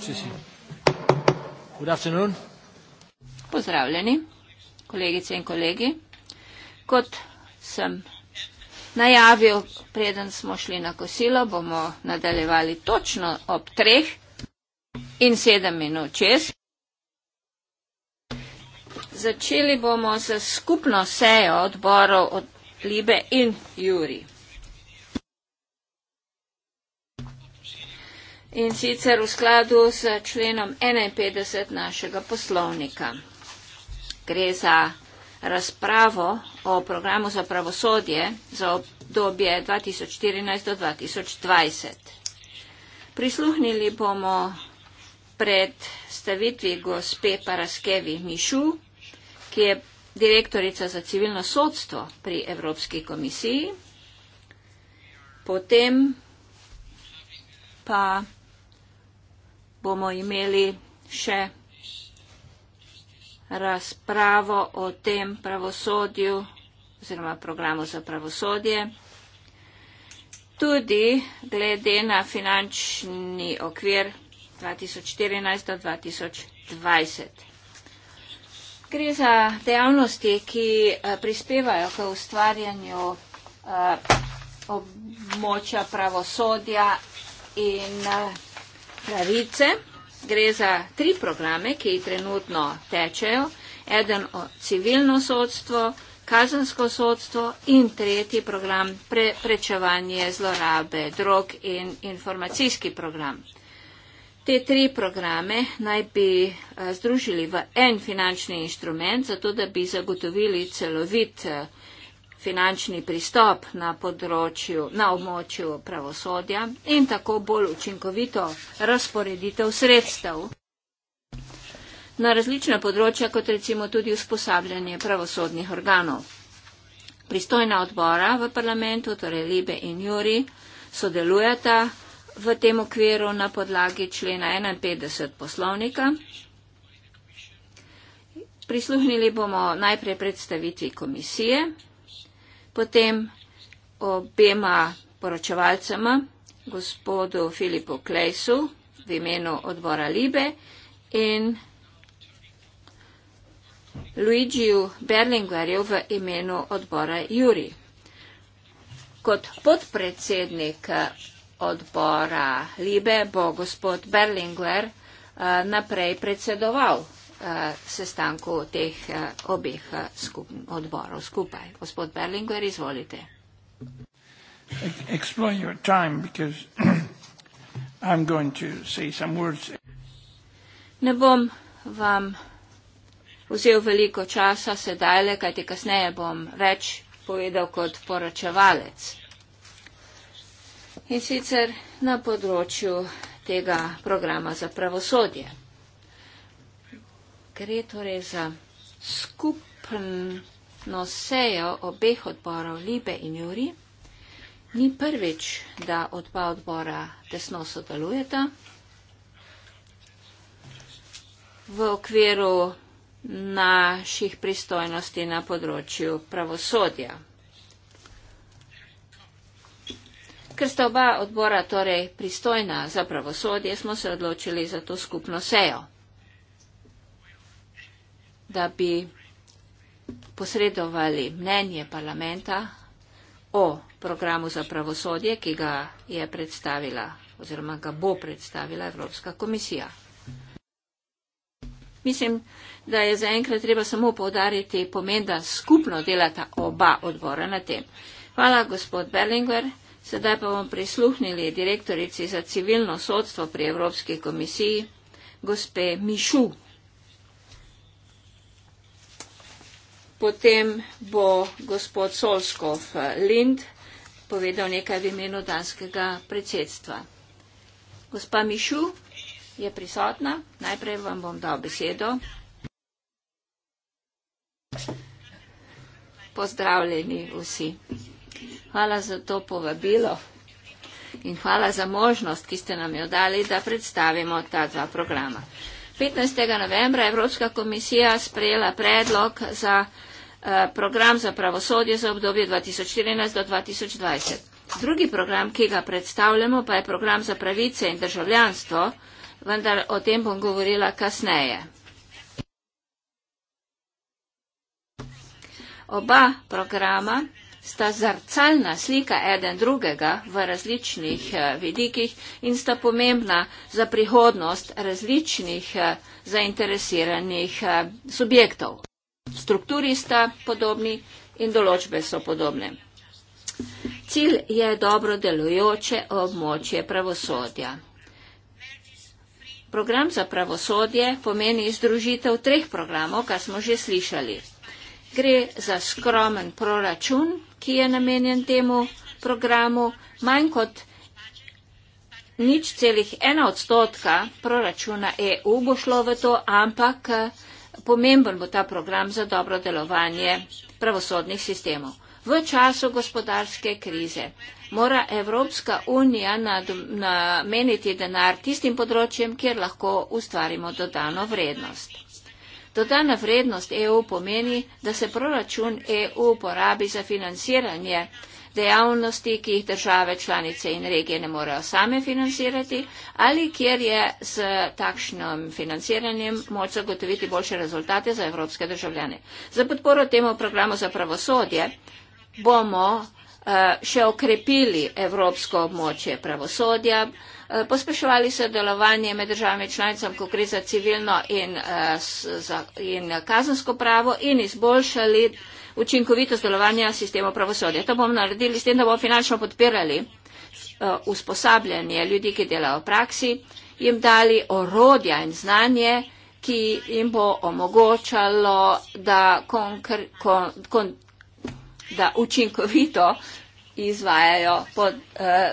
Sí, sí. Good afternoon. Pozdravljeni, kolegice in kolegi. Kot sem najavil, preden smo šli na kosilo, bomo nadaljevali točno ob treh in sedem minut čez. Začeli bomo z skupno sejo odborov od Libe in Juri. in sicer v skladu s členom 51 našega poslovnika. Gre za razpravo o programu za pravosodje za obdobje 2014 do 2020. Prisluhnili bomo pred stavitvi gospe Paraskevi Mišu, ki je direktorica za civilno sodstvo pri Evropski komisiji. Potem pa bomo imeli še razpravo o tem pravosodju oziroma programu za pravosodje. Tudi glede na finančni okvir 2014 do 2020. Gre za dejavnosti, ki eh, prispevajo k ustvarjanju eh, območja pravosodja in eh, pravice. Gre za tri programe, ki trenutno tečejo. Eden o civilno sodstvo, kazansko sodstvo in tretji program preprečevanje zlorabe drog in informacijski program. Te tri programe naj bi eh, združili v en finančni inštrument, zato da bi zagotovili celovit uh, finančni pristop na področju, na območju pravosodja in tako bolj učinkovito razporeditev sredstev na različna področja, kot recimo tudi usposabljanje pravosodnih organov. Pristojna odbora v parlamentu, torej Libe in Juri, sodelujeta v tem okviru na podlagi člena 51 poslovnika. Prisluhnili bomo najprej predstavitvi komisije, potem obema poročevalcema, gospodu Filipu Klejsu v imenu odbora Libe in Luigiju Berlingerju v imenu odbora Juri. Kot podpredsednik odbora Libe bo gospod Berlinger eh, naprej predsedoval Eh, sestanku teh eh, obeh eh, skup, odborov skupaj. Gospod Berlinguer, izvolite. Ne bom vam vzel veliko časa sedaj, kajti kasneje bom več povedal kot poročevalec. In sicer na področju tega programa za pravosodje gre torej za skupno sejo obeh odborov Libe in Juri. Ni prvič, da odba odbora tesno sodelujeta. V okviru naših pristojnosti na področju pravosodja. Ker sta oba odbora torej pristojna za pravosodje, smo se odločili za to skupno sejo da bi posredovali mnenje parlamenta o programu za pravosodje, ki ga je predstavila oziroma ga bo predstavila Evropska komisija. Mislim, da je zaenkrat treba samo povdariti pomen, da skupno delata oba odbora na tem. Hvala, gospod Berlinguer. Sedaj pa bom prisluhnili direktorici za civilno sodstvo pri Evropski komisiji, gospe Mišu. Potem bo gospod Solskov eh, Lind povedal nekaj v imenu danskega predsedstva. Gospa Mišu je prisotna, najprej vam bom dal besedo. Pozdravljeni vsi. Hvala za to povabilo in hvala za možnost, ki ste nam jo dali, da predstavimo ta dva programa. 15. novembra je Evropska komisija sprejela predlog za eh, program za pravosodje za obdobje 2014 do 2020. Drugi program, ki ga predstavljamo, pa je program za pravice in državljanstvo, vendar o tem bom govorila kasneje. Oba programa sta zrcalna slika eden drugega v različnih eh, vidikih in sta pomembna za prihodnost različnih eh, zainteresiranih eh, subjektov. Strukturi sta podobni in določbe so podobne. Cilj je dobro delujoče območje pravosodja. Program za pravosodje pomeni združitev treh programov, kar smo že slišali gre za skromen proračun, ki je namenjen temu programu. Manj kot nič celih ena odstotka proračuna EU bo šlo v to, ampak eh, pomemben bo ta program za dobro delovanje pravosodnih sistemov. V času gospodarske krize mora Evropska unija nameniti denar tistim področjem, kjer lahko ustvarimo dodano vrednost. Dodana vrednost EU pomeni, da se proračun EU porabi za financiranje dejavnosti, ki jih države, članice in regije ne morejo same financirati ali kjer je s takšnim financiranjem moč zagotoviti boljše rezultate za evropske državljane. Za podporo temu programu za pravosodje bomo uh, še okrepili evropsko območje pravosodja, uh, Eh, pospeševali so delovanje med državami članicami, ko gre za civilno in, eh, in kazensko pravo in izboljšali učinkovitost delovanja sistemov pravosodja. To bomo naredili s tem, da bomo finančno podpirali eh, usposabljanje ljudi, ki delajo v praksi, jim dali orodja in znanje, ki jim bo omogočalo, da, konkr, kon, kon, da učinkovito izvajajo pod, eh,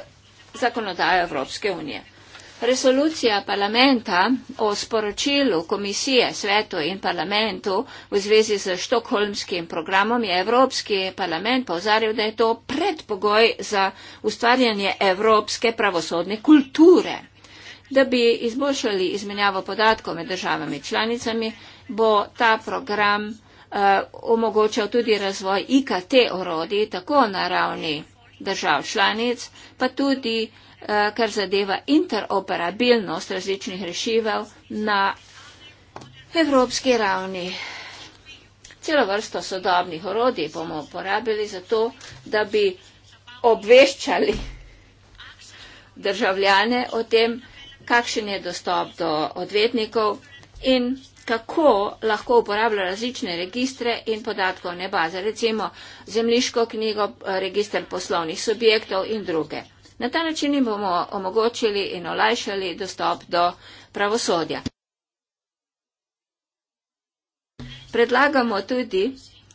zakonodajo Evropske unije. Resolucija parlamenta o sporočilu komisije, svetu in parlamentu v zvezi z štokholmskim programom je Evropski parlament povzarjal, da je to predpogoj za ustvarjanje evropske pravosodne kulture. Da bi izboljšali izmenjavo podatkov med državami članicami, bo ta program uh, omogočal tudi razvoj IKT orodij tako na ravni držav članic, pa tudi, eh, kar zadeva interoperabilnost različnih rešitev na evropski ravni. Celo vrsto sodobnih orodij bomo uporabili za to, da bi obveščali državljane o tem, kakšen je dostop do odvetnikov in kako lahko uporablja različne registre in podatkovne baze, recimo zemliško knjigo, eh, registr poslovnih subjektov in druge. Na ta način jim bomo omogočili in olajšali dostop do pravosodja. Predlagamo tudi,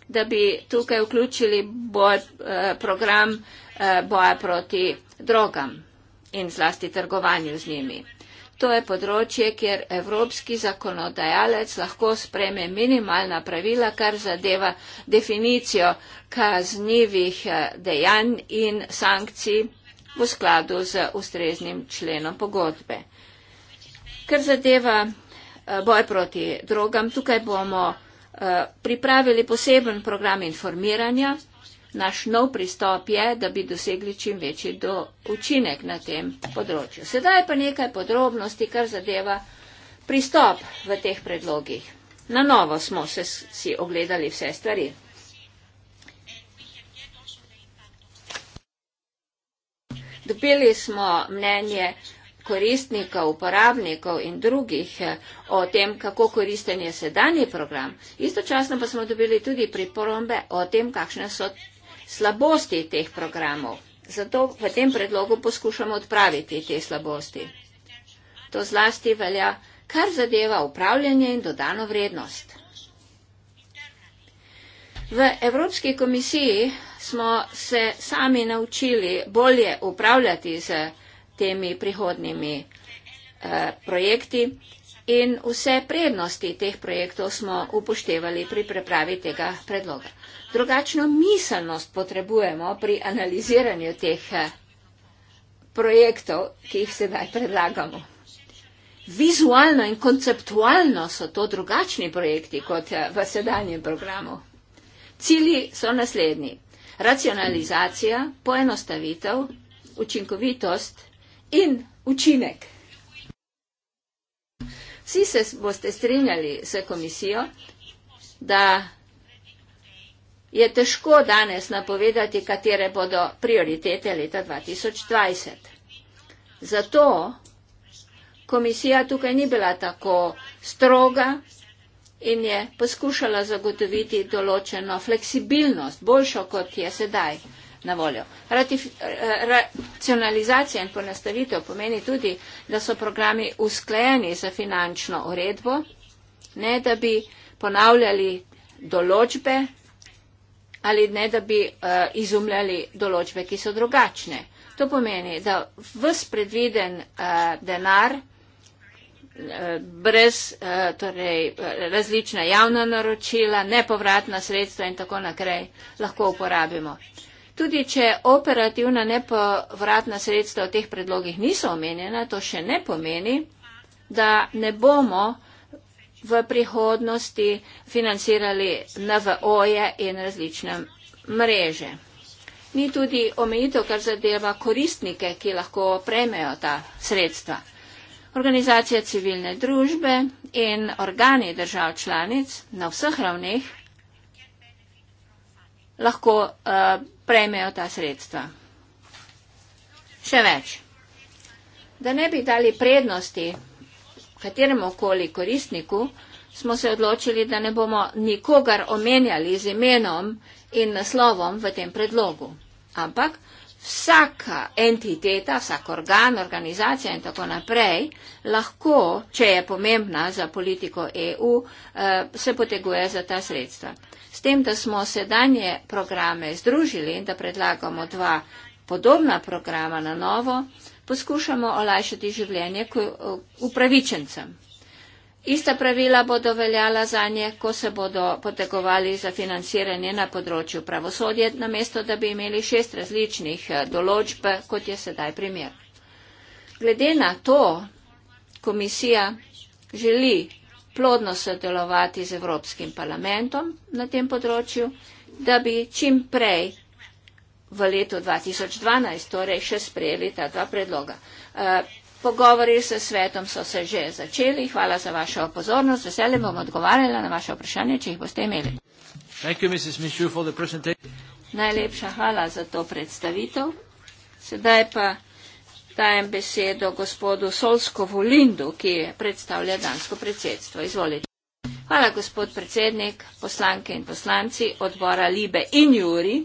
da bi tukaj vključili boj, eh, program eh, boja proti drogam in zlasti trgovanju z njimi. To je področje, kjer evropski zakonodajalec lahko spreme minimalna pravila, kar zadeva definicijo kaznjivih eh, dejanj in sankcij v skladu z ustreznim členom pogodbe. Ker zadeva eh, boj proti drogam, tukaj bomo eh, pripravili poseben program informiranja. Naš nov pristop je, da bi dosegli čim večji do učinek na tem področju. Sedaj pa nekaj podrobnosti, kar zadeva pristop v teh predlogih. Na novo smo se, si ogledali vse stvari. Dobili smo mnenje koristnikov, uporabnikov in drugih eh, o tem, kako koristen je sedanji program. Istočasno pa smo dobili tudi priporombe o tem, kakšne so slabosti teh programov. Zato v tem predlogu poskušamo odpraviti te slabosti. To zlasti velja, kar zadeva upravljanje in dodano vrednost. V Evropski komisiji smo se sami naučili bolje upravljati z temi prihodnimi eh, projekti in vse prednosti teh projektov smo upoštevali pri prepravi tega predloga drugačno miselnost potrebujemo pri analiziranju teh eh, projektov, ki jih sedaj predlagamo. Vizualno in konceptualno so to drugačni projekti kot eh, v sedanjem programu. Cilji so naslednji. Racionalizacija, poenostavitev, učinkovitost in učinek. Vsi se boste strinjali s komisijo, da je težko danes napovedati, katere bodo prioritete leta 2020. Zato komisija tukaj ni bila tako stroga in je poskušala zagotoviti določeno fleksibilnost, boljšo kot je sedaj na voljo. Ratif, racionalizacija in ponastavitev pomeni tudi, da so programi usklajeni za finančno uredbo, ne da bi ponavljali določbe ali ne, da bi uh, izumljali določbe, ki so drugačne. To pomeni, da vs predviden uh, denar, eh, brez torej, različna javna naročila, nepovratna sredstva in tako naprej lahko uporabimo. Tudi če operativna nepovratna sredstva v teh predlogih niso omenjena, to še ne pomeni, da ne bomo uh, v prihodnosti financirali NVO-je in različne mreže. Ni tudi omejitev, kar zadeva koristnike, ki lahko prejmejo ta sredstva. Organizacija civilne družbe in organi držav članic na vseh ravneh lahko uh, prejmejo ta sredstva. Še več. Da ne bi dali prednosti kateremu koli koristniku, smo se odločili, da ne bomo nikogar omenjali z imenom in naslovom v tem predlogu. Ampak vsaka entiteta, vsak organ, organizacija in tako naprej lahko, če je pomembna za politiko EU, eh, se poteguje za ta sredstva. S tem, da smo sedanje programe združili in da predlagamo dva podobna programa na novo, poskušamo olajšati življenje eh, upravičencem. Ista pravila bodo veljala za nje, ko se bodo potegovali za financiranje na področju pravosodja, namesto da bi imeli šest različnih eh, določb, kot je sedaj primer. Glede na to, komisija želi plodno sodelovati z Evropskim parlamentom na tem področju, da bi čim prej v letu 2012, torej še sprejeli ta dva predloga. E, pogovori s svetom so se že začeli. Hvala za vašo pozornost. Veselim bom odgovarjala na vaše vprašanje, če jih boste imeli. Najlepša hvala za to predstavitev. Sedaj pa dajem besedo gospodu Solskovu Lindu, ki predstavlja dansko predsedstvo. Izvolite. Hvala, gospod predsednik, poslanke in poslanci odbora Libe in Juri.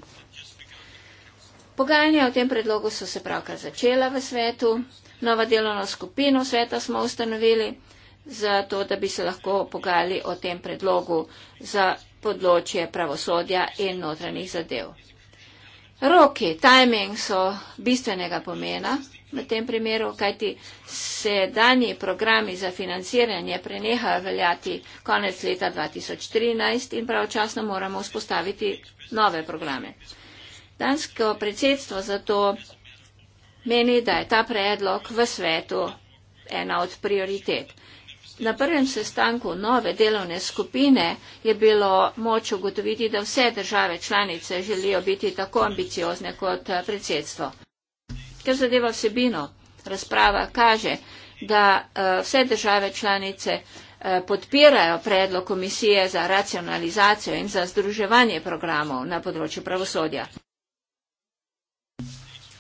Pogajanja o tem predlogu so se pravkar začela v svetu. Nova delovna skupina sveta smo ustanovili za to, da bi se lahko pogajali o tem predlogu za področje pravosodja in notranjih zadev. Roki, timing so bistvenega pomena v tem primeru, kajti sedanji programi za financiranje prenehajo veljati konec leta 2013 in pravčasno moramo vzpostaviti nove programe. Dansko predsedstvo zato meni, da je ta predlog v svetu ena od prioritet. Na prvem sestanku nove delovne skupine je bilo moč ugotoviti, da vse države članice želijo biti tako ambiciozne kot predsedstvo. Ker zadeva vsebino, razprava kaže, da eh, vse države članice eh, podpirajo predlog komisije za racionalizacijo in za združevanje programov na področju pravosodja.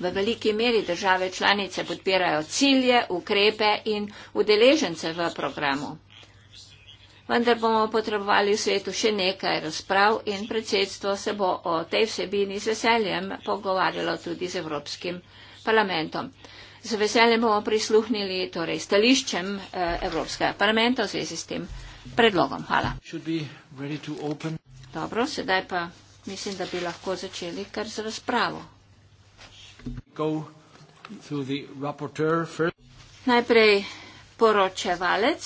V veliki meri države članice podpirajo cilje, ukrepe in udeležence v programu. Vendar bomo potrebovali v svetu še nekaj razprav in predsedstvo se bo o tej vsebini z veseljem pogovarjalo tudi z Evropskim parlamentom. Z veseljem bomo prisluhnili torej, stališčem eh, Evropskega parlamenta v zvezi s tem predlogom. Hvala. Dobro, sedaj pa mislim, da bi lahko začeli kar z razpravo. Najprej poročevalec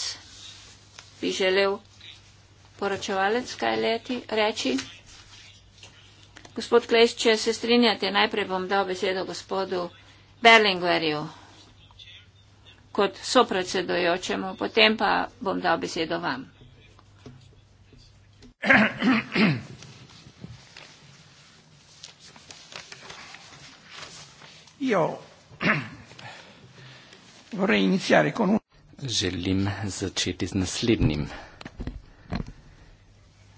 bi želel poročevalec kaj leti reči. Gospod Kleš, če se strinjate, najprej bom dal besedo gospodu Berlingerju kot sopredsedojočemu, potem pa bom dal besedo vam. Io vorrei iniziare con un... Želim začeti z naslednjim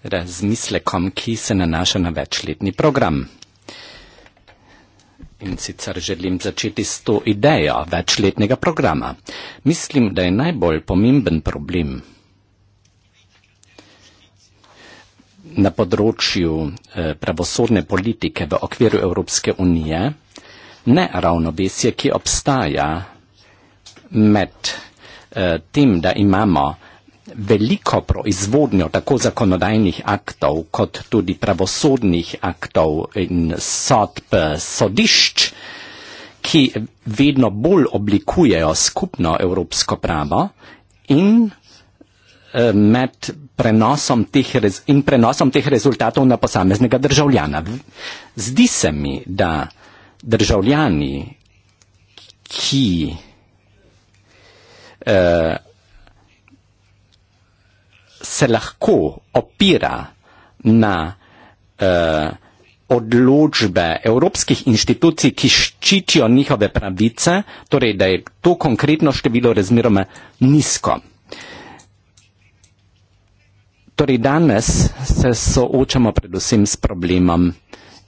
razmislekom, ki se nanaša na večletni program. In sicer želim začeti s to idejo večletnega programa. Mislim, da je najbolj pomemben problem na področju eh, pravosodne politike v okviru Evropske unije neravnovesje, ki obstaja med eh, tem, da imamo veliko proizvodnjo tako zakonodajnih aktov, kot tudi pravosodnih aktov in sodb eh, sodišč, ki vedno bolj oblikujejo skupno evropsko pravo in eh, med prenosom teh, in prenosom teh rezultatov na posameznega državljana. Zdi se mi, da državljani, ki eh, se lahko opira na eh, odločbe evropskih inštitucij, ki ščitijo njihove pravice, torej da je to konkretno število razmeroma nizko. Torej danes se soočamo predvsem s problemom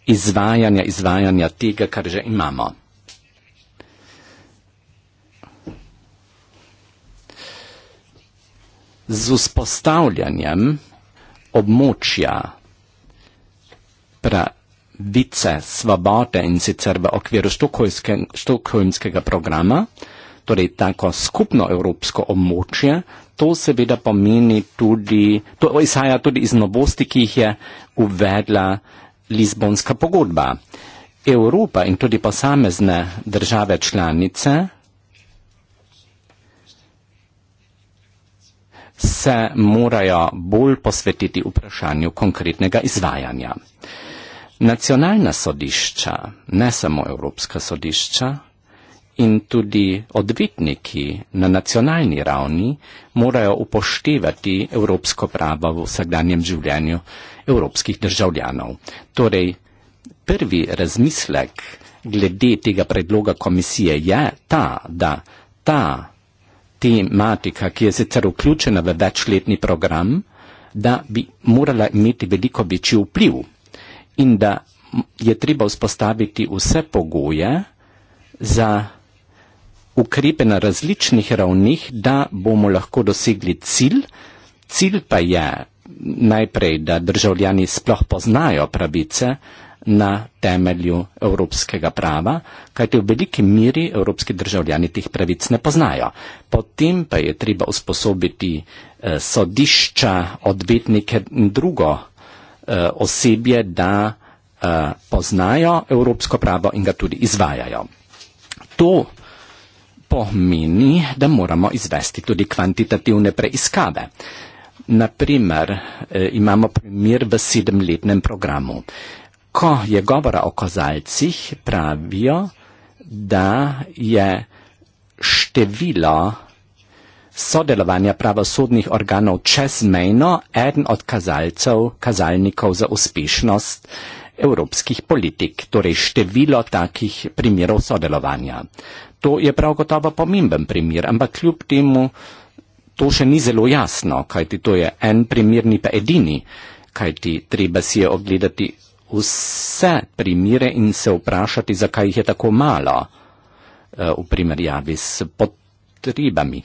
izvajanja, izvajanja tega, kar že imamo. Z vzpostavljanjem območja pravice svobode in sicer v okviru štokholmskega programa, torej tako skupno evropsko območje, to seveda pomeni tudi, to izhaja tudi iz novosti, ki jih je uvedla Lizbonska pogodba. Evropa in tudi posamezne države članice se morajo bolj posvetiti vprašanju konkretnega izvajanja. Nacionalna sodišča, ne samo Evropska sodišča, in tudi odvetniki na nacionalni ravni morajo upoštevati evropsko pravo v vsakdanjem življenju evropskih državljanov. Torej, prvi razmislek glede tega predloga komisije je ta, da ta tematika, ki je sicer vključena v večletni program, da bi morala imeti veliko večji vpliv in da je treba vzpostaviti vse pogoje za ukrepe na različnih ravnih, da bomo lahko dosegli cilj. Cilj pa je najprej, da državljani sploh poznajo pravice na temelju evropskega prava, kajti v veliki miri evropski državljani teh pravic ne poznajo. Potem pa je treba usposobiti eh, sodišča, odvetnike in drugo eh, osebje, da eh, poznajo evropsko pravo in ga tudi izvajajo. To pomeni, da moramo izvesti tudi kvantitativne preiskave naprimer, eh, imamo primer v sedemletnem programu. Ko je govora o kozalcih, pravijo, da je število sodelovanja pravosodnih organov čezmejno eden od kazalcev, kazalnikov za uspešnost evropskih politik, torej število takih primerov sodelovanja. To je prav gotovo pomemben primer, ampak kljub temu To še ni zelo jasno, kajti to je en primer, ni pa edini, kajti treba si je ogledati vse primere in se vprašati, zakaj jih je tako malo eh, v primerjavi s potrebami.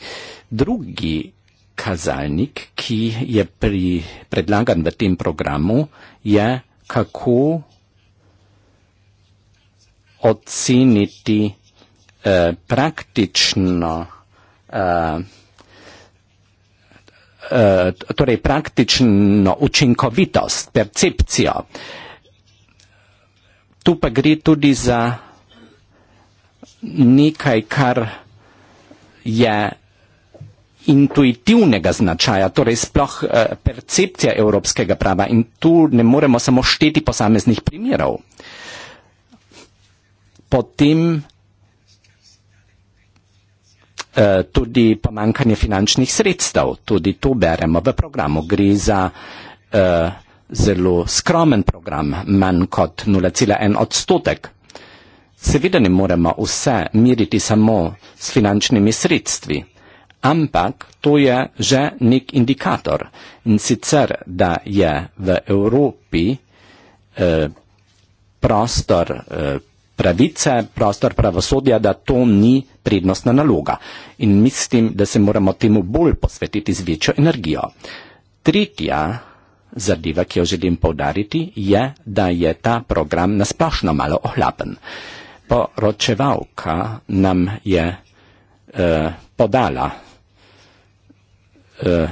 Drugi kazalnik, ki je pri, predlagan v tem programu, je kako oceniti eh, praktično eh, Eh, torej praktično učinkovitost, percepcijo. Tu pa gre tudi za nekaj, kar je intuitivnega značaja, torej sploh eh, percepcija evropskega prava in tu ne moremo samo šteti posameznih primerov. Potem Eh, tudi pomankanje finančnih sredstev, tudi to beremo v programu. Gre za eh, zelo skromen program, manj kot 0,1 odstotek. Seveda ne moremo vse meriti samo s finančnimi sredstvi, ampak to je že nek indikator in sicer, da je v Evropi eh, prostor eh, pravice, prostor pravosodja, da to ni prednostna naloga. In mislim, da se moramo temu bolj posvetiti z večjo energijo. Tretja zadeva, ki jo želim povdariti, je, da je ta program nasplošno malo ohlapen. Poročevalka nam je eh, podala eh,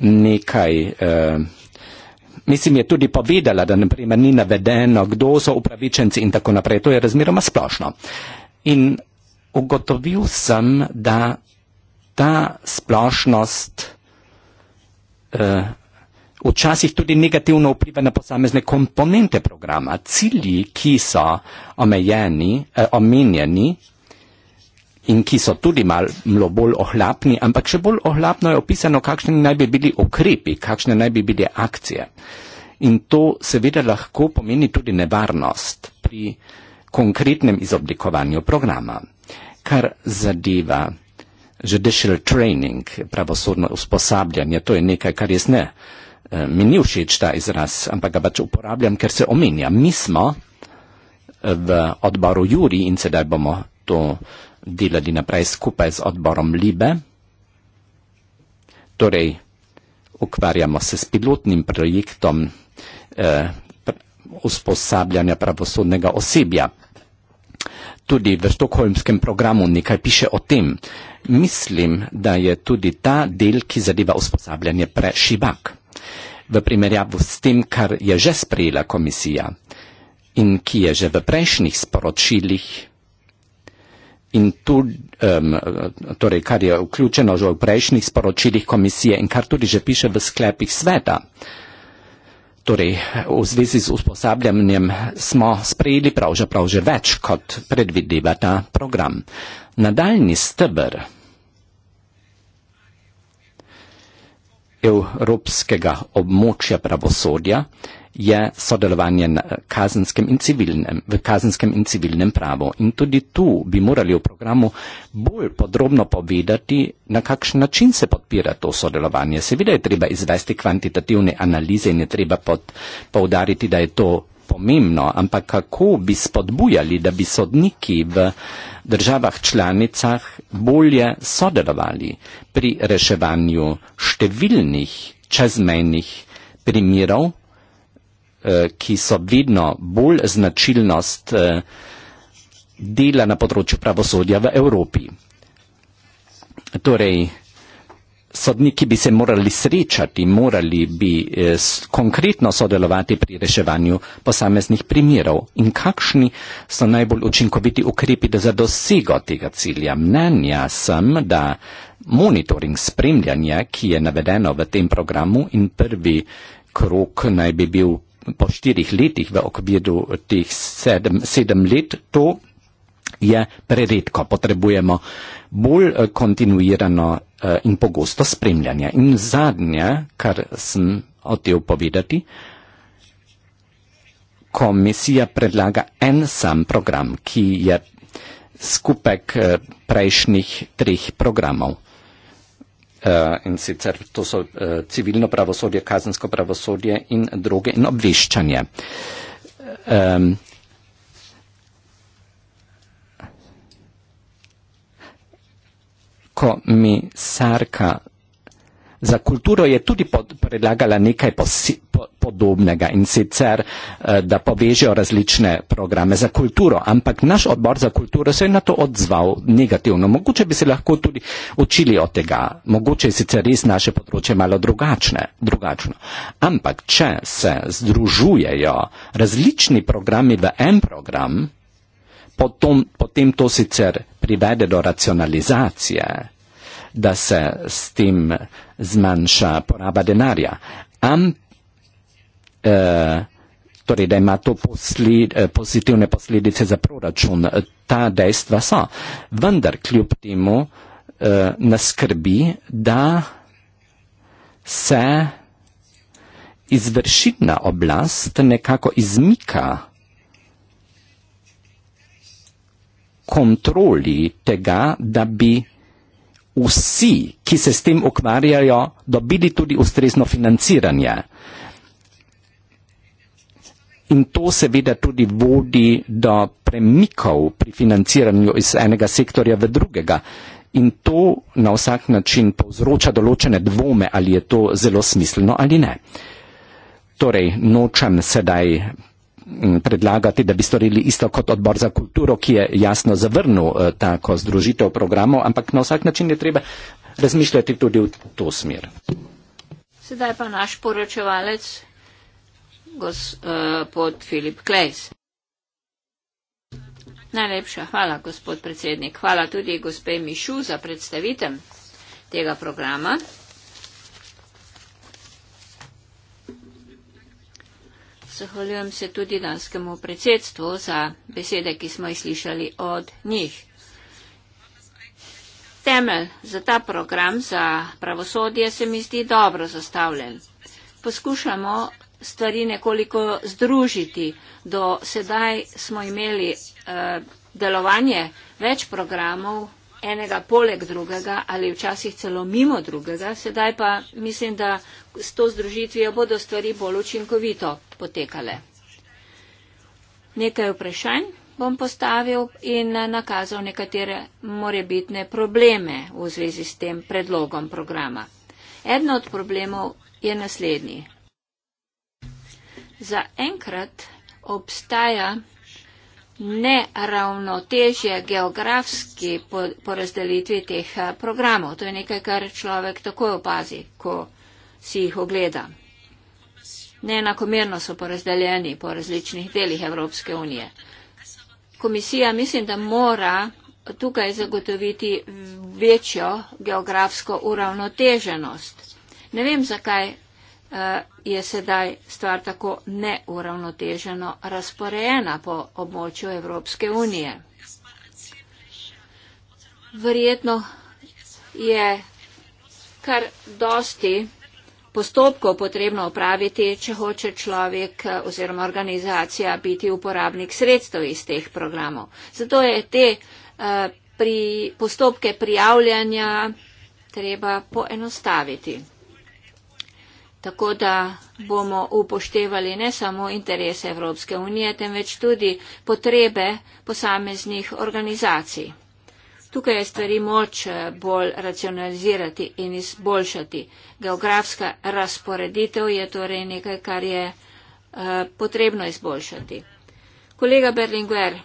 nekaj eh, Mislim, je tudi povedala, da naprimer ni navedeno, kdo so upravičenci in tako naprej. To je razmeroma splošno. In ugotovil sem, da ta splošnost uh, včasih tudi negativno vpliva na posamezne komponente programa. Cilji, ki so omejeni, eh, omenjeni, in ki so tudi malo bolj ohlapni, ampak še bolj ohlapno je opisano, kakšni naj bi bili ukrepi, kakšne naj bi bile akcije. In to seveda lahko pomeni tudi nevarnost pri konkretnem izoblikovanju programa. Kar zadeva judicial training, pravosodno usposabljanje, to je nekaj, kar jaz ne. Eh, mi ni všeč ta izraz, ampak ga pač uporabljam, ker se omenja. Mi smo eh, v odboru Juri in sedaj bomo to delali naprej skupaj z odborom Libe. Torej, ukvarjamo se s pilotnim projektom eh, usposabljanja pravosodnega osebja. Tudi v štokholmskem programu nekaj piše o tem. Mislim, da je tudi ta del, ki zadeva usposabljanje, prešibak. V primerjavu s tem, kar je že sprejela komisija in ki je že v prejšnjih sporočilih In tudi, um, torej, kar je vključeno že v prejšnjih sporočilih komisije in kar tudi že piše v sklepih sveta. Torej, v zvezi z usposabljanjem smo sprejeli pravzaprav že več, kot predvideva ta program. Nadaljni stebr evropskega območja pravosodja je sodelovanje na kazenskem in civilnem, v kazenskem in civilnem pravu. In tudi tu bi morali v programu bolj podrobno povedati, na kakšen način se podpira to sodelovanje. Seveda je treba izvesti kvantitativne analize in je treba pod, povdariti, da je to pomembno, ampak kako bi spodbujali, da bi sodniki v državah članicah bolje sodelovali pri reševanju številnih čezmejnih primerov, Eh, ki so vidno bolj značilnost eh, dela na področju pravosodja v Evropi. Torej, sodniki bi se morali srečati, morali bi eh, konkretno sodelovati pri reševanju posameznih primerov. In kakšni so najbolj učinkoviti ukrepi za dosego tega cilja? Mnenja sem, da monitoring spremljanja, ki je navedeno v tem programu in prvi krok naj bi bil po štirih letih v okviru teh sedem, sedem let, to je preredko. Potrebujemo bolj eh, kontinuirano eh, in pogosto spremljanje. In zadnje, kar sem hotel povedati, komisija predlaga en sam program, ki je skupek eh, prejšnjih treh programov. Eh, in sicer to so eh, civilno pravosodje, kazensko pravosodje in droge in obveščanje. Um, ko mi sarka za kulturo je tudi pod, predlagala nekaj posi, po, podobnega in sicer, eh, da povežejo različne programe za kulturo, ampak naš odbor za kulturo se je na to odzval negativno. Mogoče bi se lahko tudi učili od tega, mogoče je sicer res naše področje malo drugačne, drugačno. Ampak, če se združujejo različni programi v en program, potom, potem to sicer privede do racionalizacije da se s tem zmanjša poraba denarja. Am, eh, torej, da ima to posled, eh, pozitivne posledice za proračun, ta dejstva so. Vendar kljub temu eh, nas skrbi, da se izvršitna oblast nekako izmika kontroli tega, da bi vsi, ki se s tem ukvarjajo, dobili tudi ustrezno financiranje. In to seveda tudi vodi do premikov pri financiranju iz enega sektorja v drugega. In to na vsak način povzroča določene dvome, ali je to zelo smiselno ali ne. Torej, nočem sedaj predlagati, da bi storili isto kot odbor za kulturo, ki je jasno zavrnil eh, tako združitev programov, ampak na vsak način je treba razmišljati tudi v to smer. Sedaj pa naš poročevalec, gospod eh, Filip Klejs. Najlepša hvala, gospod predsednik. Hvala tudi gospe Mišu za predstavitem tega programa. Zahvaljujem se tudi danskemu predsedstvu za besede, ki smo jih slišali od njih. Temelj za ta program za pravosodje se mi zdi dobro zastavljen. Poskušamo stvari nekoliko združiti. Do sedaj smo imeli uh, delovanje več programov, enega poleg drugega ali včasih celo mimo drugega, sedaj pa mislim, da s to združitvijo bodo stvari bolj učinkovito potekale. Nekaj vprašanj bom postavil in nakazal nekatere morebitne probleme v zvezi s tem predlogom programa. Eden od problemov je naslednji. Za enkrat obstaja neravnotežje geografski po, po razdelitvi teh eh, programov. To je nekaj, kar človek takoj opazi, ko si jih ogleda. Neenakomerno so porazdeljeni po različnih delih Evropske unije. Komisija mislim, da mora tukaj zagotoviti večjo geografsko uravnoteženost. Ne vem, zakaj Eh, je sedaj stvar tako neuravnoteženo razporejena po območju Evropske unije. Verjetno je kar dosti postopkov potrebno opraviti, če hoče človek eh, oziroma organizacija biti uporabnik sredstev iz teh programov. Zato je te eh, pri postopke prijavljanja treba poenostaviti tako da bomo upoštevali ne samo interese Evropske unije, temveč tudi potrebe posameznih organizacij. Tukaj je stvari moč eh, bolj racionalizirati in izboljšati. Geografska razporeditev je torej nekaj, kar je uh, potrebno izboljšati. Kolega Berlinguer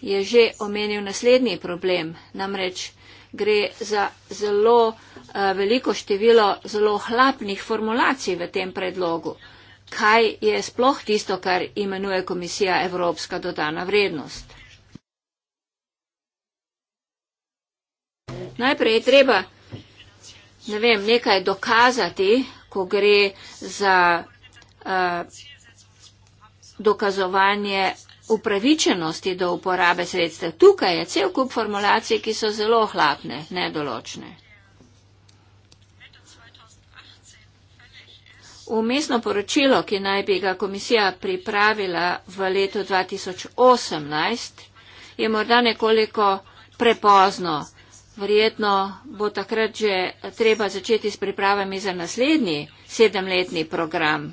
je že omenil naslednji problem, namreč gre za zelo eh, veliko število zelo hlapnih formulacij v tem predlogu. Kaj je sploh tisto, kar imenuje komisija Evropska dodana vrednost? Najprej je treba ne vem, nekaj dokazati, ko gre za uh, dokazovanje upravičenosti do uporabe sredstev. Tukaj je cel kup formulacij, ki so zelo hlapne, nedoločne. Umestno poročilo, ki naj bi ga komisija pripravila v letu 2018, je morda nekoliko prepozno. Verjetno bo takrat že treba začeti s pripravami za naslednji sedemletni program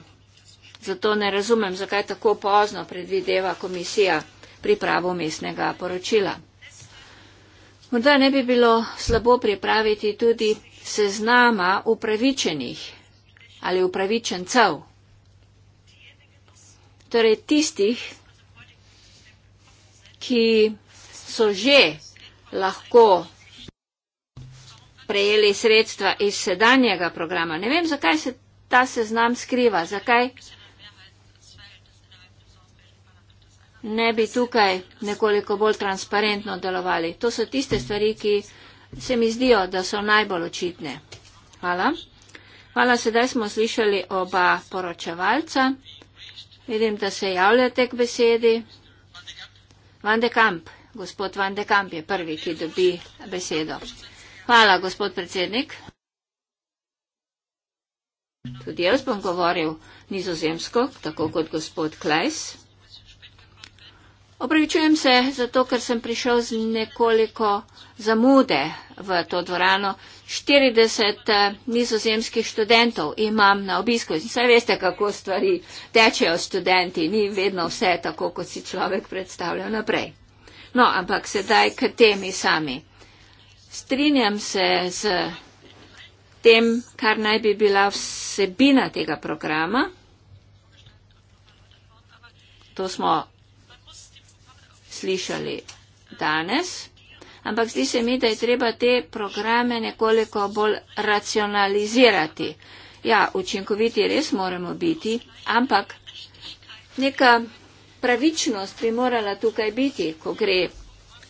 Zato ne razumem, zakaj tako pozno predvideva komisija pripravo mestnega poročila. Morda ne bi bilo slabo pripraviti tudi seznama upravičenih ali upravičencev. Torej tistih, ki so že lahko prejeli sredstva iz sedanjega programa. Ne vem, zakaj se ta seznam skriva, zakaj ne bi tukaj nekoliko bolj transparentno delovali. To so tiste stvari, ki se mi zdijo, da so najbolj očitne. Hvala. Hvala, sedaj smo slišali oba poročevalca. Vidim, da se javljate k besedi. Van de Kamp, gospod Van de Kamp je prvi, ki dobi besedo. Hvala, gospod predsednik. Tudi jaz bom govoril nizozemsko, tako kot gospod Kleis. Opravičujem se zato, ker sem prišel z nekoliko zamude v to dvorano. 40 eh, nizozemskih študentov imam na obisku. Saj veste, kako stvari tečejo študenti. Ni vedno vse tako, kot si človek predstavlja naprej. No, ampak sedaj k temi sami. Strinjam se z tem, kar naj bi bila vsebina tega programa. To smo slišali danes, ampak zdi se mi, da je treba te programe nekoliko bolj racionalizirati. Ja, učinkoviti res moramo biti, ampak neka pravičnost bi morala tukaj biti, ko gre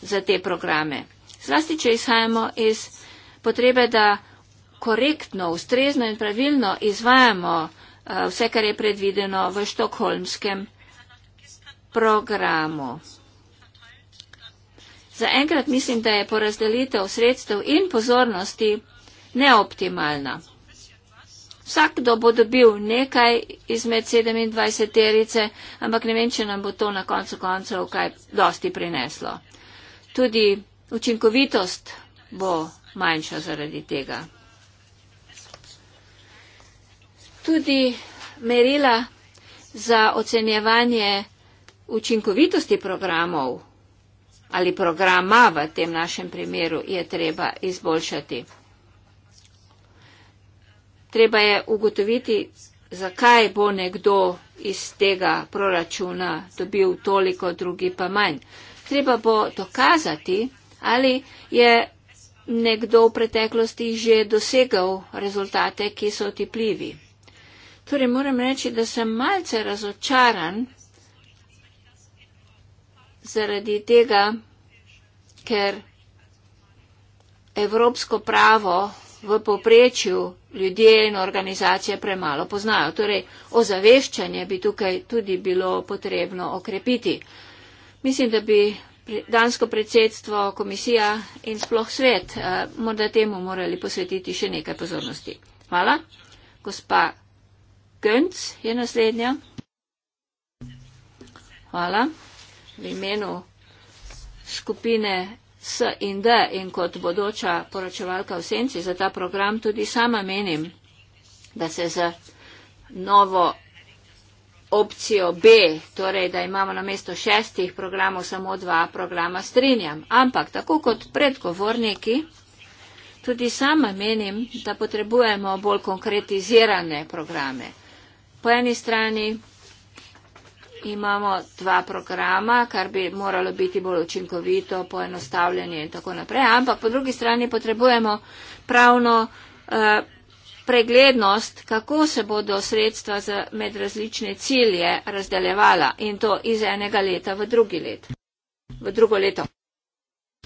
za te programe. Zlasti, če izhajamo iz potrebe, da korektno, ustrezno in pravilno izvajamo eh, vse, kar je predvideno v štokholmskem programu. Zaenkrat mislim, da je porazdelitev sredstev in pozornosti neoptimalna. Vsak, kdo bo dobil nekaj izmed 27 terice, ampak ne vem, če nam bo to na koncu koncev kaj dosti prineslo. Tudi učinkovitost bo manjša zaradi tega. Tudi merila za ocenjevanje učinkovitosti programov ali programa v tem našem primeru je treba izboljšati. Treba je ugotoviti, zakaj bo nekdo iz tega proračuna dobil toliko, drugi pa manj. Treba bo dokazati, ali je nekdo v preteklosti že dosegal rezultate, ki so otipljivi. Torej moram reči, da sem malce razočaran zaradi tega, ker evropsko pravo v poprečju ljudje in organizacije premalo poznajo. Torej, ozaveščanje bi tukaj tudi bilo potrebno okrepiti. Mislim, da bi dansko predsedstvo, komisija in sploh svet eh, morda temu morali posvetiti še nekaj pozornosti. Hvala. Gospa Gönc je naslednja. Hvala v imenu skupine S in D in kot bodoča poročevalka v senci za ta program tudi sama menim, da se z novo opcijo B, torej da imamo na mesto šestih programov samo dva programa, strinjam. Ampak tako kot predgovorniki, tudi sama menim, da potrebujemo bolj konkretizirane programe. Po eni strani imamo dva programa, kar bi moralo biti bolj učinkovito, poenostavljanje in tako naprej, ampak po drugi strani potrebujemo pravno uh, preglednost, kako se bodo sredstva za med različne cilje razdelevala in to iz enega leta v, let, v drugo leto.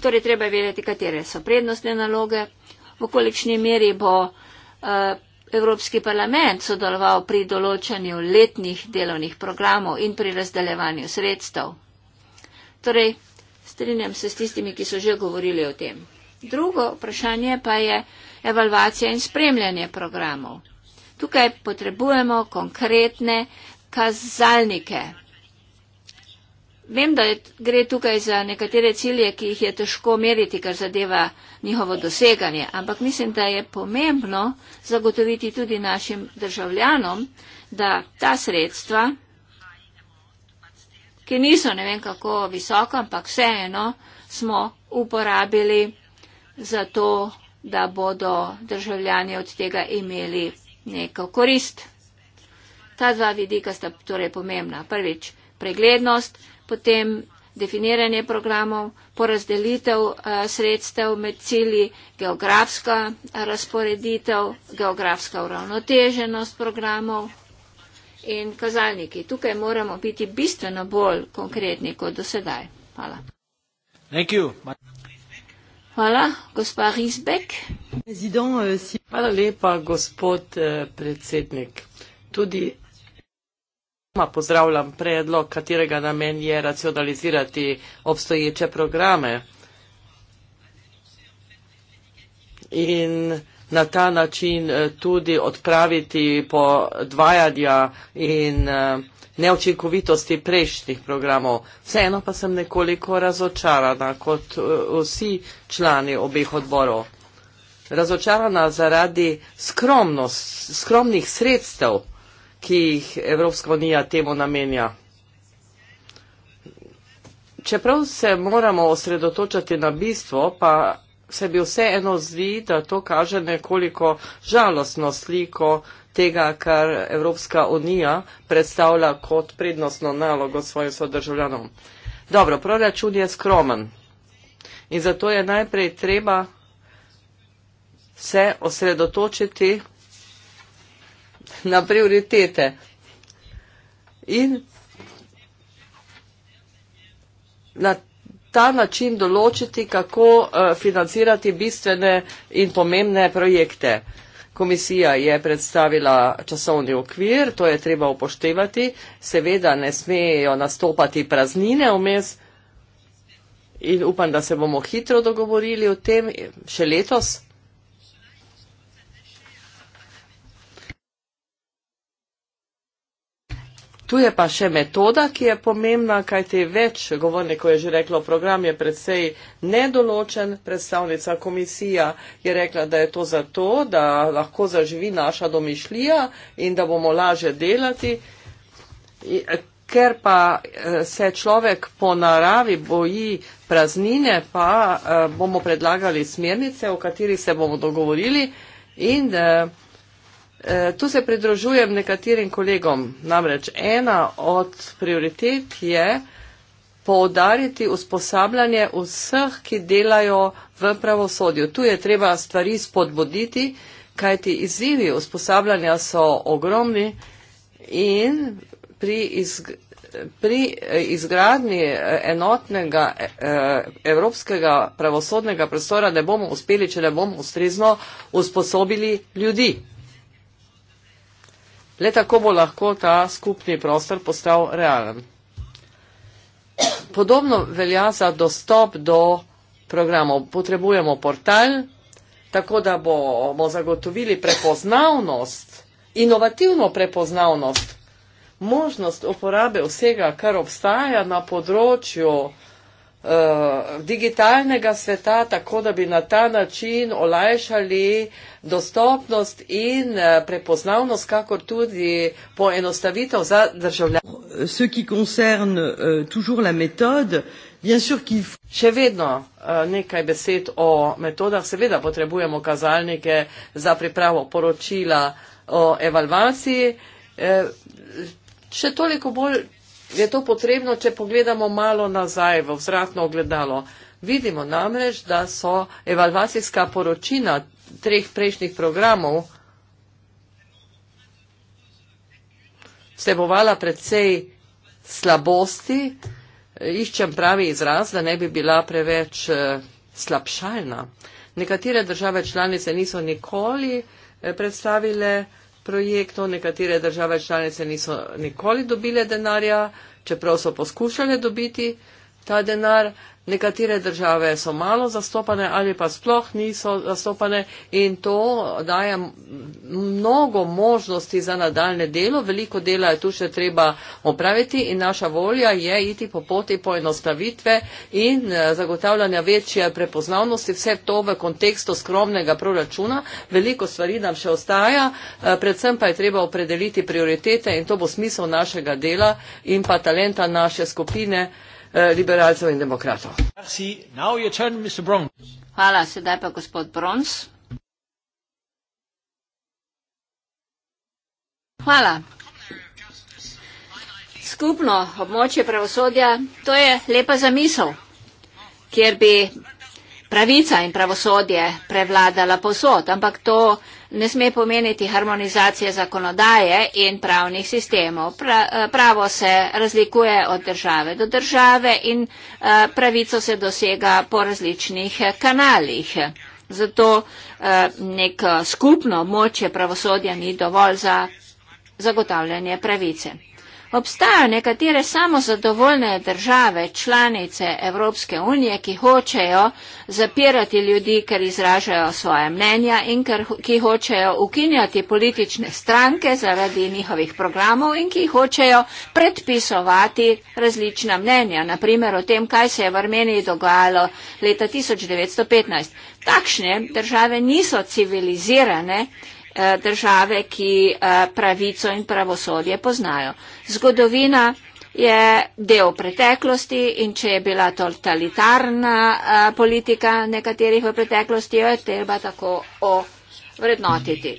Torej treba vedeti, katere so prednostne naloge, v kolikšni meri bo uh, Evropski parlament sodeloval pri določanju letnih delovnih programov in pri razdeljevanju sredstev. Torej, strinjam se s tistimi, ki so že govorili o tem. Drugo vprašanje pa je evalvacija in spremljanje programov. Tukaj potrebujemo konkretne kazalnike. Vem, da je, gre tukaj za nekatere cilje, ki jih je težko meriti, kar zadeva njihovo doseganje, ampak mislim, da je pomembno zagotoviti tudi našim državljanom, da ta sredstva, ki niso ne vem kako visoka, ampak vseeno smo uporabili za to, da bodo državljani od tega imeli neko korist. Ta dva vidika sta torej pomembna. Prvič, preglednost potem definiranje programov, porazdelitev eh, sredstev med cilji, geografska eh, razporeditev, geografska uravnoteženost programov in kazalniki. Tukaj moramo biti bistveno bolj konkretni kot do sedaj. Hvala. Hvala, gospa Risbek. Hvala lepa, gospod eh, predsednik. Tudi Pozdravljam predlog, katerega namen je racionalizirati obstoječe programe in na ta način eh, tudi odpraviti podvajanja in eh, neočinkovitosti prejšnjih programov. Vseeno pa sem nekoliko razočarana kot eh, vsi člani obeh odborov. Razočarana zaradi skromnih sredstev, ki jih Evropska unija temu namenja. Čeprav se moramo osredotočati na bistvo, pa se bi vse eno zdi, da to kaže nekoliko žalostno sliko tega, kar Evropska unija predstavlja kot prednostno nalogo svojim sodržavljanom. Dobro, proračun je skromen in zato je najprej treba se osredotočiti na prioritete. In na ta način določiti, kako eh, financirati bistvene in pomembne projekte. Komisija je predstavila časovni okvir, to je treba upoštevati. Seveda ne smejo nastopati praznine vmes in upam, da se bomo hitro dogovorili o tem še letos. Tu je pa še metoda, ki je pomembna, kaj te več govornikov je že reklo, program je predvsej nedoločen, predstavnica komisija je rekla, da je to zato, da lahko zaživi naša domišljija in da bomo laže delati. Ker pa eh, se človek po naravi boji praznine, pa eh, bomo predlagali smernice, o katerih se bomo dogovorili. In, eh, Eh, tu se pridružujem nekaterim kolegom. Namreč ena od prioritet je poudariti usposabljanje vseh, ki delajo v pravosodju. Tu je treba stvari spodbuditi, kajti izzivi usposabljanja so ogromni in pri, izg pri eh, izgradnji eh, enotnega evropskega pravosodnega prostora ne bomo uspeli, če ne bomo ustrezno usposobili ljudi. Le tako bo lahko ta skupni prostor postal realen. Podobno velja za dostop do programov. Potrebujemo portal, tako da bomo zagotovili prepoznavnost, inovativno prepoznavnost, možnost uporabe vsega, kar obstaja na področju Eh, digitalnega sveta, tako da bi na ta način olajšali dostopnost in eh, prepoznavnost, kakor tudi poenostavitev za državljane. Eh, še vedno nekaj besed o metodah. Seveda potrebujemo kazalnike za pripravo poročila o evalvaciji. Še toliko bolj je to potrebno, če pogledamo malo nazaj v vzratno ogledalo. Vidimo namreč, da so evalvacijska poročina treh prejšnjih programov vsebovala predvsej slabosti, iščem pravi izraz, da ne bi bila preveč eh, slabšalna. Nekatere države članice niso nikoli eh, predstavile projektov, nekatere države članice niso nikoli dobile denarja, čeprav so poskušale dobiti ta denar. Nekatere države so malo zastopane ali pa sploh niso zastopane in to daje mnogo možnosti za nadaljne delo. Veliko dela je tu še treba opraviti in naša volja je iti po poti poenostavitve in eh, zagotavljanja večje prepoznavnosti. Vse to v kontekstu skromnega proračuna. Veliko stvari nam še ostaja, eh, predvsem pa je treba opredeliti prioritete in to bo smisel našega dela in pa talenta naše skupine. Eh, liberalcev in demokratov. Hvala, sedaj pa gospod Brons. Hvala. Skupno območje pravosodja, to je lepa zamisel, kjer bi pravica in pravosodje prevladala posod, ampak to ne sme pomeniti harmonizacije zakonodaje in pravnih sistemov. Eh, pravo se razlikuje od države do države in eh, pravico se dosega po različnih eh, kanalih. Zato nek skupno moče pravosodja ni dovolj za zagotavljanje pravice. Obstajajo nekatere samozadovoljne države, članice Evropske unije, ki hočejo zapirati ljudi, ker izražajo svoje mnenja in ker, ki hočejo ukinjati politične stranke zaradi njihovih programov in ki hočejo predpisovati različna mnenja, naprimer o tem, kaj se je v Armeniji dogajalo leta 1915. Takšne države niso civilizirane. Eh, države, ki eh, pravico in pravosodje poznajo. Zgodovina je del preteklosti in če je bila totalitarna eh, politika nekaterih v preteklosti, jo je treba tako ovrednotiti.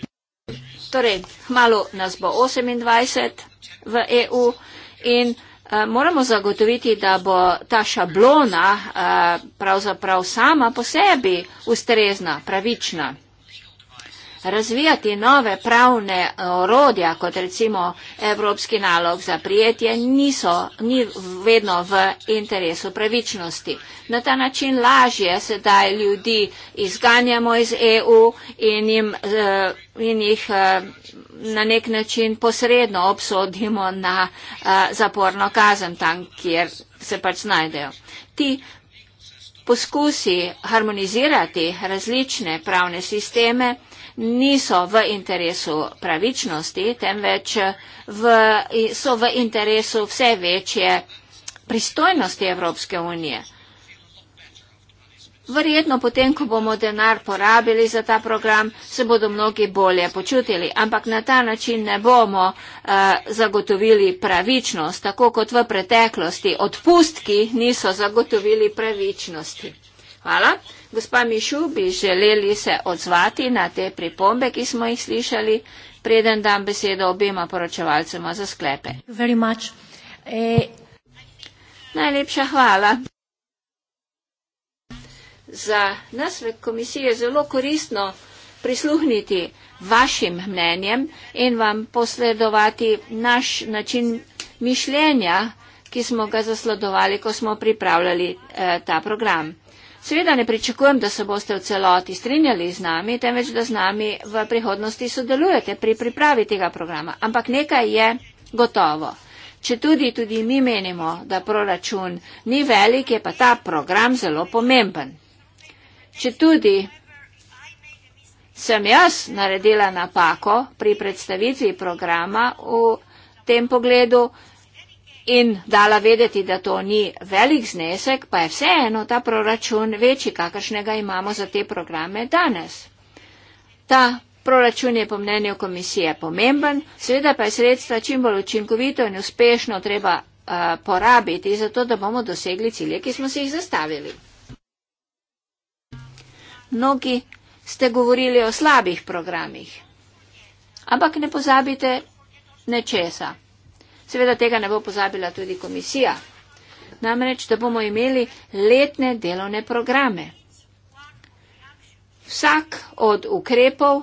Torej, malo nas bo 28 v EU in moramo zagotoviti, da bo ta šablona pravzaprav sama po sebi ustrezna, pravična razvijati nove pravne eh, orodja, kot recimo evropski nalog za prijetje, niso, ni vedno v interesu pravičnosti. Na ta način lažje sedaj ljudi izganjamo iz EU in, jim, eh, in jih eh, na nek način posredno obsodimo na zaporno kazen tam, kjer se pač znajdejo. Ti poskusi harmonizirati različne pravne sisteme niso v interesu pravičnosti, temveč v, so v interesu vse večje pristojnosti Evropske unije. Verjetno potem, ko bomo denar porabili za ta program, se bodo mnogi bolje počutili, ampak na ta način ne bomo uh, zagotovili pravičnost, tako kot v preteklosti. Odpustki niso zagotovili pravičnosti. Hvala. Gospa Mišu, bi želeli se odzvati na te pripombe, ki smo jih slišali. Preden dam besedo obema poročevalcema za sklepe. E... Najlepša hvala. Za nas v komisiji je zelo koristno prisluhniti vašim mnenjem in vam posledovati naš način mišljenja, ki smo ga zasledovali, ko smo pripravljali eh, ta program. Seveda ne pričakujem, da se boste v celoti strinjali z nami, temveč da z nami v prihodnosti sodelujete pri pripravi tega programa. Ampak nekaj je gotovo. Če tudi, tudi mi menimo, da proračun ni velik, je pa ta program zelo pomemben. Če tudi sem jaz naredila napako pri predstavitvi programa v tem pogledu, in dala vedeti, da to ni velik znesek, pa je vseeno ta proračun večji, kakršnega imamo za te programe danes. Ta proračun je po mnenju komisije pomemben, seveda pa je sredstva čim bolj učinkovito in uspešno treba uh, porabiti, zato da bomo dosegli cilje, ki smo si jih zastavili. Mnogi ste govorili o slabih programih, ampak ne pozabite nečesa. Seveda tega ne bo pozabila tudi komisija. Namreč, da bomo imeli letne delovne programe. Vsak od ukrepov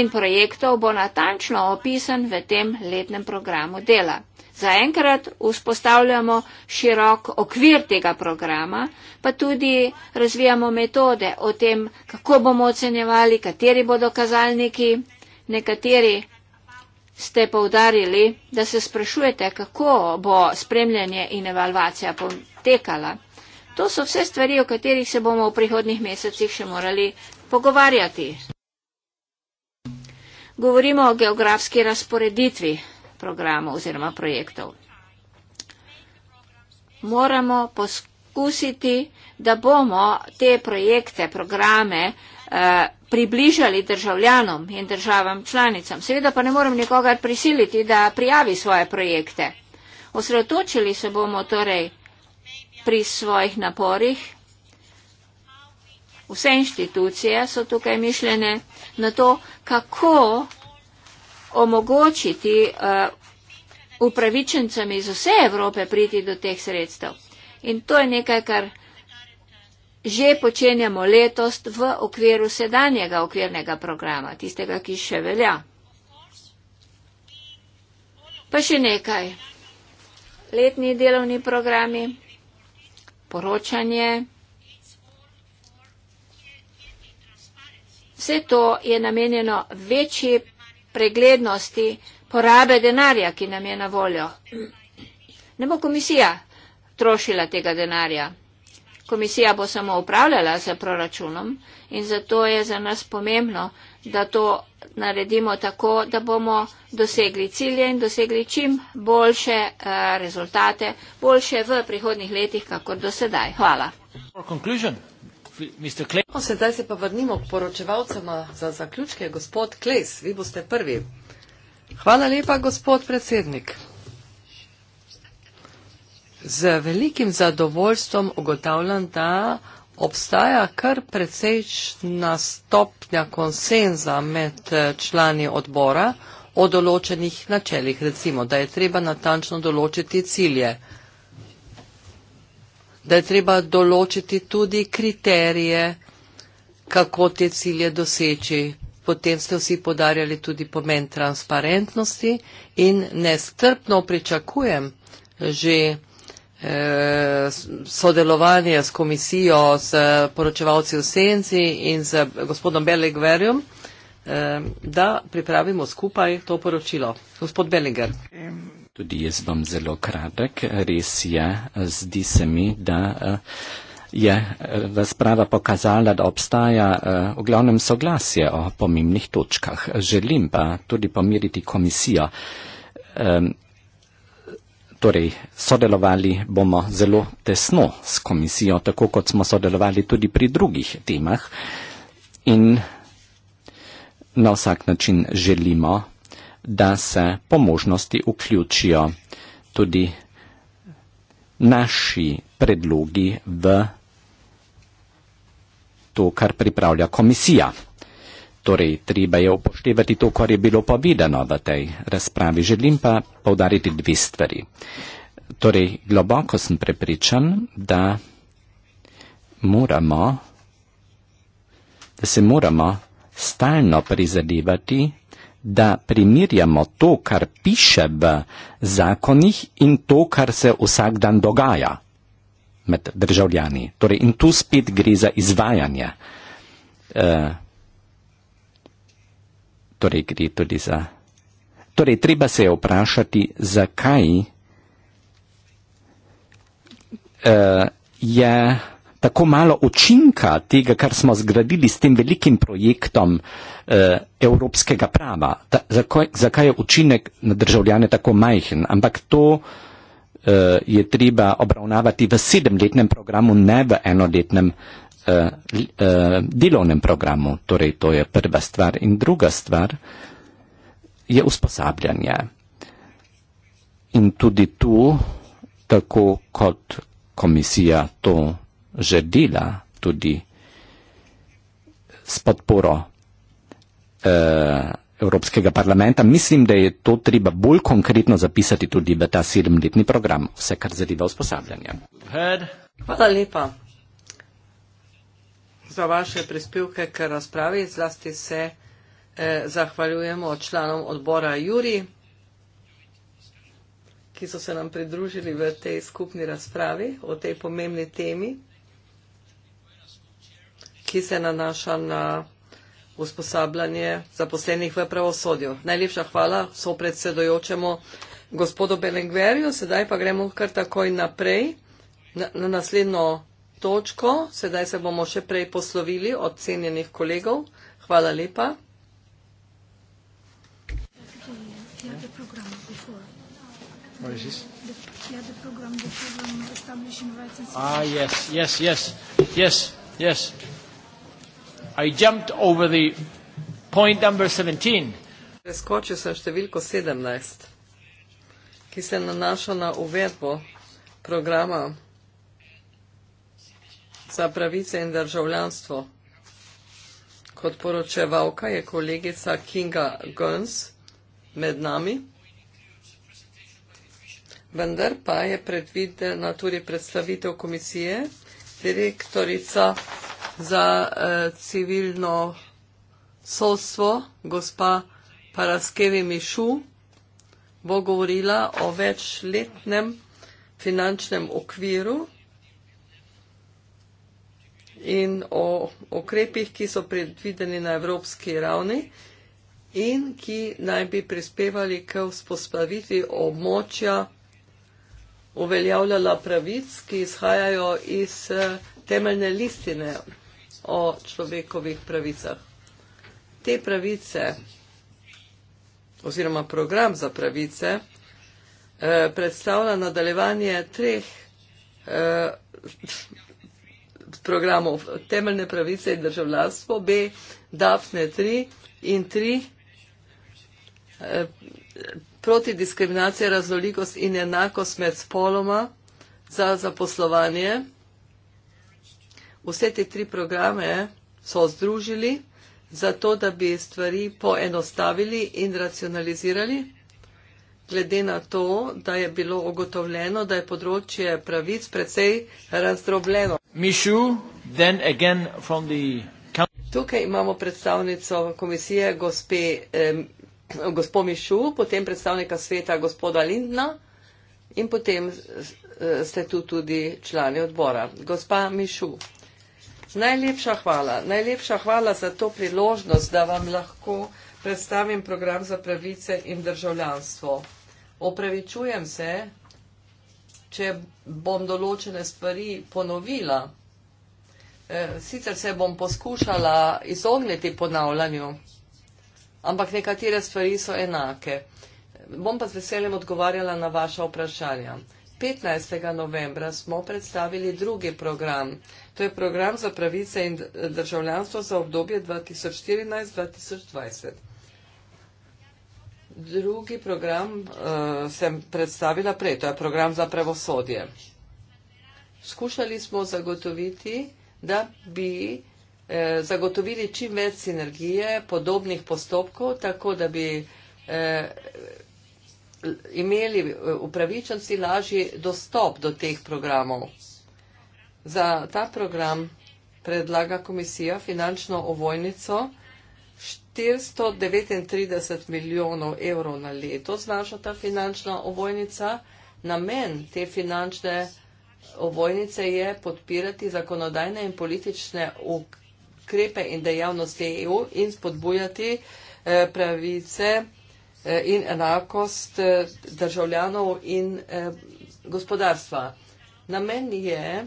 in projektov bo natančno opisan v tem letnem programu dela. Zaenkrat vzpostavljamo širok okvir tega programa, pa tudi razvijamo metode o tem, kako bomo ocenjevali, kateri bodo kazalniki, nekateri ste povdarili, da se sprašujete, kako bo spremljanje in evalvacija potekala. To so vse stvari, o katerih se bomo v prihodnih mesecih še morali pogovarjati. Govorimo o geografski razporeditvi programov oziroma projektov. Moramo poskusiti, da bomo te projekte, programe, eh, približali državljanom in državam članicam. Seveda pa ne morem nikogar prisiliti, da prijavi svoje projekte. Osredotočili se bomo torej pri svojih naporih. Vse inštitucije so tukaj mišljene na to, kako omogočiti uh, upravičencem iz vse Evrope priti do teh sredstev. In to je nekaj, kar že počenjamo letos v okviru sedanjega okvirnega programa, tistega, ki še velja. Pa še nekaj. Letni delovni programi, poročanje. Vse to je namenjeno večji preglednosti porabe denarja, ki nam je na voljo. Ne bo komisija trošila tega denarja komisija bo samo upravljala z proračunom in zato je za nas pomembno, da to naredimo tako, da bomo dosegli cilje in dosegli čim boljše uh, rezultate, boljše v prihodnih letih, kakor do sedaj. Hvala. No, sedaj se pa vrnimo k poročevalcem za zaključke. Gospod Kles, vi boste prvi. Hvala lepa, gospod predsednik. Z velikim zadovoljstvom ugotavljam, da obstaja kar precejšna stopnja konsenza med eh, člani odbora o določenih načelih, recimo, da je treba natančno določiti cilje, da je treba določiti tudi kriterije, kako te cilje doseči. Potem ste vsi podarjali tudi pomen transparentnosti in nestrpno pričakujem že Eh, sodelovanje s komisijo, s poročevalci v senci in z gospodom Beligverjem, eh, da pripravimo skupaj to poročilo. Gospod Beliger. Tudi jaz bom zelo kratek. Res je, zdi se mi, da eh, je razprava pokazala, da obstaja v glavnem soglasje o pomembnih točkah. Želim pa tudi pomiriti komisijo. Torej, sodelovali bomo zelo tesno s komisijo, tako kot smo sodelovali tudi pri drugih temah in na vsak način želimo, da se po možnosti vključijo tudi naši predlogi v to, kar pripravlja komisija. Torej, treba je upoštevati to, kar je bilo povedano v tej razpravi. Želim pa povdariti dve stvari. Torej, globoko sem prepričan, da, moramo, da se moramo stalno prizadevati, da primerjamo to, kar piše v zakonih in to, kar se vsak dan dogaja med državljani. Torej, in tu spet gre za izvajanje. Uh, torej gre tudi za. Torej, treba se je vprašati, zakaj uh, je tako malo učinka tega, kar smo zgradili s tem velikim projektom uh, evropskega prava. Ta, zakaj, zakaj je učinek na državljane tako majhen? Ampak to uh, je treba obravnavati v sedemletnem programu, ne v enoletnem programu uh, delovnem programu. Torej, to je prva stvar. In druga stvar je usposabljanje. In tudi tu, tako kot komisija to že dela, tudi s podporo uh, Evropskega parlamenta, mislim, da je to treba bolj konkretno zapisati tudi v ta sedemletni program, vse kar zadeva usposabljanje. Hvala lepa za vaše prispevke k razpravi. Zlasti se eh, zahvaljujemo članom odbora Juri, ki so se nam pridružili v tej skupni razpravi o tej pomembni temi, ki se nanaša na usposabljanje zaposlenih v pravosodju. Najlepša hvala so predsedojočemu gospodu Belengverju. Sedaj pa gremo kar takoj naprej na, na naslednjo točko. Sedaj se bomo še prej poslovili od cenjenih kolegov. Hvala lepa. What is this? The program, the program establishing rights and Ah, yes, yes, yes, yes, yes. I jumped over the point number 17. Skočil sem številko 17, ki se nanaša na uvedbo programa za pravice in državljanstvo. Kot poročevalka je kolegica Kinga Guns med nami, vendar pa je predvidena tudi predstavitev komisije, direktorica za eh, civilno sodstvo, gospa Paraskevi Mišu, bo govorila o večletnem finančnem okviru 2021-2027 in o okrepih, ki so predvideni na evropski ravni in ki naj bi prispevali k vzpostavitvi območja uveljavljala pravic, ki izhajajo iz eh, temeljne listine o človekovih pravicah. Te pravice oziroma program za pravice eh, predstavlja nadaljevanje treh eh, programov temeljne pravice in državljanstvo, B, DAFNE 3 in 3, eh, proti diskriminaciji, raznolikost in enakost med spoloma za zaposlovanje. Vse te tri programe so združili zato, da bi stvari poenostavili in racionalizirali. Glede na to, da je bilo ogotovljeno, da je področje pravic precej razdrobljeno. Tukaj imamo predstavnico komisije gospe, eh, gospo Mišu, potem predstavnika sveta gospoda Lindna in potem ste tu tudi člani odbora. Gospa Mišu, najlepša hvala. Najlepša hvala za to priložnost, da vam lahko predstavim program za pravice in državljanstvo. Opravičujem se, če bom določene stvari ponovila. Eh, sicer se bom poskušala izogniti ponavljanju, ampak nekatere stvari so enake. Bom pa z veseljem odgovarjala na vaša vprašanja. 15. novembra smo predstavili drugi program. To je program za pravice in državljanstvo za obdobje 2014-2020 drugi program uh, sem predstavila prej, to je program za pravosodje. Skušali smo zagotoviti, da bi eh, zagotovili čim več sinergije podobnih postopkov, tako da bi eh, imeli eh, upravičenci lažji dostop do teh programov. Za ta program predlaga komisija finančno ovojnico. 439 milijonov evrov na leto znaša ta finančna ovojnica. Namen te finančne ovojnice je podpirati zakonodajne in politične ukrepe in dejavnosti EU in spodbujati eh, pravice eh, in enakost eh, državljanov in gospodarstva. Namen je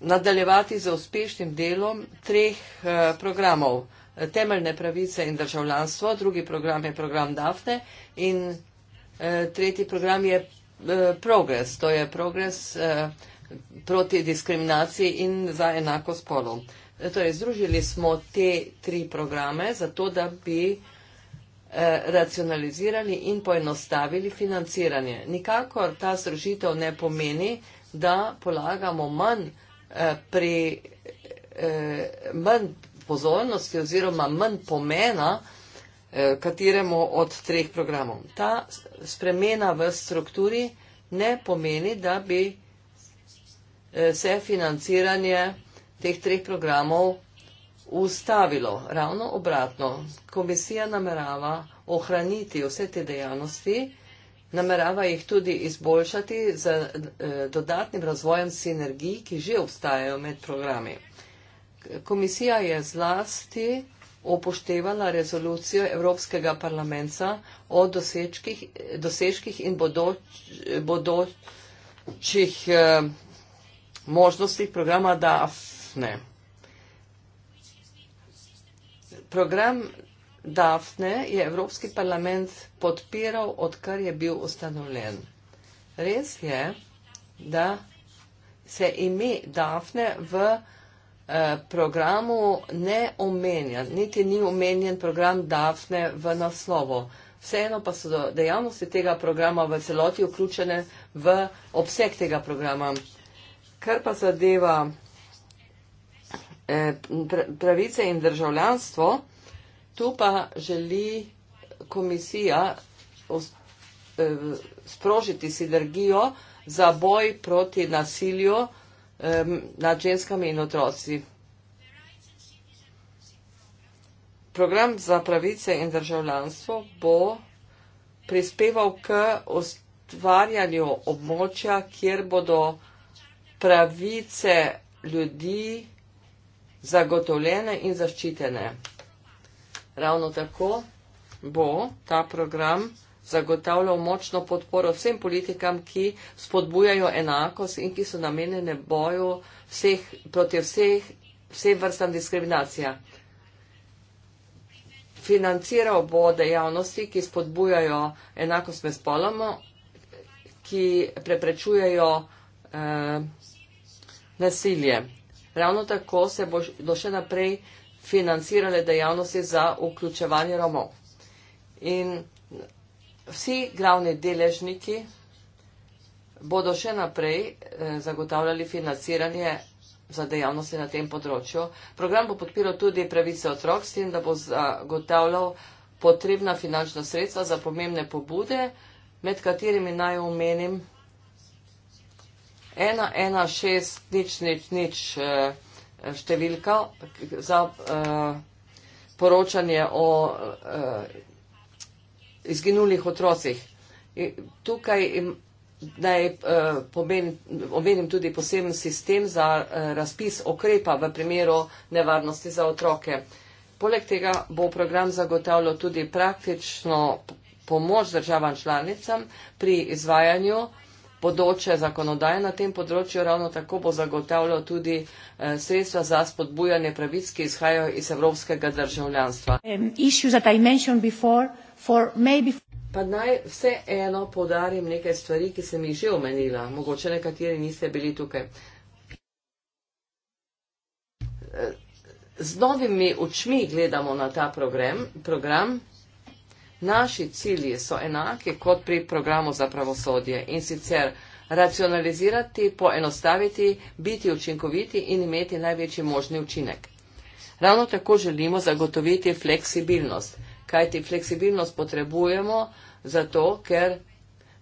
nadaljevati z uspešnim delom treh programov temeljne pravice in državljanstvo, drugi program je program Dafne in eh, tretji program je eh, progres, to je progres eh, proti diskriminaciji in za enako spolu. Torej, združili smo te tri programe zato, da bi racionalizirali in poenostavili financiranje. Nikakor ta združitev ne pomeni, da polagamo manj pri manj pozornosti oziroma manj pomena eh, kateremu od treh programov. Ta spremena v strukturi ne pomeni, da bi eh, se financiranje teh treh programov ustavilo. Ravno obratno, komisija namerava ohraniti vse te dejavnosti, namerava jih tudi izboljšati z eh, dodatnim razvojem sinergij, ki že obstajajo med programi komisija je zlasti upoštevala rezolucijo Evropskega parlamenta o dosežkih, dosežkih in bodoč, bodočih eh, možnostih programa DAFNE. Program DAFNE je Evropski parlament podpiral, odkar je bil ustanovljen. Res je, da se ime DAFNE v Eh, programu ne omenjen, niti ni omenjen program DAFNE v naslovu. Vseeno pa so dejavnosti tega programa v celoti vključene v obseg tega programa. Kar pa zadeva eh, pravice in državljanstvo, tu pa želi komisija eh, sprožiti sinergijo za boj proti nasilju, nad ženskami in otroci. Program za pravice in državljanstvo bo prispeval k ustvarjanju območja, kjer bodo pravice ljudi zagotovljene in zaščitene. Ravno tako bo ta program zagotavljal močno podporo vsem politikam, ki spodbujajo enakost in ki so namenjene boju vseh, proti vseh, vsem vrstam diskriminacija. Financiral bo dejavnosti, ki spodbujajo enakost med spoloma, ki preprečujejo eh, nasilje. Ravno tako se bo do še naprej financirale dejavnosti za vključevanje Romov. In vsi glavni deležniki bodo še naprej eh, zagotavljali financiranje za dejavnosti na tem področju. Program bo podpiral tudi pravice otrok s tem, da bo zagotavljal potrebna finančna sredstva za pomembne pobude, med katerimi naj omenim 116 nič nič nič eh, številka za eh, poročanje o izginulih otrocih. Tukaj naj eh, omenim tudi poseben sistem za eh, razpis okrepa v primeru nevarnosti za otroke. Poleg tega bo program zagotavljal tudi praktično pomoč državam članicam pri izvajanju bodoče zakonodaje na tem področju, ravno tako bo zagotavljal tudi eh, sredstva za spodbujanje pravic, ki izhajajo iz evropskega državljanstva. Um, Pa naj vse eno podarim nekaj stvari, ki sem jih že omenila, mogoče nekateri niste bili tukaj. Z novimi očmi gledamo na ta program. program. Naši cilji so enake kot pri programu za pravosodje in sicer racionalizirati, poenostaviti, biti učinkoviti in imeti največji možni učinek. Ravno tako želimo zagotoviti fleksibilnost kajti fleksibilnost potrebujemo zato, ker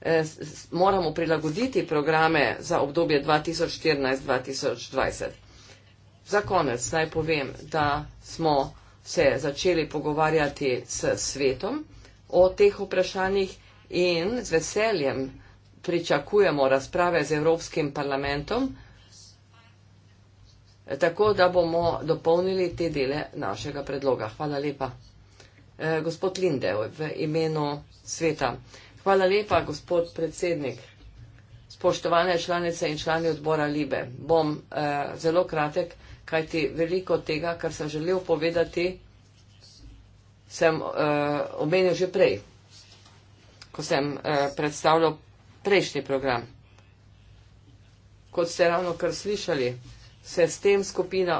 eh, moramo prilagoditi programe za obdobje 2014-2020. Za konec naj povem, da smo se začeli pogovarjati s svetom o teh vprašanjih in z veseljem pričakujemo razprave z Evropskim parlamentom, tako da bomo dopolnili te dele našega predloga. Hvala lepa. Eh, gospod Linde, v imenu sveta. Hvala lepa, gospod predsednik. Spoštovane članice in člani odbora Libe, bom eh, zelo kratek, kajti veliko tega, kar sem želel povedati, sem eh, omenil že prej, ko sem eh, predstavljal prejšnji program. Kot ste ravno kar slišali, se s tem,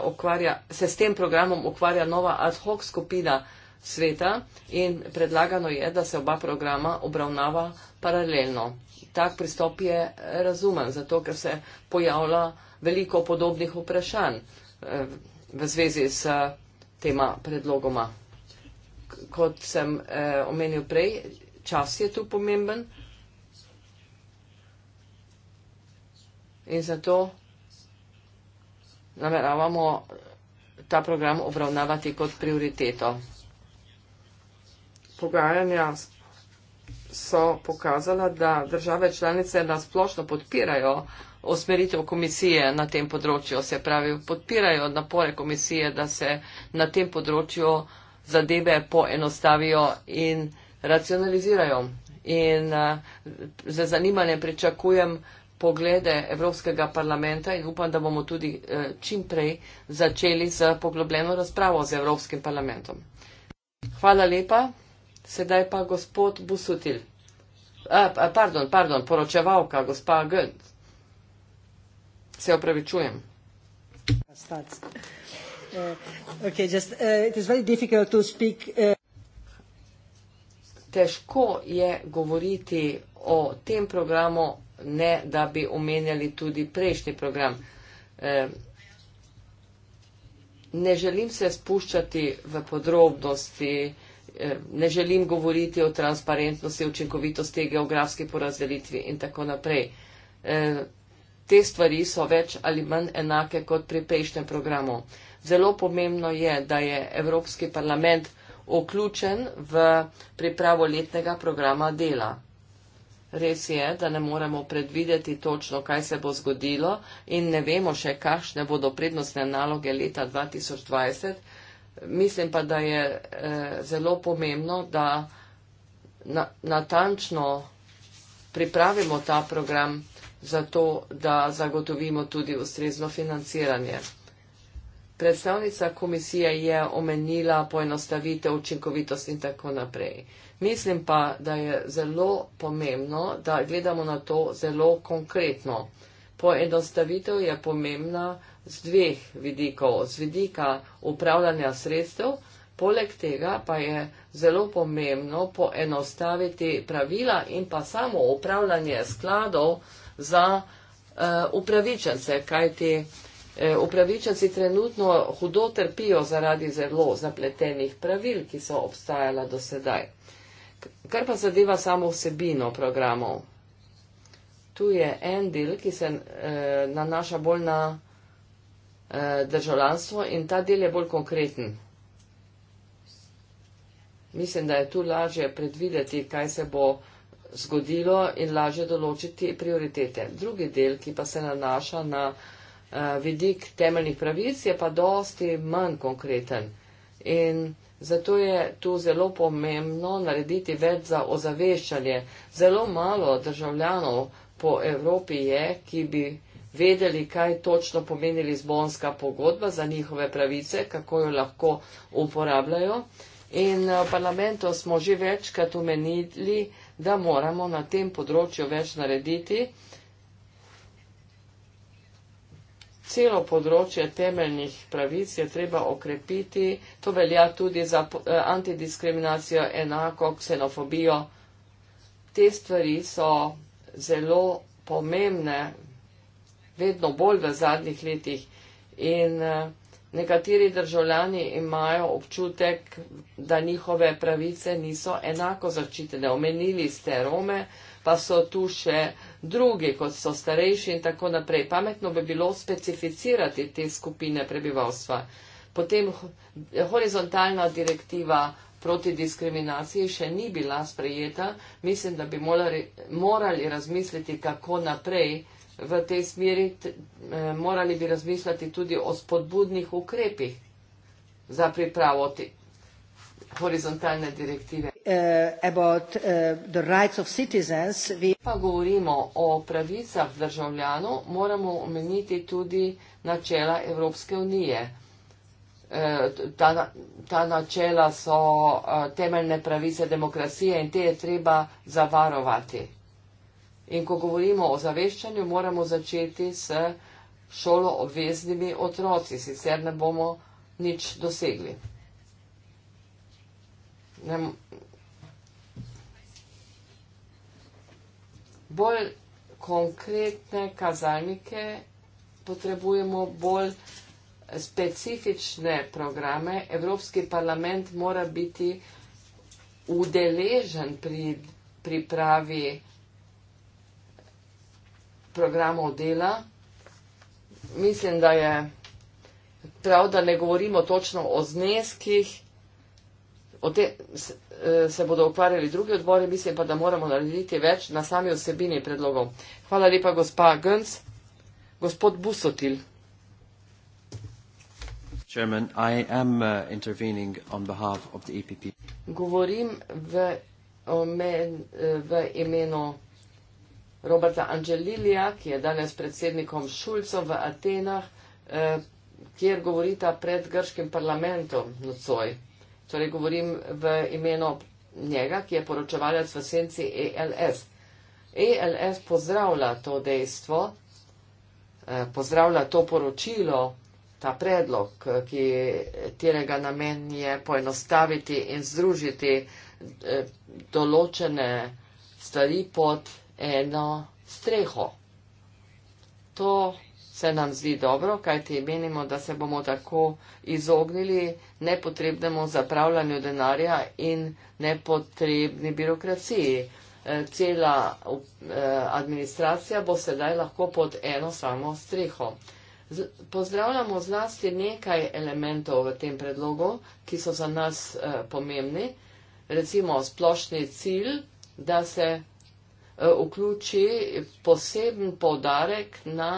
ukvarja, se s tem programom ukvarja nova ad hoc skupina sveta in predlagano je, da se oba programa obravnava paralelno. Tak pristop je razumen, zato ker se pojavlja veliko podobnih vprašanj eh, v zvezi s tema predlogoma. Kot sem eh, omenil prej, čas je tu pomemben in zato nameravamo ta program obravnavati kot prioriteto pogajanja so pokazala, da države članice nasplošno podpirajo osmeritev komisije na tem področju, se pravi, podpirajo napore komisije, da se na tem področju zadeve poenostavijo in racionalizirajo. In uh, eh, za zanimanje pričakujem poglede Evropskega parlamenta in upam, da bomo tudi uh, eh, čimprej začeli z poglobljeno razpravo z Evropskim parlamentom. Hvala lepa sedaj pa gospod Busutil, a, a, pardon, pardon, poročevalka, gospa Gönd. Se opravičujem. Eh, eh, eh. Težko je govoriti o tem programu, ne da bi omenjali tudi prejšnji program. Ne želim se spuščati v podrobnosti. Eh, ne želim govoriti o transparentnosti, učinkovitosti, geografski porazdelitvi in tako naprej. Eh, te stvari so več ali manj enake kot pri prejšnjem programu. Zelo pomembno je, da je Evropski parlament vključen v pripravo letnega programa dela. Res je, da ne moremo predvideti točno, kaj se bo zgodilo in ne vemo še, kakšne bodo prednostne naloge leta 2020. Mislim pa, da je eh, zelo pomembno, da na, natančno pripravimo ta program za to, da zagotovimo tudi ustrezno financiranje. Predstavnica komisije je omenila poenostavitev, učinkovitost in tako naprej. Mislim pa, da je zelo pomembno, da gledamo na to zelo konkretno. Poenostavitev je pomembna z dveh vidikov, z vidika upravljanja sredstev, poleg tega pa je zelo pomembno poenostaviti pravila in pa samo upravljanje skladov za uh, upravičence, kajti uh, upravičenci trenutno hudo trpijo zaradi zelo zapletenih pravil, ki so obstajala do sedaj. Kar pa zadeva samo vsebino programov tu je en del, ki se eh, nanaša bolj na eh, državljanstvo in ta del je bolj konkreten. Mislim, da je tu lažje predvideti, kaj se bo zgodilo in lažje določiti prioritete. Drugi del, ki pa se nanaša na eh, vidik temeljnih pravic, je pa dosti manj konkreten. In zato je tu zelo pomembno narediti več za ozaveščanje. Zelo malo državljanov po Evropi je, ki bi vedeli, kaj točno pomeni Lizbonska pogodba za njihove pravice, kako jo lahko uporabljajo. In eh, v parlamentu smo že večkrat omenili, da moramo na tem področju več narediti. Celo področje temeljnih pravic je treba okrepiti. To velja tudi za eh, antidiskriminacijo, enako ksenofobijo. Te stvari so zelo pomembne, vedno bolj v zadnjih letih. In eh, nekateri državljani imajo občutek, da njihove pravice niso enako zaščitene. Omenili ste Rome, pa so tu še drugi, kot so starejši in tako naprej. Pametno bi bilo specificirati te skupine prebivalstva. Potem horizontalna direktiva proti diskriminaciji še ni bila sprejeta, mislim, da bi morali, morali razmisliti, kako naprej v tej smeri, eh, morali bi razmisliti tudi o spodbudnih ukrepih za pripravo te horizontalne direktive. Uh, uh, citizens, we... Pa govorimo o pravicah državljanov, moramo omeniti tudi načela Evropske unije ta, ta načela so eh, temeljne pravice demokracije in te je treba zavarovati. In ko govorimo o zaveščanju, moramo začeti s šolo obveznimi otroci, sicer ne bomo nič dosegli. Ne, bolj konkretne kazalnike potrebujemo, bolj specifične programe, Evropski parlament mora biti udeležen pri pripravi programov dela. Mislim, da je prav, da ne govorimo točno o zneskih, o te e, se bodo ukvarjali drugi odbori, mislim pa, da moramo narediti več na sami osebini predlogov. Hvala lepa, gospa Gönc. Gospod Busotil. Chairman, I am uh, intervening on behalf of the EPP. Govorim v, omen, v imenu Roberta Angelilija, ki je danes predsednikom Šulcov v Atenah, eh, kjer govorita pred grškim parlamentom nocoj. Torej govorim v imenu njega, ki je poročevalec v senci ALS. E ALS e pozdravlja to dejstvo, eh, pozdravlja to poročilo ta predlog, ki tirega namen je poenostaviti in združiti eh, določene stvari pod eno streho. To se nam zdi dobro, kajti menimo, da se bomo tako izognili nepotrebnemu zapravljanju denarja in nepotrebni birokraciji. Eh, cela eh, administracija bo sedaj lahko pod eno samo streho. Pozdravljamo zlasti nekaj elementov v tem predlogu, ki so za nas eh, pomembni, recimo splošni cilj, da se eh, vključi poseben povdarek na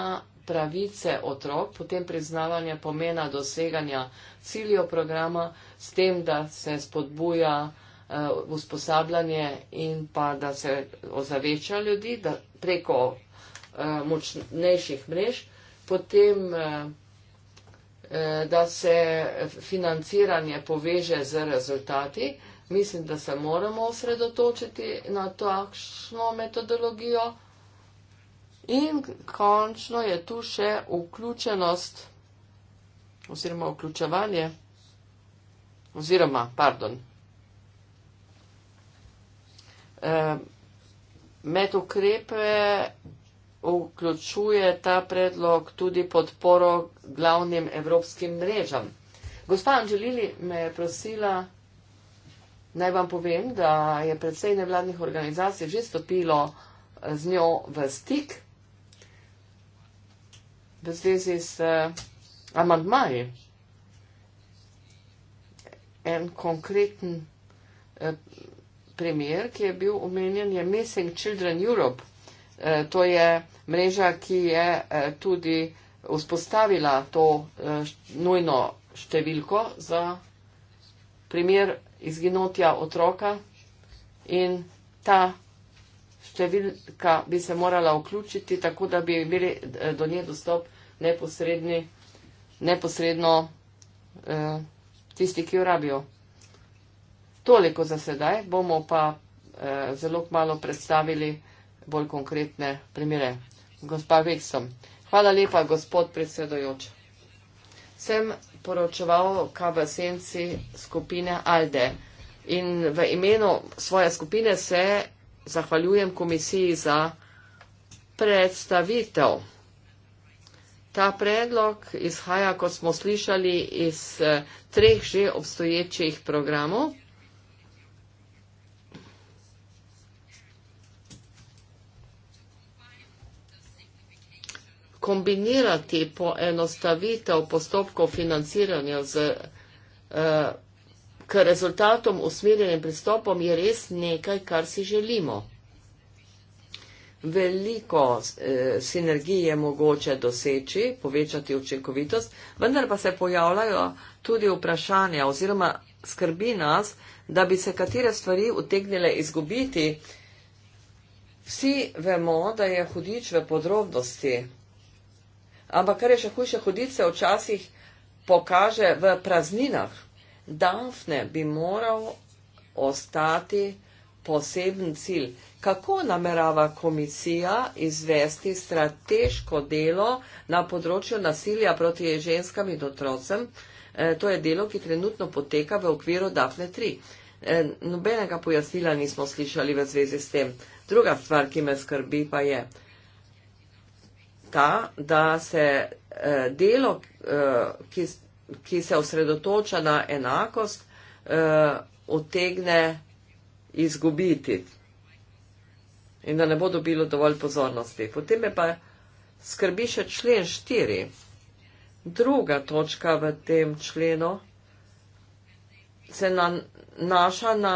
pravice otrok, potem priznavanje pomena doseganja ciljev programa, s tem, da se spodbuja eh, usposabljanje in pa da se ozaveča ljudi da, preko eh, močnejših mrež potem eh, eh, da se financiranje poveže z rezultati. Mislim, da se moramo osredotočiti na takšno metodologijo. In končno je tu še vključenost oziroma vključevanje oziroma, pardon, eh, med ukrepe vključuje ta predlog tudi podporo glavnim evropskim mrežam. Gospa Anželili me je prosila, naj vam povem, da je predsej nevladnih organizacij že stopilo eh, z njo v stik v zvezi s eh, amandmaji. En konkreten eh, primer, ki je bil omenjen, je Missing Children Europe. Eh, to je mreža, ki je eh, tudi vzpostavila to eh, nujno številko za primer izginotja otroka in ta številka bi se morala vključiti tako, da bi imeli do nje dostop neposredni, neposredno tisti, ki jo rabijo. Toliko za sedaj, bomo pa zelo malo predstavili bolj konkretne primere. Gospa Veksom, hvala lepa, gospod predsedojoč. Sem poročeval kaj v senci skupine Alde in v imenu svoje skupine se zahvaljujem komisiji za predstavitev. Ta predlog izhaja, kot smo slišali, iz eh, treh že obstoječih programov. kombinirati poenostavitev postopkov financiranja z, eh, k rezultatom usmerjenim pristopom je res nekaj, kar si želimo. Veliko eh, sinergij je mogoče doseči, povečati učinkovitost, vendar pa se pojavljajo tudi vprašanja oziroma skrbi nas, da bi se katere stvari utegnile izgubiti. Vsi vemo, da je hudič v podrobnosti. Ampak kar je še hujše, hoditi se včasih pokaže v prazninah. Dafne bi moral ostati poseben cilj. Kako namerava komisija izvesti strateško delo na področju nasilja proti ženskam in otrocem? E, to je delo, ki trenutno poteka v okviru Dafne 3. E, nobenega pojasnila nismo slišali v zvezi s tem. Druga stvar, ki me skrbi, pa je, ta, da se eh, delo, eh, ki, ki se osredotoča na enakost, otegne eh, izgubiti in da ne bo dobilo dovolj pozornosti. Potem me pa skrbi še člen 4. Druga točka v tem členu se nanaša na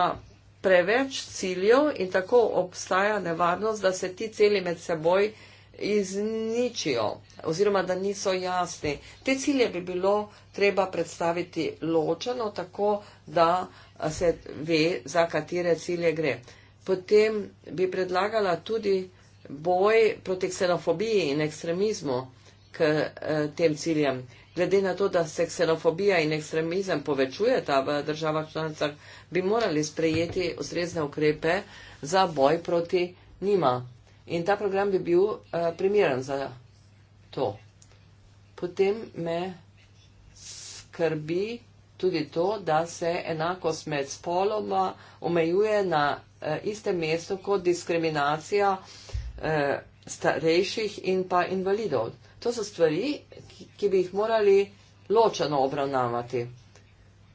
preveč ciljev in tako obstaja nevarnost, da se ti celi med seboj izničijo oziroma da niso jasni. Te cilje bi bilo treba predstaviti ločeno, tako da se ve, za katere cilje gre. Potem bi predlagala tudi boj proti ksenofobiji in ekstremizmu k eh, tem ciljem. Glede na to, da se ksenofobija in ekstremizem povečujeta v državah članicah, bi morali sprejeti ustrezne ukrepe za boj proti njima. In ta program bi bil uh, primeren za to. Potem me skrbi tudi to, da se enakost med spoloma omejuje na uh, eh, istem mestu kot diskriminacija uh, starejših in pa invalidov. To so stvari, ki, ki bi jih morali ločeno obravnavati.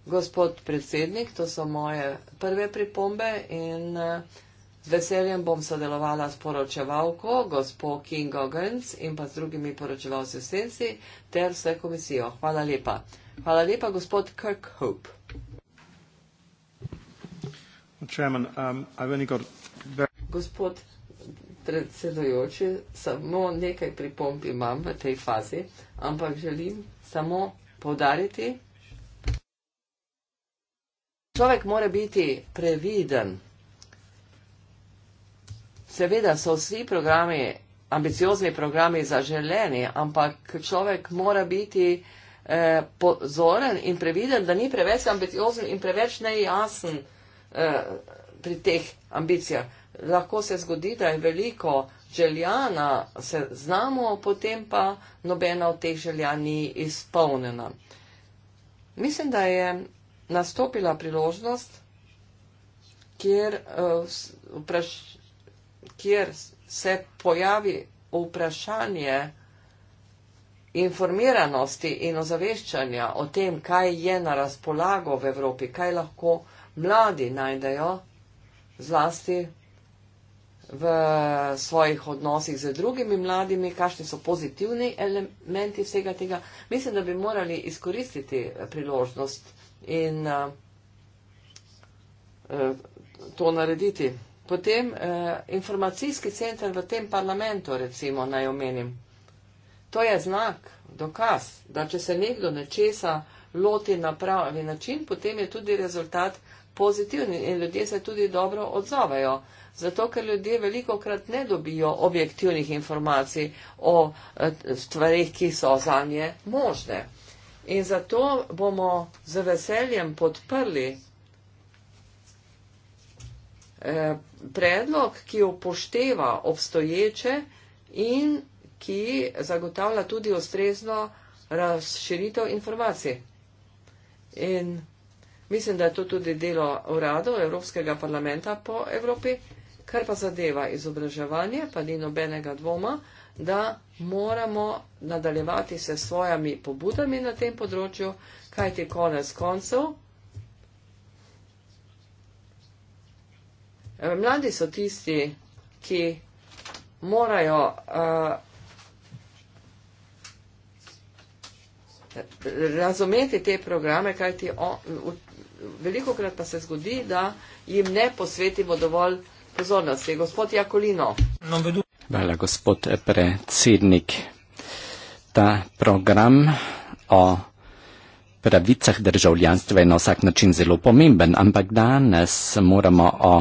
Gospod predsednik, to so moje prve pripombe in uh, Z veseljem bom sodelovala s poročevalko, gospod Kingo Gens in pa z drugimi poročevalci v senci ter vse komisijo. Hvala lepa. Hvala lepa, gospod Kirk Hope. Chairman, um, only got very... Gospod predsedujoči, samo nekaj pripomp imam v tej fazi, ampak želim samo povdariti, človek mora biti previden. Seveda so vsi programi, ambiciozni programi zaželeni, ampak človek mora biti eh, pozoren in previden, da ni preveč ambiciozen in preveč nejasen eh, pri teh ambicijah. Lahko se zgodi, da je veliko željana, se znamo, potem pa nobena od teh želja ni izpolnjena. Mislim, da je nastopila priložnost, kjer uh, vpraš, kjer se pojavi vprašanje informiranosti in ozaveščanja o tem, kaj je na razpolago v Evropi, kaj lahko mladi najdejo zlasti v svojih odnosih z drugimi mladimi, kakšni so pozitivni elementi vsega tega. Mislim, da bi morali izkoristiti priložnost in uh, to narediti. Potem eh, informacijski center v tem parlamentu, recimo, naj omenim. To je znak, dokaz, da če se nekdo nečesa loti na pravi način, potem je tudi rezultat pozitivni in ljudje se tudi dobro odzovejo. Zato, ker ljudje veliko krat ne dobijo objektivnih informacij o eh, stvarih, ki so za nje možne. In zato bomo z veseljem podprli Eh, predlog, ki upošteva obstoječe in ki zagotavlja tudi ustrezno razširitev informacij. In mislim, da je to tudi delo uradov Evropskega parlamenta po Evropi, kar pa zadeva izobraževanje, pa ni nobenega dvoma, da moramo nadaljevati se svojimi pobudami na tem področju, kajti konec koncev. Eh, mladi so tisti, ki morajo eh, razumeti te programe, kajti veliko krat pa se zgodi, da jim ne posvetimo dovolj pozornosti. Gospod Jakolino. Hvala, gospod predsednik. Ta program o pravicah državljanstva je na vsak način zelo pomemben, ampak danes moramo o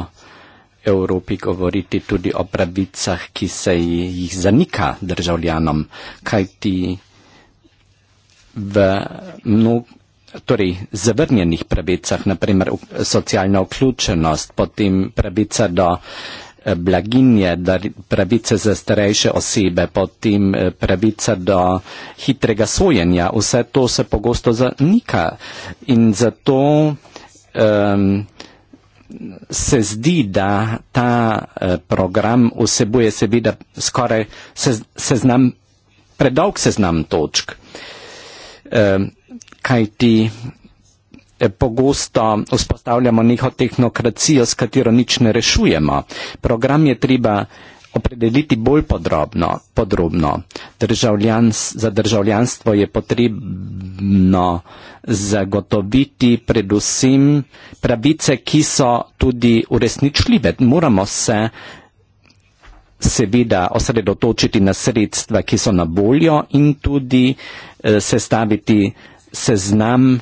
Evropi govoriti tudi o pravicah, ki se jih zanika državljanom, kajti v mnogo. Torej, zavrnjenih pravicah, naprimer socialna vključenost, potem pravica do eh, blaginje, pravice za starejše osebe, potem eh, pravica do hitrega sojenja, vse to se pogosto zanika in zato um, se zdi, da ta eh, program vsebuje seveda skoraj se, seznam, predolg seznam točk. Ehm, Kaj ti eh, pogosto vzpostavljamo neko tehnokracijo, s katero nič ne rešujemo. Program je treba opredeliti bolj podrobno, podrobno. Državljans, za državljanstvo je potrebno zagotoviti predvsem pravice, ki so tudi uresničljive. Moramo se seveda osredotočiti na sredstva, ki so na voljo in tudi eh, sestaviti seznam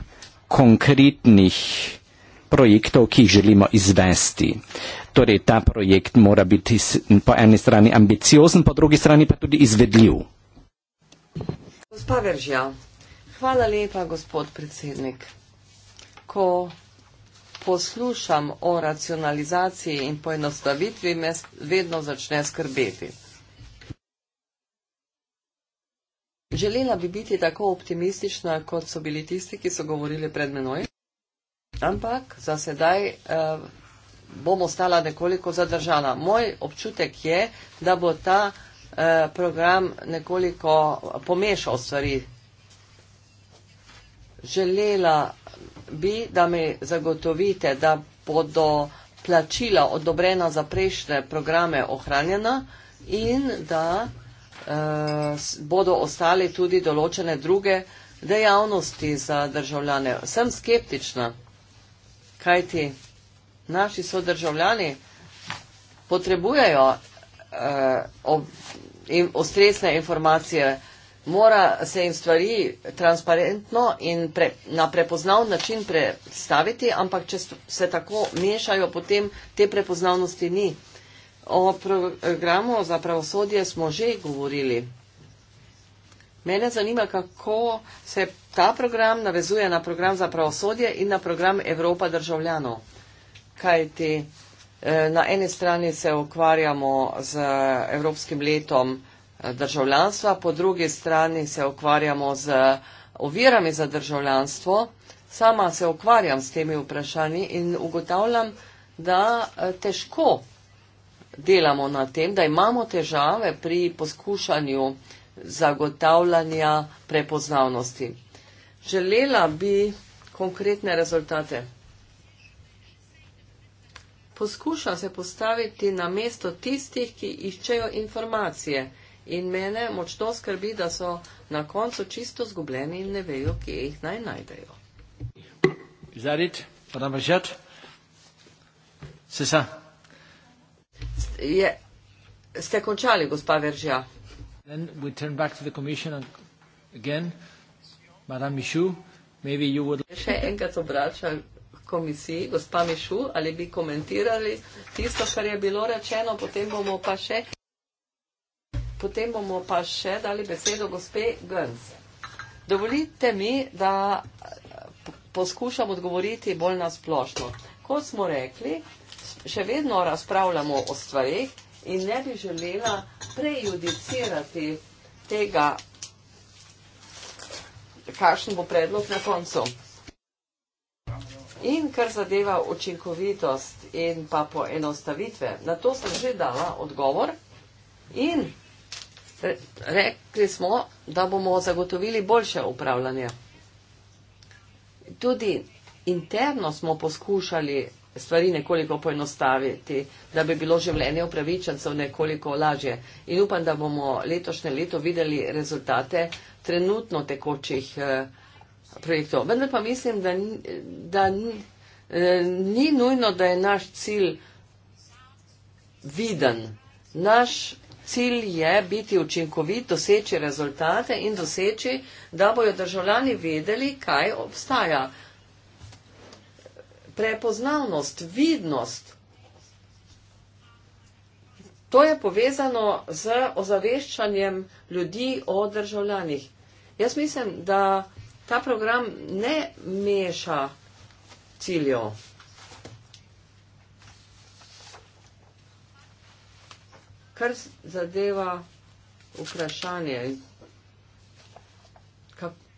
konkretnih projektov, ki jih želimo izvesti. Eh, Torej, ta projekt mora biti po eni strani ambiciozen, po drugi strani pa tudi izvedljiv. Gospa Veržja, hvala lepa, gospod predsednik. Ko poslušam o racionalizaciji in poenostavitvi, me vedno začne skrbeti. Želela bi biti tako optimistična, kot so bili tisti, ki so govorili pred menoj, ampak za sedaj. Uh, bom ostala nekoliko zadržana. Moj občutek je, da bo ta eh, program nekoliko pomešal stvari. Želela bi, da mi zagotovite, da bodo plačila odobrena za prejšnje programe ohranjena in da eh, bodo ostali tudi določene druge dejavnosti za državljane. Sem skeptična, kajti naši sodržavljani potrebujejo eh, ob, in ustresne informacije, mora se jim stvari transparentno in pre, na prepoznav način predstaviti, ampak če se tako mešajo, potem te prepoznavnosti ni. O programu za pravosodje smo že govorili. Mene zanima, kako se ta program navezuje na program za pravosodje in na program Evropa državljanov kajti eh, na eni strani se ukvarjamo z Evropskim letom eh, državljanstva, po drugi strani se ukvarjamo z ovirami za državljanstvo. Sama se ukvarjam s temi vprašanji in ugotavljam, da eh, težko delamo na tem, da imamo težave pri poskušanju zagotavljanja prepoznavnosti. Želela bi konkretne rezultate poskuša se postaviti na mesto tistih, ki iščejo informacije in mene močno skrbi, da so na koncu čisto zgubljeni in ne vejo, kje jih naj najdejo. Zarit, Ramažat, Sesa. Je, ste končali, gospa Veržja. Then we turn back to the commission again. Madame Michu, maybe you would... Še enkrat obračam komisiji, gospa Mišu, ali bi komentirali tisto, kar je bilo rečeno, potem bomo pa še, potem bomo pa še dali besedo gospe Gönc. Dovolite mi, da eh, poskušam odgovoriti bolj nasplošno. Kot smo rekli, še vedno razpravljamo o stvarih in ne bi želela prejudicirati tega, kakšen bo predlog na koncu. In kar zadeva učinkovitost in pa poenostavitve, na to sem že dala odgovor. In rekli smo, da bomo zagotovili boljše upravljanje. Tudi interno smo poskušali stvari nekoliko poenostaviti, da bi bilo življenje upravičencev nekoliko lažje. In upam, da bomo letošnje leto videli rezultate trenutno tekočih. Eh, projektov. Vendar pa mislim, da, ni, da ni, eh, ni nujno, da je naš cilj viden. Naš cilj je biti učinkovit, doseči rezultate in doseči, da bojo državljani vedeli, kaj obstaja. Prepoznavnost, vidnost. To je povezano z ozaveščanjem ljudi o državljanih. Jaz mislim, da ta program ne meša ciljev. Kar zadeva vprašanje,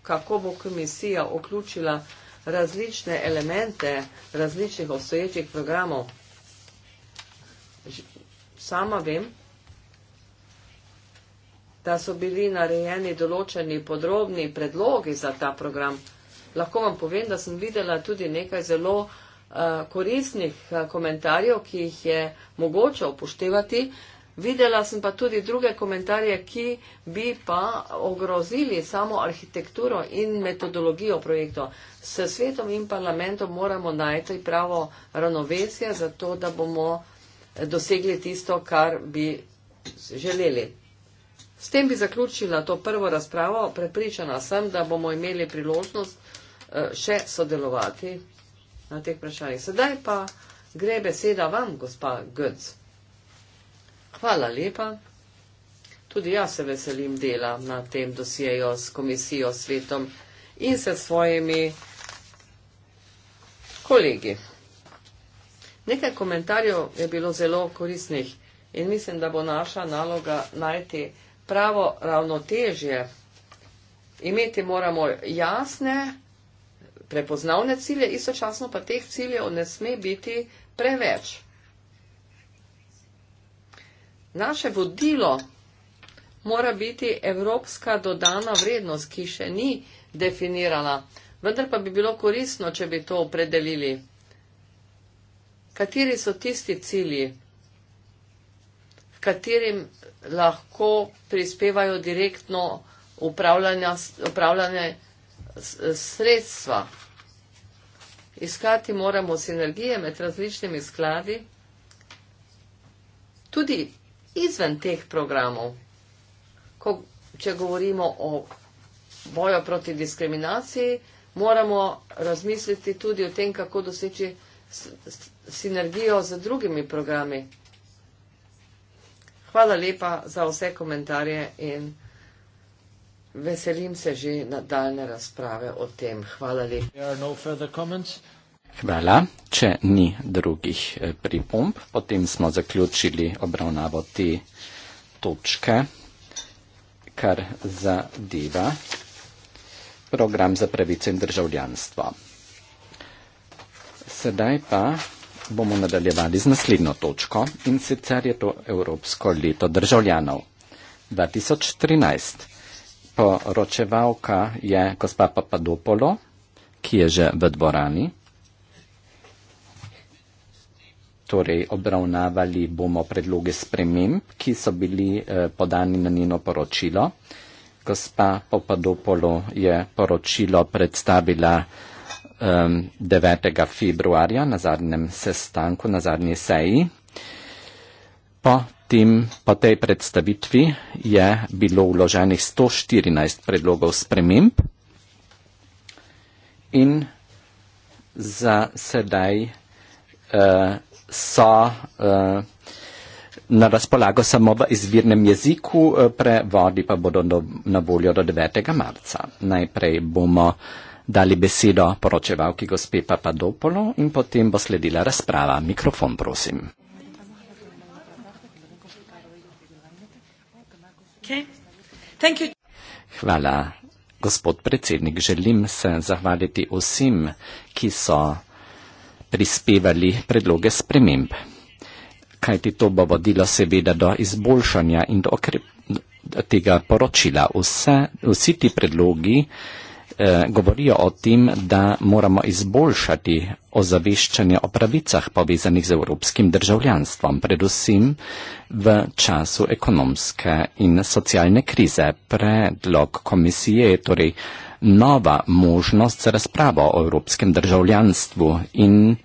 kako bo komisija vključila različne elemente različnih obstoječih programov. Sama vem, da so bili narejeni določeni podrobni predlogi za ta program. Lahko vam povem, da sem videla tudi nekaj zelo uh, koristnih uh, komentarjev, ki jih je mogoče upoštevati. Videla sem pa tudi druge komentarje, ki bi pa ogrozili samo arhitekturo in metodologijo projektov. S svetom in parlamentom moramo najti pravo ravnovesje, zato da bomo dosegli tisto, kar bi želeli. S tem bi zaključila to prvo razpravo. Prepričana sem, da bomo imeli priložnost eh, še sodelovati na teh vprašanjih. Sedaj pa gre beseda vam, gospa Götz. Hvala lepa. Tudi jaz se veselim dela na tem dosijeju s komisijo, svetom in se svojimi kolegi. Nekaj komentarjev je bilo zelo koristnih in mislim, da bo naša naloga najti pravo ravnotežje. Imeti moramo jasne, prepoznavne cilje, istočasno pa teh ciljev ne sme biti preveč. Naše vodilo mora biti evropska dodana vrednost, ki še ni definirana, vendar pa bi bilo koristno, če bi to opredelili. Kateri so tisti cilji? katerim lahko prispevajo direktno upravljanje sredstva. Iskati moramo sinergije med različnimi skladi, tudi izven teh programov. Ko, če govorimo o boju proti diskriminaciji, moramo razmisliti tudi o tem, kako doseči sinergijo z drugimi programi. Hvala lepa za vse komentarje in veselim se že nadaljne razprave o tem. Hvala lepa. No Hvala. Če ni drugih eh, pripomb, potem smo zaključili obravnavo te točke, kar zadeva program za pravice in državljanstvo. Sedaj pa bomo nadaljevali z naslednjo točko in sicer je to Evropsko leto državljanov 2013. Poročevalka je gospa Papadopolo, ki je že v dvorani. Torej, obravnavali bomo predloge sprememb, ki so bili eh, podani na njeno poročilo. Gospa Papadopolo je poročilo predstavila. 9. Um, februarja na zadnjem sestanku, na zadnji seji. Po, tim, po tej predstavitvi je bilo vloženih 114 predlogov sprememb in za sedaj uh, so uh, na razpolago samo v izvirnem jeziku, uh, prevodi pa bodo do, na voljo do 9. marca. Najprej bomo uh, dali besedo poročevalki gospe Papadopolo in potem bo sledila razprava. Mikrofon, prosim. Hvala, gospod predsednik. Želim se zahvaliti vsem, ki so prispevali predloge sprememb. Kajti to bo vodilo seveda do izboljšanja in do okrepitve tega poročila. Vse, vsi ti predlogi Eh, govorijo o tem, da moramo izboljšati ozaveščanje o pravicah povezanih z evropskim državljanstvom, predvsem v času ekonomske in socialne krize. Predlog komisije je torej nova možnost za razpravo o evropskem državljanstvu in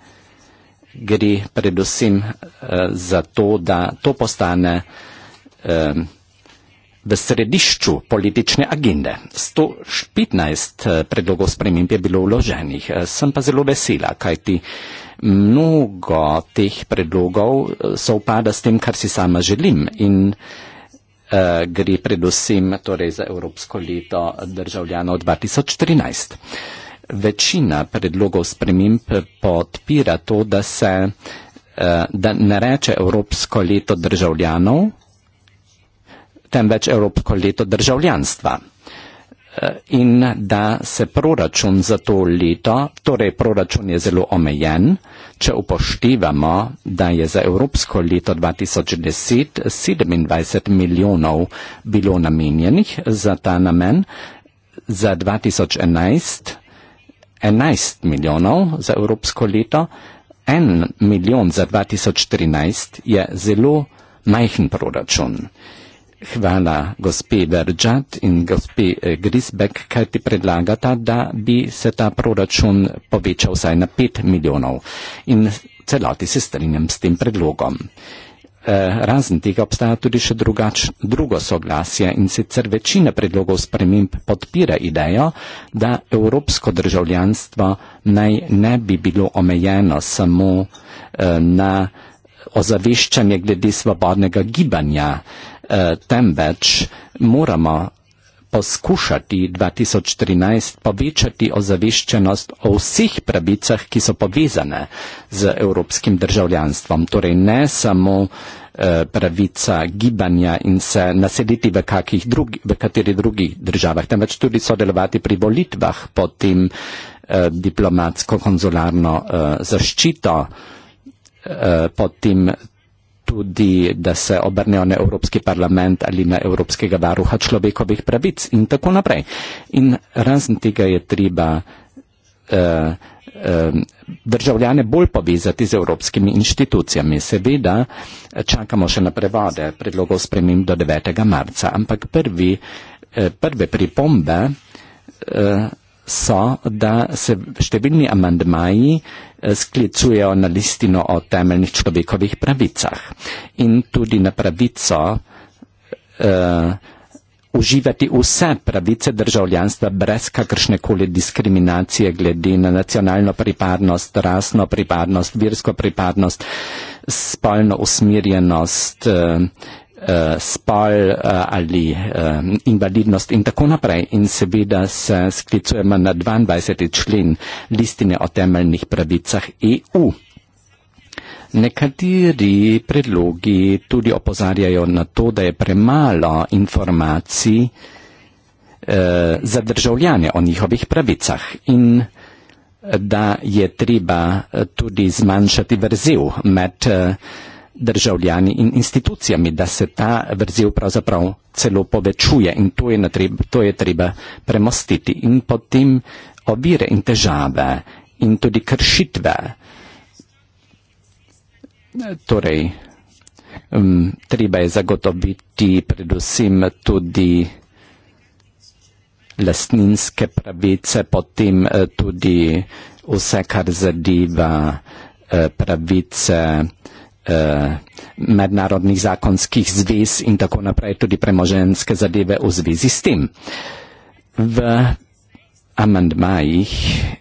gre predvsem eh, za to, da to postane. Eh, v središču politične agende. 115 eh, predlogov sprememb je bilo vloženih. Eh, sem pa zelo vesela, kajti mnogo teh predlogov eh, so upada s tem, kar si sama želim in uh, gre predvsem torej za Evropsko leto državljanov 2013. Večina predlogov sprememb podpira to, da se uh, da ne reče Evropsko leto državljanov, temveč Evropsko leto državljanstva. Eh, in da se proračun za to leto, torej proračun je zelo omejen, če upoštevamo, da je za Evropsko leto 2010 27 milijonov bilo namenjenih za ta namen, za 2011 11 milijonov za Evropsko leto, 1 milijon za 2013 je zelo majhen proračun hvala gospe Verđat in gospe eh, Grisbek, kaj ti predlagata, da bi se ta proračun povečal vsaj na 5 milijonov. In celoti se strinjam s tem predlogom. Eh, razen tega obstaja tudi še drugač, drugo soglasje in sicer večina predlogov sprememb podpira idejo, da evropsko državljanstvo naj ne bi bilo omejeno samo eh, na ozaveščanje glede svobodnega gibanja. Eh, temveč moramo poskušati 2013 povečati ozaveščenost o vseh pravicah, ki so povezane z evropskim državljanstvom. Torej ne samo eh, pravica gibanja in se naseliti v, drugi, v kateri drugih državah, temveč tudi sodelovati pri volitvah pod tem eh, diplomatsko-konzularno eh, zaščito, eh, pod tem tudi, da se obrnejo na Evropski parlament ali na Evropskega varuha človekovih pravic in tako naprej. In razen tega je treba eh, eh, državljane bolj povezati z evropskimi inštitucijami. Seveda eh, čakamo še na prevode predlogov spremim do 9. marca, ampak prvi, prve pripombe so, da se številni amandmaji eh, sklicujejo na listino o temeljnih človekovih pravicah in tudi na pravico uh, uživati vse pravice državljanstva brez kakršne koli diskriminacije glede na nacionalno pripadnost, rasno pripadnost, virsko pripadnost, spolno usmirjenost. Uh, eh, Eh, spol eh, ali eh, invalidnost in tako naprej. In seveda se sklicujemo na 22. člen listine o temeljnih pravicah EU. Nekateri predlogi tudi opozarjajo na to, da je premalo informacij eh, za državljane o njihovih pravicah in da je treba tudi zmanjšati vrzel med eh, državljani in institucijami, da se ta vrzel pravzaprav celo povečuje in to je, natreb, to je treba premostiti. In potem ovire in težave in tudi kršitve. Torej, um, treba je zagotoviti predvsem tudi lastninske pravice, potem uh, tudi vse, kar zadeva uh, pravice uh, Eh, mednarodnih zakonskih zvez in tako naprej tudi premoženske zadeve v zvezi s tem. V amandmajih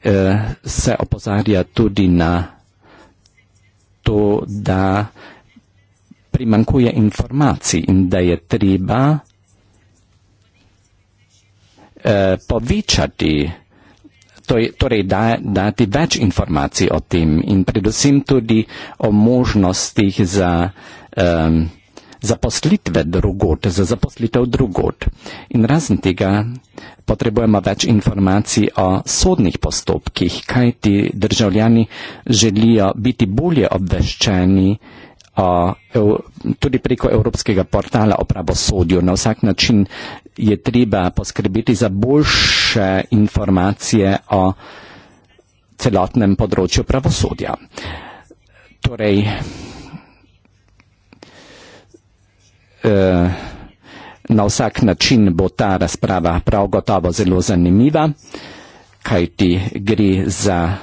eh, se opozarja tudi na to, da primankuje informacij in da je treba eh, povečati informacij torej da, dati več informacij o tem in predvsem tudi o možnostih za um, zaposlitve drugot, za zaposlitev drugot. In razen tega potrebujemo več informacij o sodnih postopkih, kaj ti državljani želijo biti bolje obveščeni, tudi preko evropskega portala o pravosodju. Na vsak način je treba poskrbeti za boljše informacije o celotnem področju pravosodja. Torej, eh, na vsak način bo ta razprava prav gotovo zelo zanimiva, kaj ti gre za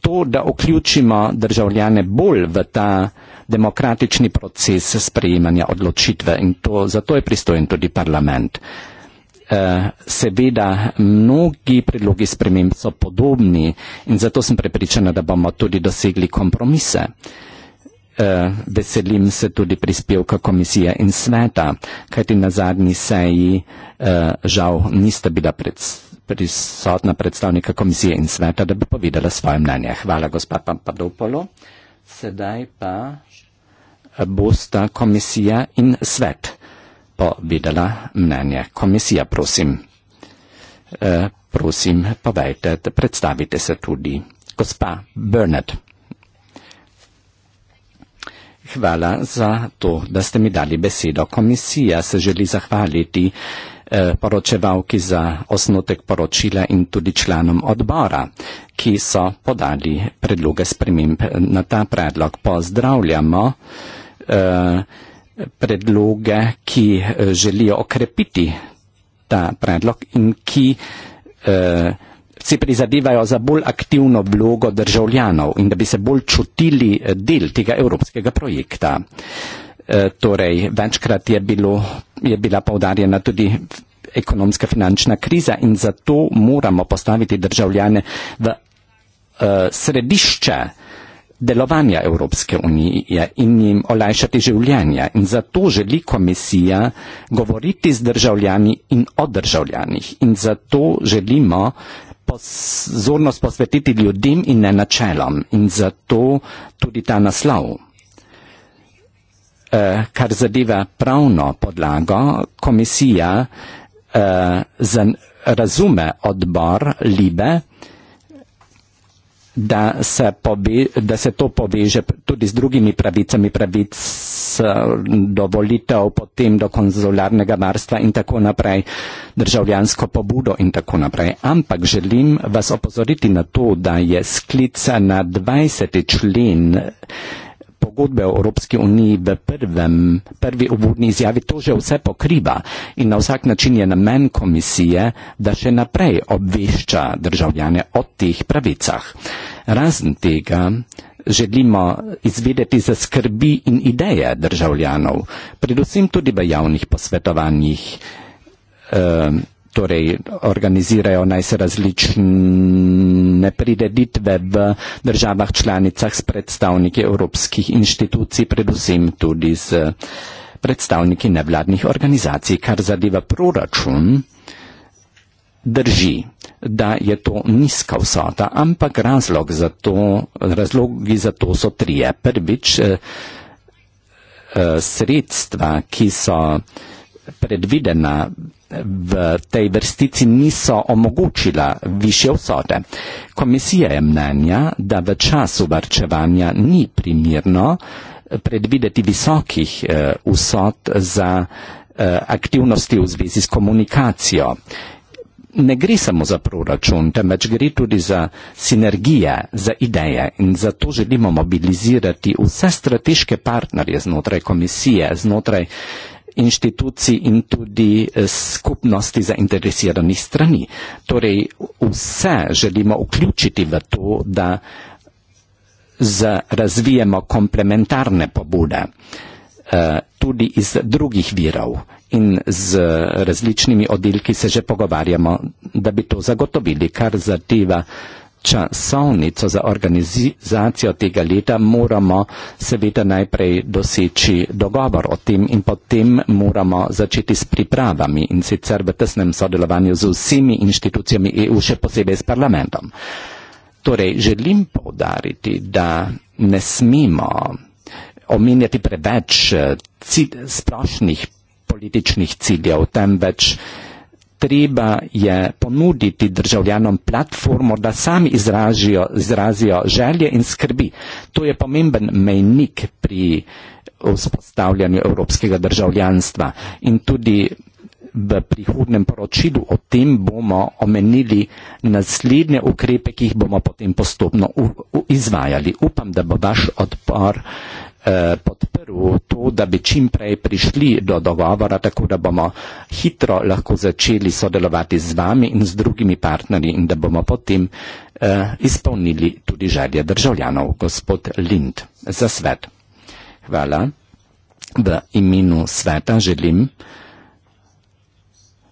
to, da vključimo državljane bolj v ta demokratični proces sprejemanja odločitve in to, zato je pristojen tudi parlament. Eh, seveda, mnogi predlogi sprememb so podobni in zato sem prepričana, da bomo tudi dosegli kompromise. Eh, veselim se tudi prispevka komisije in sveta, kajti na zadnji seji eh, žal nista bila prisotna predstavnika komisije in sveta, da bi povedala svoje mnenje. Hvala, gospod Pampadopolo sedaj pa bosta komisija in svet povedala mnenje. Komisija, prosim. E, prosim, povejte, predstavite se tudi. Gospa Burnett. Hvala za to, da ste mi dali besedo. Komisija se želi zahvaliti Eh, poročevalki za osnotek poročila in tudi članom odbora, ki so podali predloge sprememb na ta predlog. Pozdravljamo eh, predloge, ki eh, želijo okrepiti ta predlog in ki si prizadevajo za bolj aktivno vlogo državljanov in da bi se bolj čutili del tega evropskega projekta. Eh, torej večkrat je, bilo, je bila povdarjena tudi ekonomska finančna kriza in zato moramo postaviti državljane v uh, središče delovanja Evropske unije in jim olajšati življenje. In zato želi komisija govoriti z državljani in o državljanih. In zato želimo pozornost posvetiti ljudem in ne načelom. In zato tudi ta naslov. Eh, kar zadeva pravno podlago, komisija eh, za, razume odbor Libe, da se, pobe, da se to poveže tudi z drugimi pravicami, pravic eh, dovolitev, potem do konzularnega varstva in tako naprej, državljansko pobudo in tako naprej. Ampak želim vas opozoriti na to, da je sklica na 20. člen pogodbe v Evropski uniji v prvem, prvi uvodni izjavi to že vse pokriva in na vsak način je namen komisije, da še naprej obvešča državljane o teh pravicah. Razen tega želimo izvedeti za skrbi in ideje državljanov, predvsem tudi v javnih posvetovanjih. Uh, torej organizirajo naj se različne prireditve v državah članicah s predstavniki evropskih inštitucij, predvsem tudi z predstavniki nevladnih organizacij, kar zadeva proračun, drži, da je to nizka vsota, ampak razlog za to, razlogi za to so trije. Prvič, eh, eh, sredstva, ki so predvidena v tej vrstici niso omogočila više vsote. Komisija je mnenja, da v času varčevanja ni primirno eh, predvideti visokih eh, vsot za eh, aktivnosti v zvezi s komunikacijo. Ne gre samo za proračun, temveč gre tudi za sinergije, za ideje in zato želimo mobilizirati vse strateške partnerje znotraj komisije, znotraj uh, inštitucij in tudi eh, skupnosti zainteresiranih strani. Torej, vse želimo vključiti v to, da razvijemo komplementarne pobude eh, tudi iz drugih virov in z različnimi oddelki se že pogovarjamo, da bi to zagotovili, kar zadeva časovnico za organizacijo tega leta moramo seveda najprej doseči dogovor o tem in potem moramo začeti s pripravami in sicer v tesnem sodelovanju z vsemi inštitucijami EU, še posebej s parlamentom. Torej, želim povdariti, da ne smemo omenjati preveč eh, cid, splošnih političnih ciljev, temveč treba je ponuditi državljanom platformo, da sami izražijo, izrazijo želje in skrbi. To je pomemben mejnik pri vzpostavljanju evropskega državljanstva in tudi v prihodnem poročilu o tem bomo omenili naslednje ukrepe, ki jih bomo potem postopno izvajali. Upam, da bo vaš odpor. Eh, podprl to, da bi čim prej prišli do dogovora, tako da bomo hitro lahko začeli sodelovati z vami in z drugimi partnerji in da bomo potem eh, izpolnili tudi želje državljanov. Gospod Lind za svet. Hvala. V imenu sveta želim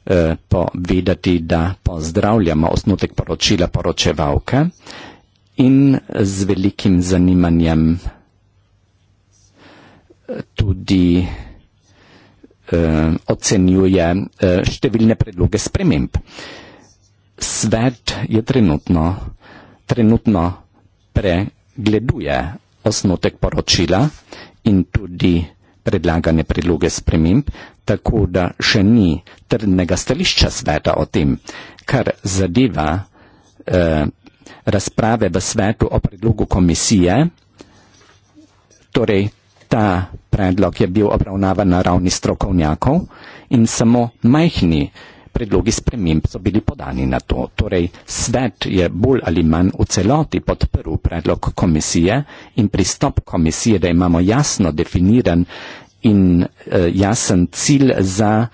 eh, povedati, da pozdravljamo osnutek poročila poročevalke in z velikim zanimanjem tudi eh, ocenjuje eh, številne predloge sprememb. Svet je trenutno, trenutno pregleduje osnotek poročila in tudi predlagane predloge sprememb, tako da še ni trdnega stališča sveta o tem, kar zadeva eh, razprave v svetu o predlogu komisije, torej ta predlog je bil obravnavan na ravni strokovnjakov in samo majhni predlogi sprememb so bili podani na to. Torej, svet je bolj ali manj v celoti podprl predlog komisije in pristop komisije, da imamo jasno definiran in eh, jasen cilj za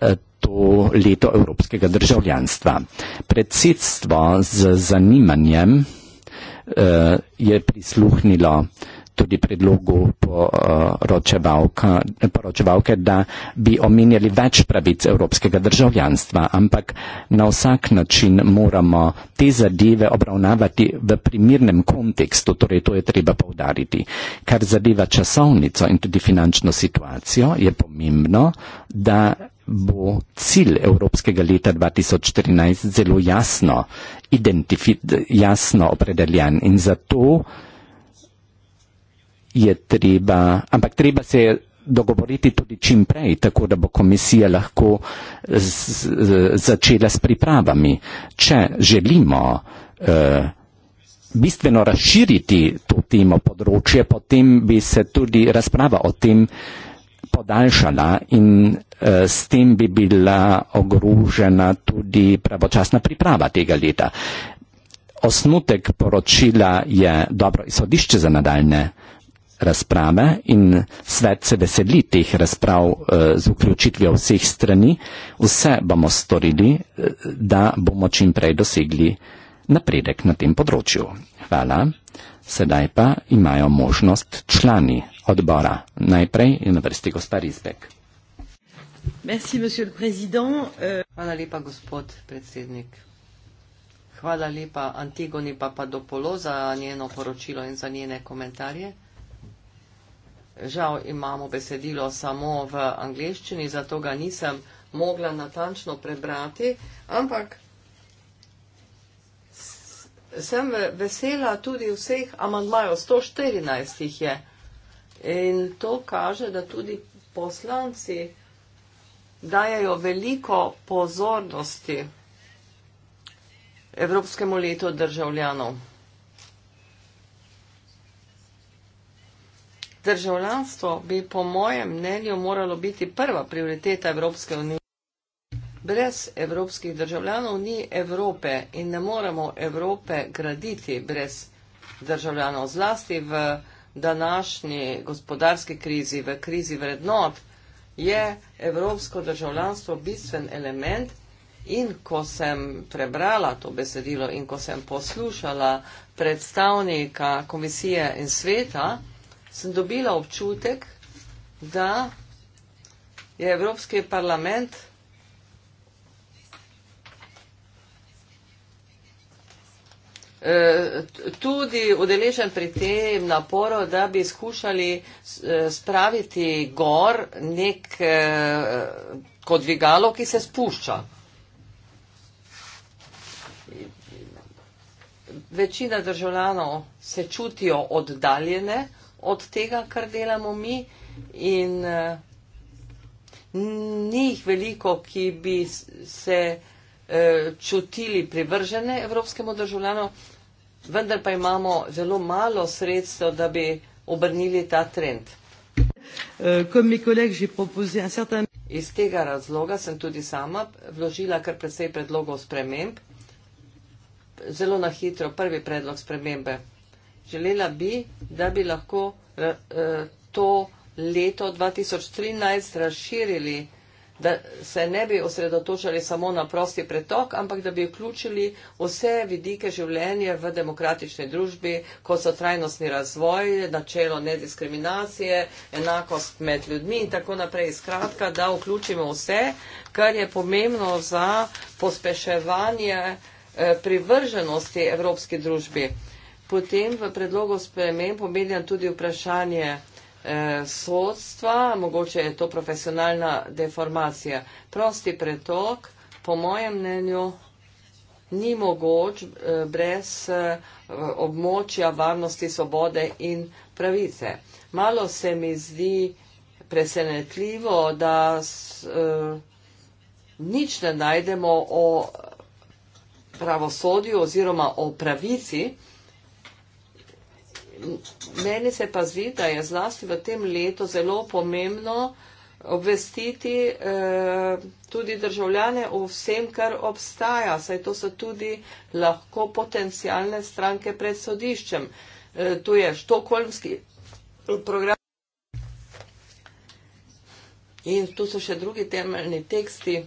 eh, to leto evropskega državljanstva. Predsedstvo z zanimanjem eh, je prisluhnilo eh, tudi predlogu poročevalke, eh, da bi omenjali več pravic evropskega državljanstva, ampak na vsak način moramo te zadeve obravnavati v primirnem kontekstu, torej to je treba povdariti. Kar zadeva časovnico in tudi finančno situacijo, je pomembno, da bo cilj Evropskega leta 2014 zelo jasno, jasno opredeljen in zato je treba, ampak treba se dogovoriti tudi čim prej, tako da bo komisija lahko z, z, začela s pripravami. Če želimo uh, bistveno razširiti to temo področje, potem bi se tudi razprava o tem podaljšala in uh, s tem bi bila ogrožena tudi pravočasna priprava tega leta. Osnutek poročila je dobro izhodišče za nadaljne razprave in svet se veseli teh razprav eh, z vključitvijo vseh strani. Vse bomo storili, eh, da bomo čim prej dosegli napredek na tem področju. Hvala. Sedaj pa imajo možnost člani odbora. Najprej je na vrsti gospod Rizbek. Merci, euh, Hvala lepa, gospod predsednik. Hvala lepa Antigoni Papadopolo za njeno poročilo in za njene komentarje. Žal imamo besedilo samo v angleščini, zato ga nisem mogla natančno prebrati, ampak sem vesela tudi vseh amandmajev, 114 jih je. In to kaže, da tudi poslanci dajajo veliko pozornosti Evropskemu letu državljanov. Državljanstvo bi po mojem mnenju moralo biti prva prioriteta Evropske unije. Brez evropskih državljanov ni Evrope in ne moremo Evrope graditi brez državljanov, zlasti v današnji gospodarski krizi, v krizi vrednot, je evropsko državljanstvo bistven element in ko sem prebrala to besedilo in ko sem poslušala predstavnika komisije in sveta, sem dobila občutek, da je Evropski parlament eh, tudi udeležen pri tem naporu, da bi skušali eh, spraviti gor nek eh, kot vigalo, ki se spušča. Večina državljanov se čutijo oddaljene od tega, kar delamo mi in uh, ni jih veliko, ki bi se uh, čutili privržene evropskemu državljanu, vendar pa imamo zelo malo sredstev, da bi obrnili ta trend. Uh, certain... Iz tega razloga sem tudi sama vložila kar predvsej predlogov sprememb. Zelo na hitro prvi predlog spremembe. Želela bi, da bi lahko eh, eh, to leto 2013 razširili, da se ne bi osredotočali samo na prosti pretok, ampak da bi vključili vse vidike življenja v demokratični družbi, kot so trajnostni razvoj, načelo nediskriminacije, enakost med ljudmi in tako naprej. Skratka, da vključimo vse, kar je pomembno za pospeševanje eh, privrženosti evropski družbi. Potem v predlogu sprememb omenjam tudi vprašanje eh, sodstva, mogoče je to profesionalna deformacija. Prosti pretok, po mojem mnenju, ni mogoč eh, brez eh, območja varnosti, svobode in pravice. Malo se mi zdi presenetljivo, da s, eh, nič ne najdemo o pravosodju oziroma o pravici, meni se pa zdi, da je zlasti v tem letu zelo pomembno obvestiti eh, tudi državljane o vsem, kar obstaja. Saj to so tudi lahko potencijalne stranke pred sodiščem. Eh, tu je štokolmski program. In tu so še drugi temeljni teksti,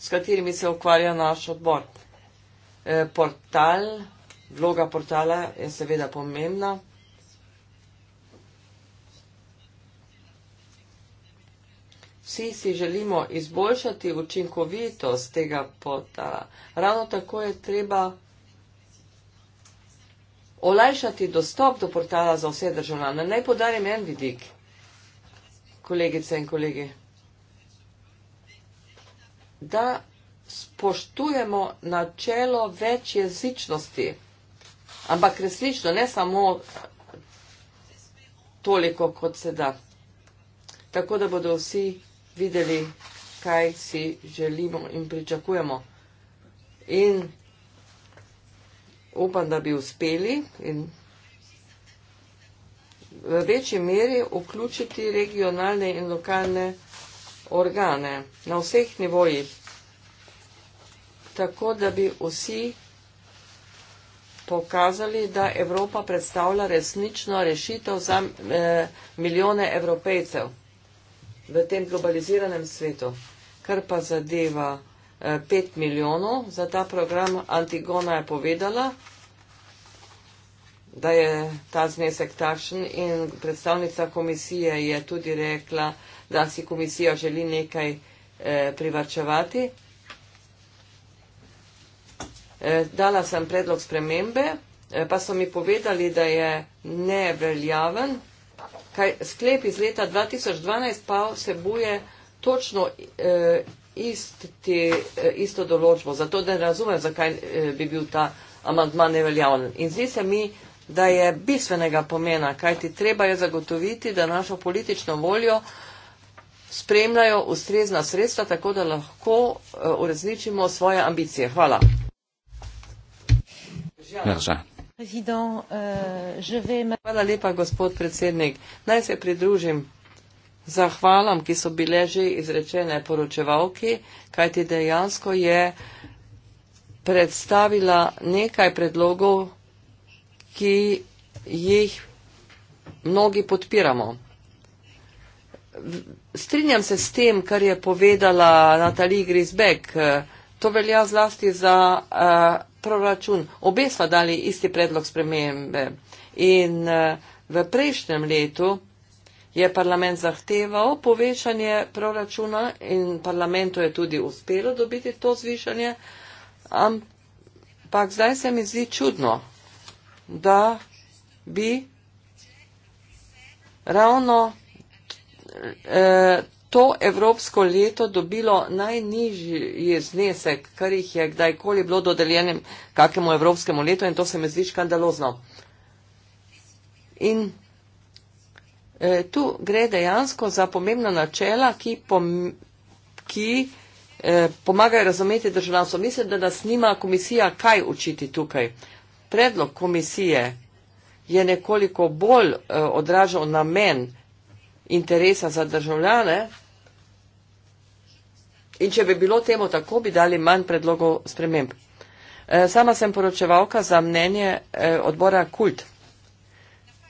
s katerimi se ukvarja naš odbor. Eh, portal Vloga portala je seveda pomembna. Vsi si želimo izboljšati učinkovitost tega portala. Ravno tako je treba olajšati dostop do portala za vse državljane. Naj podarim en vidik, kolegice in kolegi, da spoštujemo načelo večjezičnosti. jezičnosti ampak resnično, ne samo toliko, kot se da. Tako da bodo vsi videli, kaj si želimo in pričakujemo. In upam, da bi uspeli in v večji meri vključiti regionalne in lokalne organe na vseh nivojih. Tako da bi vsi pokazali, da Evropa predstavlja resnično rešitev za eh, milijone evropejcev v tem globaliziranem svetu. Kar pa zadeva eh, 5 milijonov za ta program, Antigona je povedala, da je ta znesek takšen in predstavnica komisije je tudi rekla, da si komisija želi nekaj eh, privrčevati. Eh, dala sem predlog spremembe, eh, pa so mi povedali, da je neveljaven. Kaj sklep iz leta 2012 pa vsebuje točno eh, isti, eh, isto določbo, zato ne razumem, zakaj eh, bi bil ta amantma neveljavn. In zdi se mi, da je bistvenega pomena, kaj ti treba je zagotoviti, da našo politično voljo spremljajo ustrezna sredstva, tako da lahko eh, urezničimo svoje ambicije. Hvala. Euh, Merža. Hvala lepa, gospod predsednik. Naj se pridružim zahvalam, ki so bile že izrečene poročevalki, kajti dejansko je predstavila nekaj predlogov, ki jih mnogi podpiramo. Strinjam se s tem, kar je povedala Natalija Grisbek. To velja zlasti za uh, proračun, obe sva dali isti predlog spremembe. In eh, v prejšnjem letu je parlament zahteval povečanje proračuna in parlamentu je tudi uspelo dobiti to zvišanje, ampak zdaj se mi zdi čudno, da bi ravno eh, to evropsko leto dobilo najnižji znesek, kar jih je kdajkoli bilo dodeljenem kakemu evropskemu letu in to se mi zdi škandalozno. In eh, tu gre dejansko za pomembna načela, ki, pom, ki eh, pomagajo razumeti državljanstvo. Mislim, da nas nima komisija kaj učiti tukaj. Predlog komisije je nekoliko bolj eh, odražal namen interesa za državljane, In če bi bilo temu tako, bi dali manj predlogov sprememb. E, sama sem poročevalka za mnenje e, odbora Kult.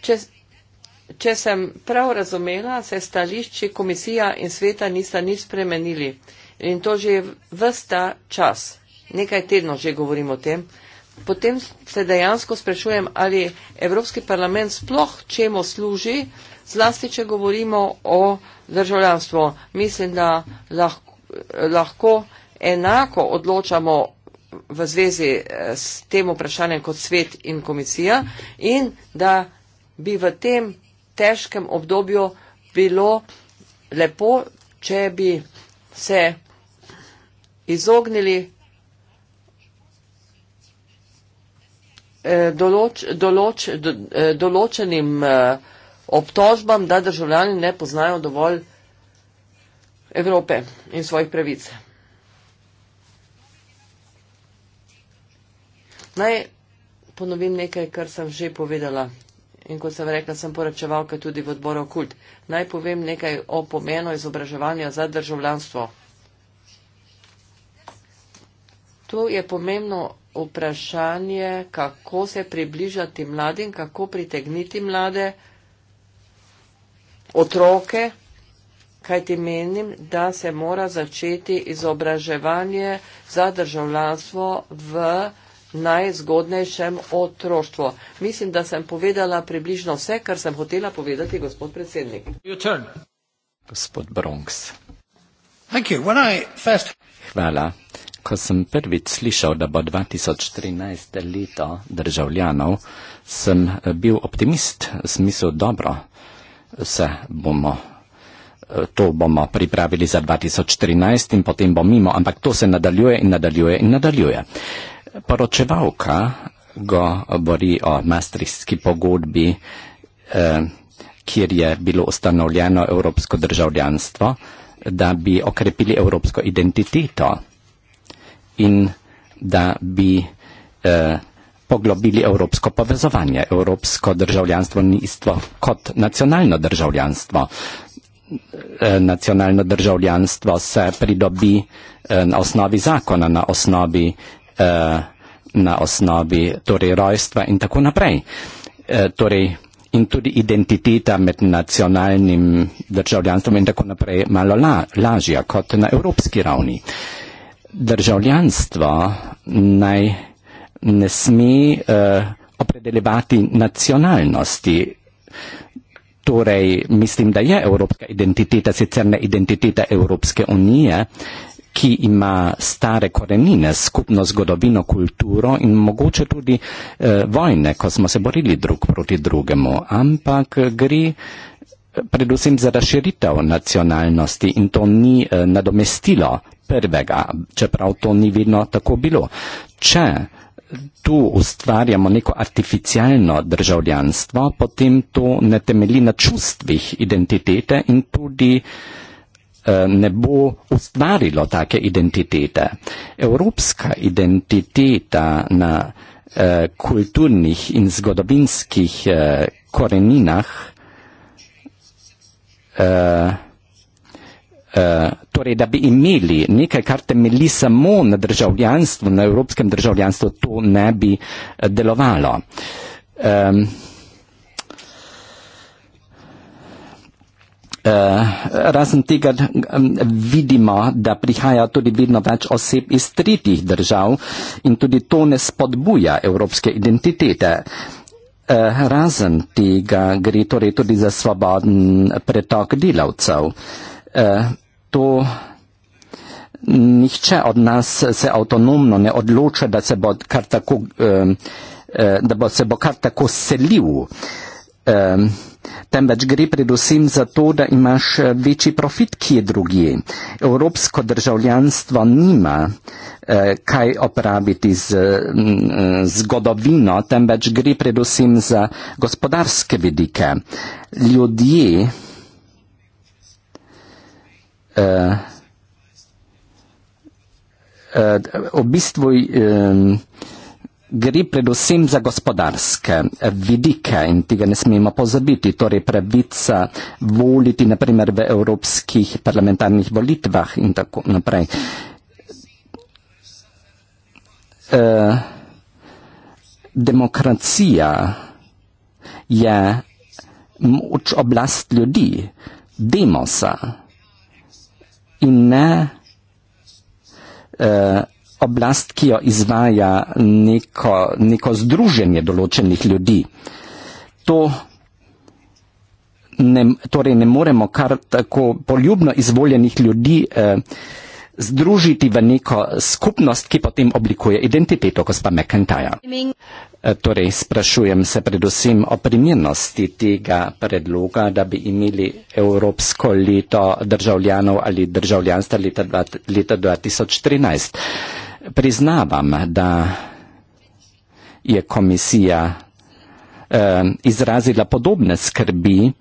Če, če sem prav razumela, se stališči komisija in sveta nista nič spremenili. In to že vsta čas. Nekaj tedno že govorim o tem. Potem se dejansko sprašujem, ali Evropski parlament sploh čemu služi, zlasti, če govorimo o državljanstvu. Mislim, da lahko lahko enako odločamo v zvezi eh, s tem vprašanjem kot svet in komisija in da bi v tem težkem obdobju bilo lepo, če bi se izognili eh, določ, določ, eh, določenim obtožbam, da državljani ne poznajo dovolj Evrope in svojih pravic. Naj ponovim nekaj, kar sem že povedala in kot sem rekla, sem poračevalka tudi v odboru Kult. Naj povem nekaj o pomenu izobraževanja za državljanstvo. Tu je pomembno vprašanje, kako se približati mladim, kako pritegniti mlade otroke, kajti menim, da se mora začeti izobraževanje za državljanstvo v najzgodnejšem otroštvu. Mislim, da sem povedala približno vse, kar sem hotela povedati, gospod predsednik. Gospod Bronks. First... Hvala. Ko sem prvič slišal, da bo 2013 leto državljanov, sem bil optimist, v smislu dobro, se bomo Eh, to bomo pripravili za 2014 in potem bo mimo, ampak to se nadaljuje in nadaljuje in nadaljuje. Poročevalka govori o maastrichtski pogodbi, eh, kjer je bilo ustanovljeno evropsko državljanstvo, da bi okrepili evropsko identiteto in da bi eh, poglobili evropsko povezovanje. Evropsko državljanstvo ni isto kot nacionalno državljanstvo. E, nacionalno državljanstvo se pridobi e, na osnovi zakona, na osnovi, e, na osnovi torej rojstva in tako naprej. Torej, in tudi identiteta med nacionalnim državljanstvom in tako naprej malo la, lažja kot na evropski ravni. Državljanstvo naj ne sme uh, opredeljevati nacionalnosti. Torej, mislim, da je evropska identiteta, sicer ne identiteta Evropske unije, ki ima stare korenine, skupno zgodovino, kulturo in mogoče tudi eh, vojne, ko smo se borili drug proti drugemu, ampak eh, gre eh, predvsem za razširitev nacionalnosti in to ni eh, nadomestilo prvega, čeprav to ni vedno tako bilo. Če eh, tu ustvarjamo neko artificialno državljanstvo, potem to ne temelji na čustvih identitete in tudi eh, ne bo ustvarilo take identitete. Evropska identiteta na eh, kulturnih in zgodovinskih eh, koreninah Eh, torej, da bi imeli nekaj, kar temelji samo na državljanstvu, na evropskem državljanstvu, to ne bi eh, delovalo. Um, Uh, razen tega um, vidimo, da prihaja tudi vedno več oseb iz tretjih držav in tudi to ne spodbuja evropske identitete. Uh, razen tega gre torej tudi za svoboden pretok delavcev. Uh, to nihče od nas se avtonomno ne odloča, da se bo kar tako, da bo se bo kar tako selil. Temveč gre predvsem za to, da imaš eh, večji profit, ki je drugi. Evropsko državljanstvo nima eh, kaj opraviti z zgodovino, temveč gre predvsem za gospodarske vidike. Ljudje, eh, Eh, eh, v bistvu gre predvsem za gospodarske eh, vidike in tega ne smemo pozabiti, torej pravica voliti naprimer v evropskih parlamentarnih volitvah in tako naprej. Demokracija je moč oblast ljudi, demosa in ne eh, oblast, ki jo izvaja neko, neko združenje določenih ljudi. To ne, torej ne moremo kar tako poljubno izvoljenih ljudi. Eh, združiti v neko skupnost, ki potem oblikuje identiteto gospa McIntyre. E, torej, sprašujem se predvsem o primernosti tega predloga, da bi imeli Evropsko leto državljanov ali državljanstva leta, leta 2013. Priznavam, da je komisija eh, izrazila podobne skrbi eh,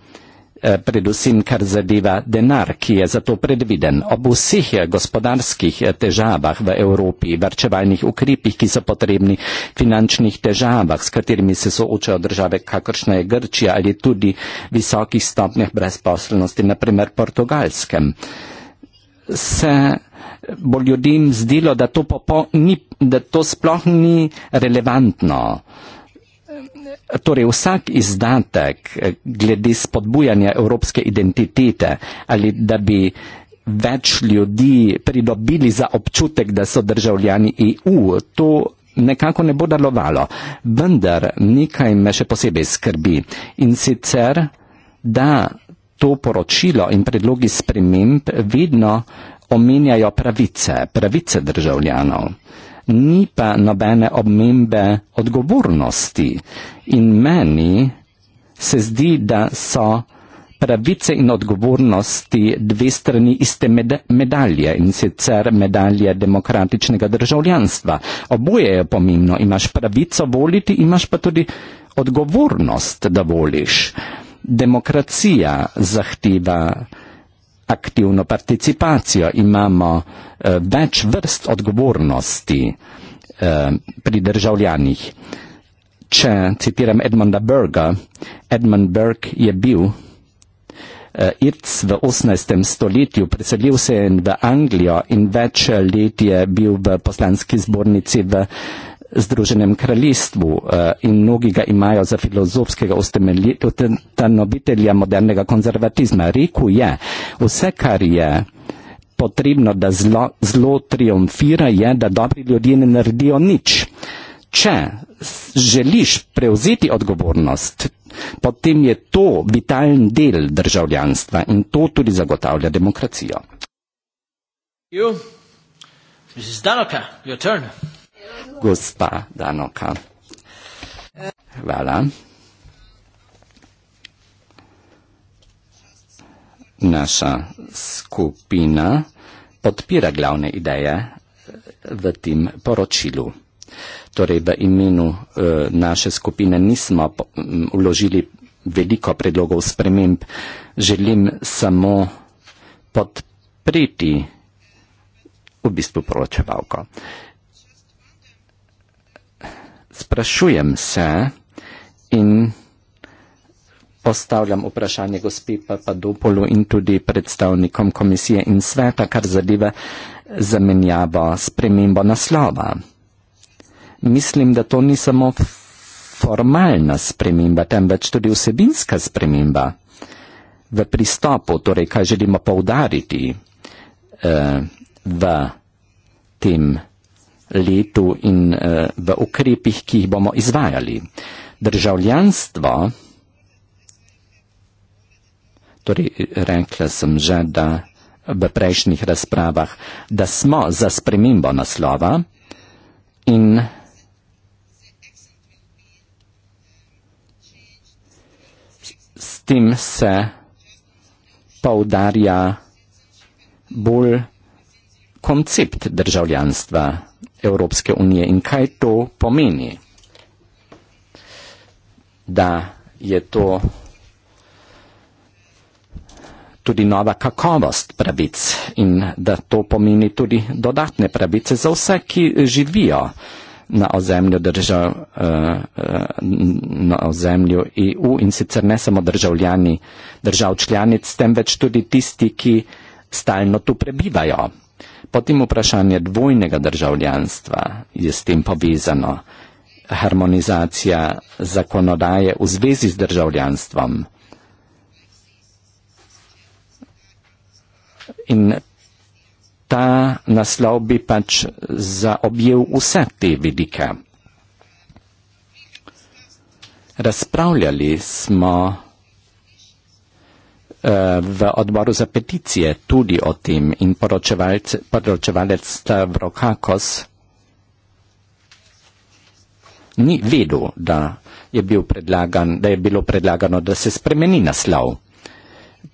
Eh, predvsem kar zadeva denar, ki je zato predviden. Ob vseh eh, gospodarskih eh, težavah v Evropi, varčevalnih ukrepih, ki so potrebni, finančnih težavah, s katerimi se soočajo države, kakršna je Grčija ali tudi visokih stopnjah brezposelnosti, naprimer portugalskem, se bo ljudem zdelo, da to, popo, ni, da to sploh ni relevantno. Torej, vsak izdatek eh, glede spodbujanja evropske identitete ali da bi več ljudi pridobili za občutek, da so državljani EU, to nekako ne bo delovalo. Vendar nekaj me še posebej skrbi in sicer, da to poročilo in predlogi sprememb vedno omenjajo pravice, pravice državljanov ni pa nobene obmembe odgovornosti in meni se zdi, da so pravice in odgovornosti dve strani iste med medalje in sicer medalje demokratičnega državljanstva. Oboje je pomembno, imaš pravico voliti, imaš pa tudi odgovornost, da voliš. Demokracija zahteva aktivno participacijo, imamo uh, več vrst odgovornosti uh, pri državljanih. Če citiram Edmunda Burga, Edmund Burg je bil uh, Irc v 18. stoletju, preselil se je v Anglijo in več let je bil v poslanski zbornici v Združenem kraljestvu eh, in mnogi ga imajo za filozofskega ustanovitelja modernega konzervatizma. Rekl je, vse kar je potrebno, da zlo, zlo triumfira, je, da dobri ljudje ne naredijo nič. Če želiš prevzeti odgovornost, potem je to vitalen del državljanstva in to tudi zagotavlja demokracijo. You. Mrs. Danoka, your turn gospa Danoka. Hvala. Naša skupina podpira glavne ideje eh, v tem poročilu. Torej, v imenu uh, naše skupine nismo po, um, vložili veliko predlogov sprememb, želim samo podpreti v bistvu poročevalko. Uh, sprašujem se in postavljam vprašanje gospe Papadopolu in tudi predstavnikom komisije in sveta, kar zadeva zamenjavo, spremembo naslova. Mislim, da to ni samo formalna sprememba, temveč tudi vsebinska sprememba v pristopu, torej kaj želimo poudariti eh, v tem letu in uh, v ukrepih, ki jih bomo izvajali. Državljanstvo, torej eh, rekla sem že, da v prejšnjih razpravah, da smo za spremembo naslova in s tem se poudarja bolj koncept državljanstva Evropske unije in kaj to pomeni, da je to tudi nova kakovost pravic in da to pomeni tudi dodatne pravice za vse, ki živijo na ozemlju držav, eh, na ozemlju EU in sicer ne samo državljani držav članic, temveč tudi tisti, ki stalno tu prebivajo. Potem vprašanje dvojnega državljanstva je s tem povezano. Harmonizacija zakonodaje v zvezi z državljanstvom. In ta naslov bi pač zaobjel vse te vidike. Razpravljali smo Eh, v odboru za peticije tudi o tem in poročevalc, poročevalec Stavrokakos ni vedel, da je, bil predlagan, da je bilo predlagano, da se spremeni naslov.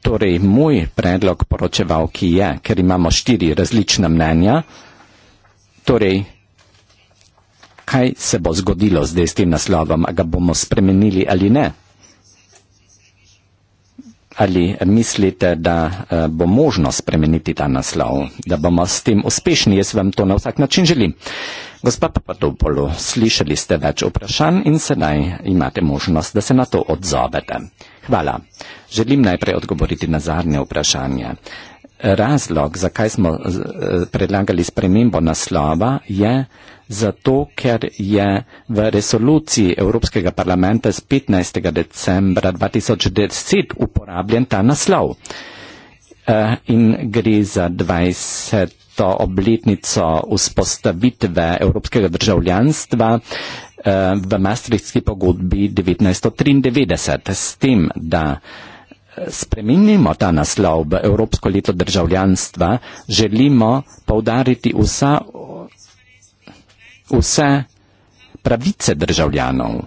Torej, moj predlog poročevalki je, ker imamo štiri različna mnenja, torej, kaj se bo zgodilo zdaj s tem naslovom, a ga bomo spremenili ali ne ali mislite, da eh, bo možno spremeniti ta naslov, da bomo s tem uspešni, jaz vam to na vsak način želim. Gospa Papadopolo, slišali ste več vprašanj in sedaj imate možnost, da se na to odzovete. Hvala. Želim najprej odgovoriti na zadnje vprašanje. Razlog, zakaj smo eh, predlagali spremembo naslova, je, zato ker je v resoluciji Evropskega parlamenta z 15. decembra 2010 uporabljen ta naslov eh, in gre za 20. obletnico vzpostavitve Evropskega državljanstva eh, v Maastrichtski pogodbi 1993 s tem, da eh, spremenimo ta naslov v Evropsko leto državljanstva, želimo povdariti vsa vse pravice državljanov,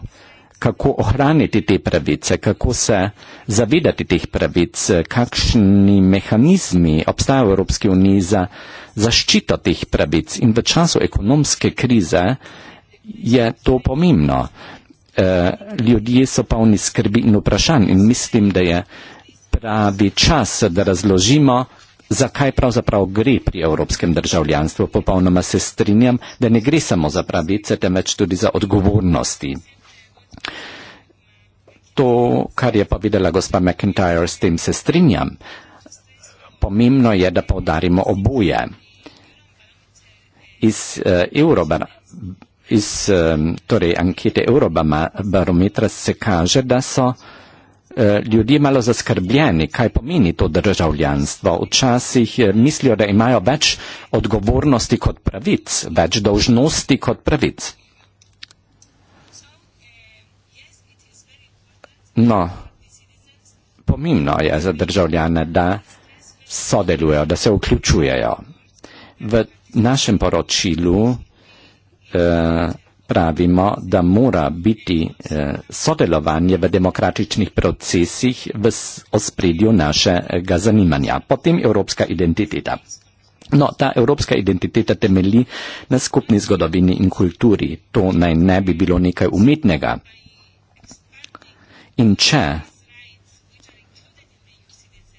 kako ohraniti te pravice, kako se zavedati teh pravic, kakšni mehanizmi obstajajo v Evropski uniji za zaščito teh pravic in v času ekonomske krize je to pomembno. E, ljudje so polni skrbi in vprašanj in mislim, da je pravi čas, da razložimo, zakaj pravzaprav gre pri evropskem državljanstvu. Popolnoma se strinjam, da ne gre samo za pravice, temveč tudi za odgovornosti. To, kar je povedala gospa McIntyre, s tem se strinjam. Pomembno je, da povdarimo oboje. Iz, eh, Eurobar, iz eh, torej, ankete Eurobarometra se kaže, da so eh, Eh, ljudje malo zaskrbljeni, kaj pomeni to državljanstvo. Včasih eh, mislijo, da imajo več odgovornosti kot pravic, več dožnosti kot pravic. No, pomembno je za državljane, da sodelujejo, da se vključujejo. V našem poročilu eh, pravimo, da mora biti eh, sodelovanje v demokratičnih procesih v ospredju našega zanimanja. Potem evropska identiteta. No, ta evropska identiteta temelji na skupni zgodovini in kulturi. To naj ne bi bilo nekaj umetnega. In če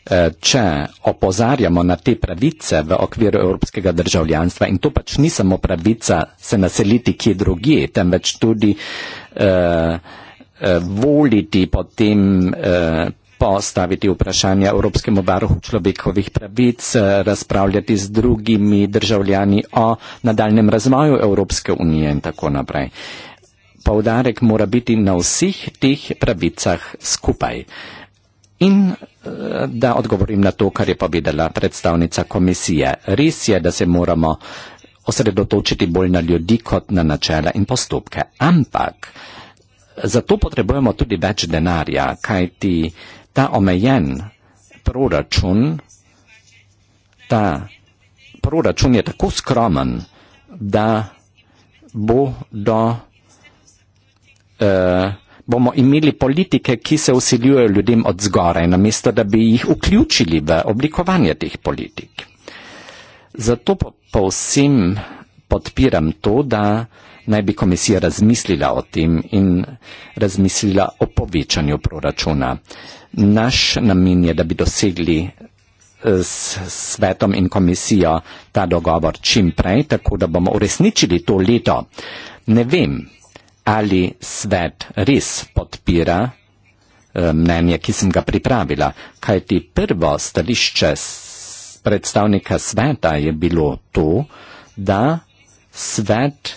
Eh, če opozarjamo na te pravice v okviru evropskega državljanstva in to pač ni samo pravica se naseliti kje drugje, temveč tudi eh, eh voliti potem eh, postaviti vprašanja Evropskemu varuhu človekovih pravic, eh, razpravljati z drugimi državljani o nadaljem razvoju Evropske unije in tako naprej. Poudarek mora biti na vseh teh pravicah skupaj. In da odgovorim na to, kar je povedala predstavnica komisije. Res je, da se moramo osredotočiti bolj na ljudi kot na načela in postopke. Ampak zato potrebujemo tudi več denarja, kajti ta omejen proračun, ta proračun je tako skromen, da bo do eh, bomo imeli politike, ki se usiljujejo ljudem od zgoraj, namesto da bi jih vključili v oblikovanje teh politik. Zato povsem po podpiram to, da naj bi komisija razmislila o tem in razmislila o povečanju proračuna. Naš namen je, da bi dosegli eh, s svetom in komisijo ta dogovor čim prej, tako da bomo uresničili to leto. Ne vem, ali svet res podpira eh, mnenje, ki sem ga pripravila. Kaj ti prvo stališče predstavnika sveta je bilo to, da svet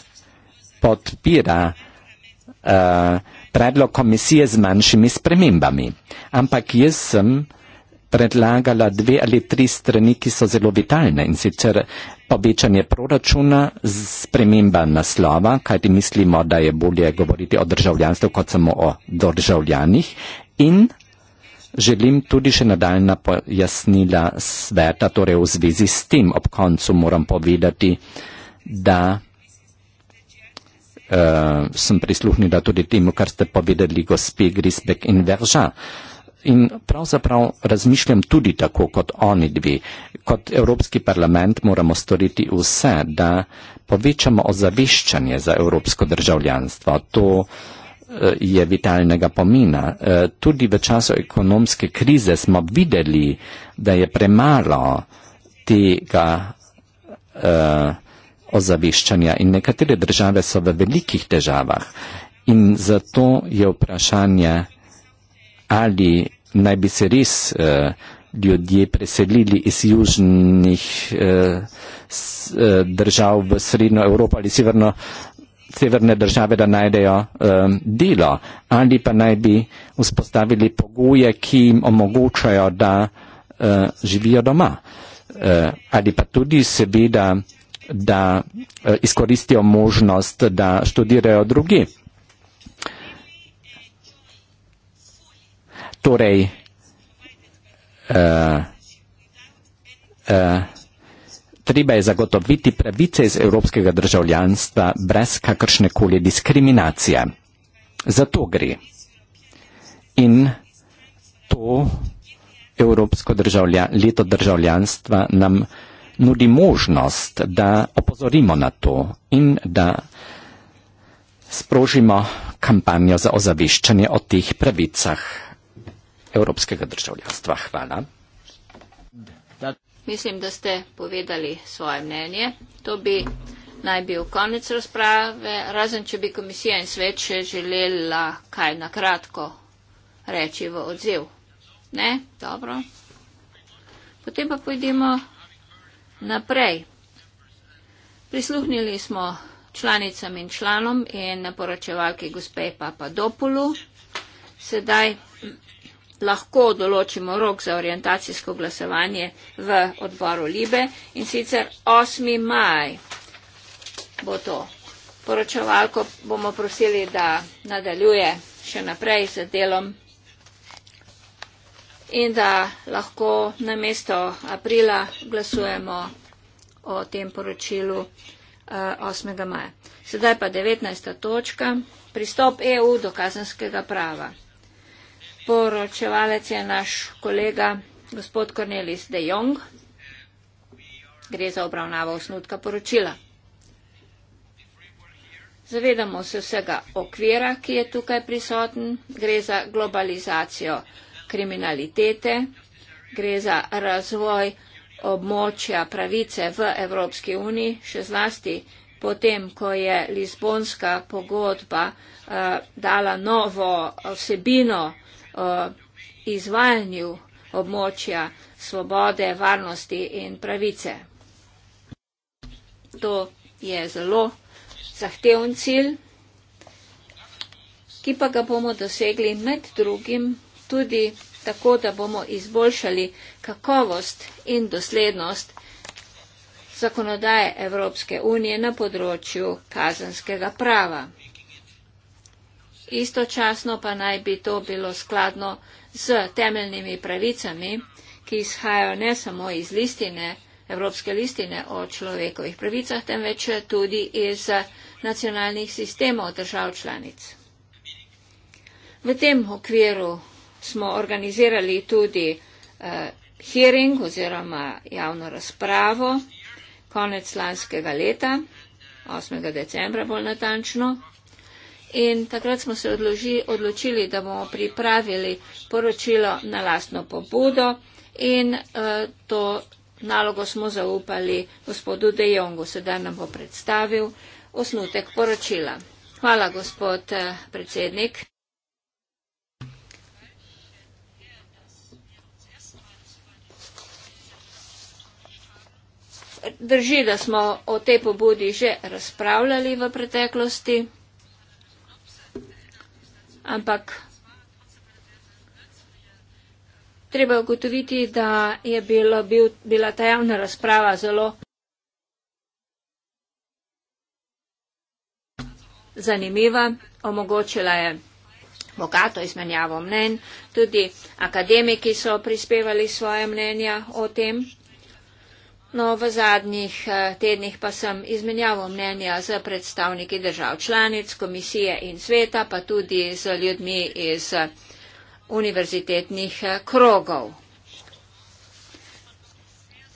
podpira uh, predlog komisije z manjšimi spremembami. Ampak jaz sem predlagala dve ali tri strani, ki so zelo vitalne in sicer povečanje proračuna, sprememba naslova, kajti mislimo, da je bolje govoriti o državljanstvu kot samo o državljanih in Želim tudi še nadaljna pojasnila sveta, torej v zvezi s tem ob koncu moram povedati, da uh, sem prisluhnila tudi temu, kar ste povedali gospe Grisbek in Verža. Uh, in pravzaprav razmišljam tudi tako kot oni dve. Kot Evropski parlament moramo storiti vse, da povečamo ozaveščanje za evropsko državljanstvo. To eh, je vitalnega pomena. Eh, tudi v času ekonomske krize smo videli, da je premalo tega uh, ozaveščanja in nekatere države so v velikih težavah. In zato je vprašanje, ali naj bi se res uh, ljudje preselili iz južnih uh, s, uh, držav v Srednjo Evropo ali severno, severne države, da najdejo um, delo, ali pa naj bi vzpostavili pogoje, ki jim omogočajo, da uh, živijo doma. Uh, ali pa tudi seveda, da uh, izkoristijo možnost, da študirajo drugi. torej uh, uh, treba je zagotoviti pravice iz evropskega državljanstva brez kakršne koli diskriminacije. Za to gre. In to evropsko državlja, leto državljanstva nam nudi možnost, da opozorimo na to in da sprožimo kampanjo za ozaveščanje o teh pravicah evropskega državljanstva. Hvala. Mislim, da ste povedali svoje mnenje. To bi naj bil konec razprave, razen če bi komisija in svet še želela kaj nakratko reči v odziv. Ne? Dobro. Potem pa pojdemo naprej. Prisluhnili smo članicam in članom in naporočevalki gospe Papadopulu. Sedaj lahko določimo rok za orientacijsko glasovanje v odboru Libe in sicer 8. maj bo to. Poročevalko bomo prosili, da nadaljuje še naprej z delom in da lahko na mesto aprila glasujemo o tem poročilu 8. Eh, maja. Sedaj pa 19. točka. Pristop EU do kazanskega prava. Poročevalec je naš kolega gospod Cornelis de Jong. Gre za obravnavo osnutka poročila. Zavedamo se vsega okvira, ki je tukaj prisoten. Gre za globalizacijo kriminalitete, gre za razvoj območja pravice v Evropski uniji, še zlasti potem, ko je Lizbonska pogodba uh, dala novo vsebino izvajanju območja svobode, varnosti in pravice. To je zelo zahteven cilj, ki pa ga bomo dosegli med drugim tudi tako, da bomo izboljšali kakovost in doslednost zakonodaje Evropske unije na področju kazanskega prava istočasno pa naj bi to bilo skladno z temeljnimi pravicami, ki izhajajo ne samo iz listine, Evropske listine o človekovih pravicah, temveč tudi iz nacionalnih sistemov držav članic. V tem okviru smo organizirali tudi uh, hearing oziroma javno razpravo konec lanskega leta, 8. decembra bolj natančno. In takrat smo se odloži, odločili, da bomo pripravili poročilo na lastno pobudo in uh, to nalogo smo zaupali gospodu De Jongu. Sedaj nam bo predstavil osnutek poročila. Hvala, gospod uh, predsednik. Drži, da smo o tej pobudi že razpravljali v preteklosti ampak treba je ugotoviti, da je bilo, bil, bila ta javna razprava zelo zanimiva, omogočila je bogato izmenjavo mnen, tudi akademiki so prispevali svoje mnenja o tem, No, v zadnjih eh, tednih pa sem izmenjavo mnenja z predstavniki držav članic, komisije in sveta, pa tudi z ljudmi iz eh, univerzitetnih eh, krogov.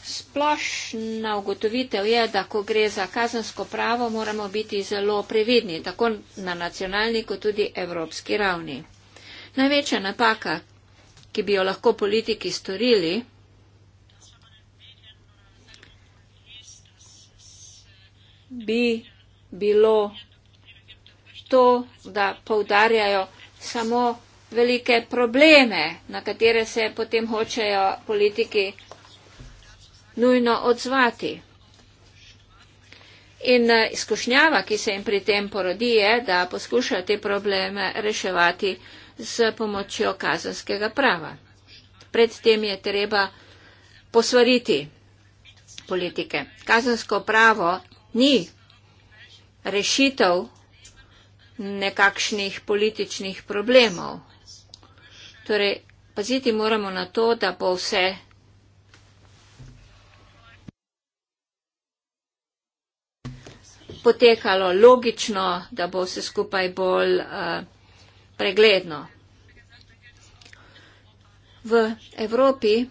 Splošna ugotovitev je, da ko gre za kazansko pravo, moramo biti zelo previdni, tako na nacionalni kot tudi evropski ravni. Največja napaka, ki bi jo lahko politiki storili, bi bilo to, da povdarjajo samo velike probleme, na katere se potem hočejo politiki nujno odzvati. In eh, izkušnjava, ki se jim pri tem porodi, je, da poskušajo te probleme reševati s pomočjo kazanskega prava. Predtem je treba posvariti politike. Kazansko pravo ni rešitev nekakšnih političnih problemov. Torej, paziti moramo na to, da bo vse. potekalo logično, da bo vse skupaj bolj uh, pregledno. V Evropi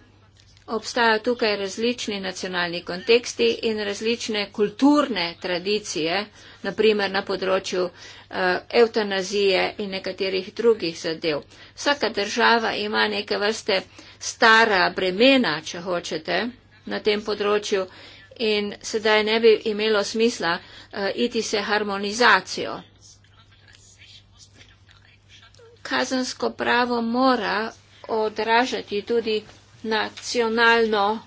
obstajajo tukaj različni nacionalni konteksti in različne kulturne tradicije, naprimer na področju uh, eh, eutanazije in nekaterih drugih zadev. Vsaka država ima neke vrste stara bremena, če hočete, na tem področju in sedaj ne bi imelo smisla uh, iti se harmonizacijo. Kazansko pravo mora odražati tudi nacionalno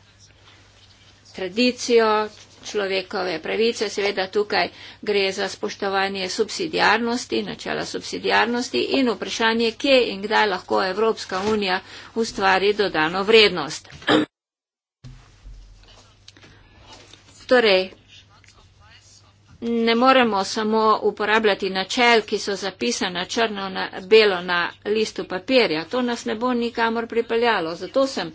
tradicijo človekove pravice. Seveda tukaj gre za spoštovanje subsidijarnosti, načela subsidijarnosti in vprašanje, kje in kdaj lahko Evropska unija ustvari dodano vrednost. Torej, ne moremo samo uporabljati načel, ki so zapisane črno na belo na listu papirja. To nas ne bo nikamor pripeljalo. Zato sem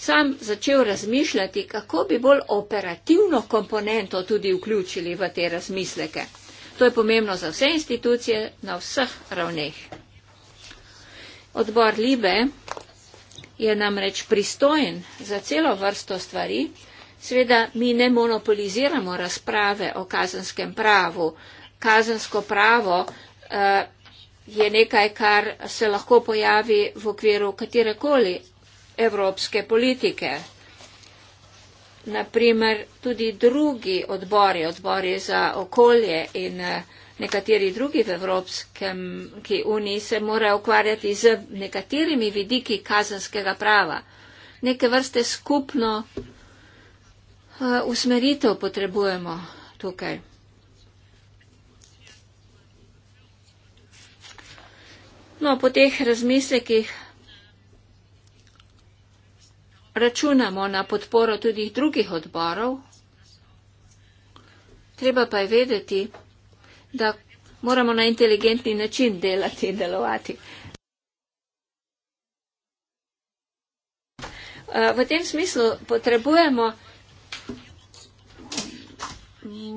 sam začel razmišljati, kako bi bolj operativno komponento tudi vključili v te razmisleke. To je pomembno za vse institucije na vseh ravneh. Odbor Libe je namreč pristojen za celo vrsto stvari. Sveda mi ne monopoliziramo razprave o kazenskem pravu. Kazensko pravo uh, je nekaj, kar se lahko pojavi v okviru katerekoli evropske politike. Naprimer, tudi drugi odbori, odbori za okolje in eh, nekateri drugi v Evropskem uniji se morajo ukvarjati z nekaterimi vidiki kazanskega prava. Neke vrste skupno eh, usmeritev potrebujemo tukaj. No, po teh razmislekih računamo na podporo tudi drugih odborov. Treba pa je vedeti, da moramo na inteligentni način delati in delovati. Eh, v tem smislu potrebujemo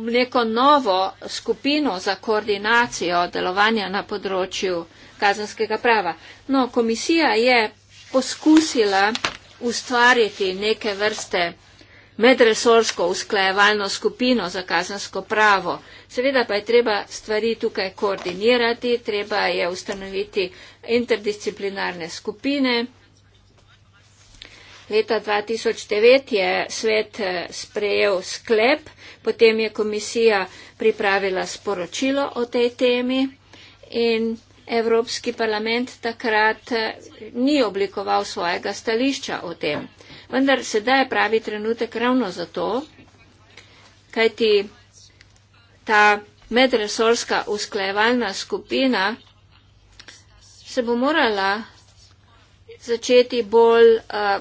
neko novo skupino za koordinacijo delovanja na področju kazanskega prava. No, komisija je poskusila ustvariti neke vrste medresorsko usklajevalno skupino za kazansko pravo. Seveda pa je treba stvari tukaj koordinirati, treba je ustanoviti interdisciplinarne skupine. Leta 2009 je svet eh, sprejel sklep, potem je komisija pripravila sporočilo o tej temi in Evropski parlament takrat eh, ni oblikoval svojega stališča o tem. Vendar sedaj je pravi trenutek ravno zato, kajti ta medresorska usklajevalna skupina se bo morala začeti bolj uh,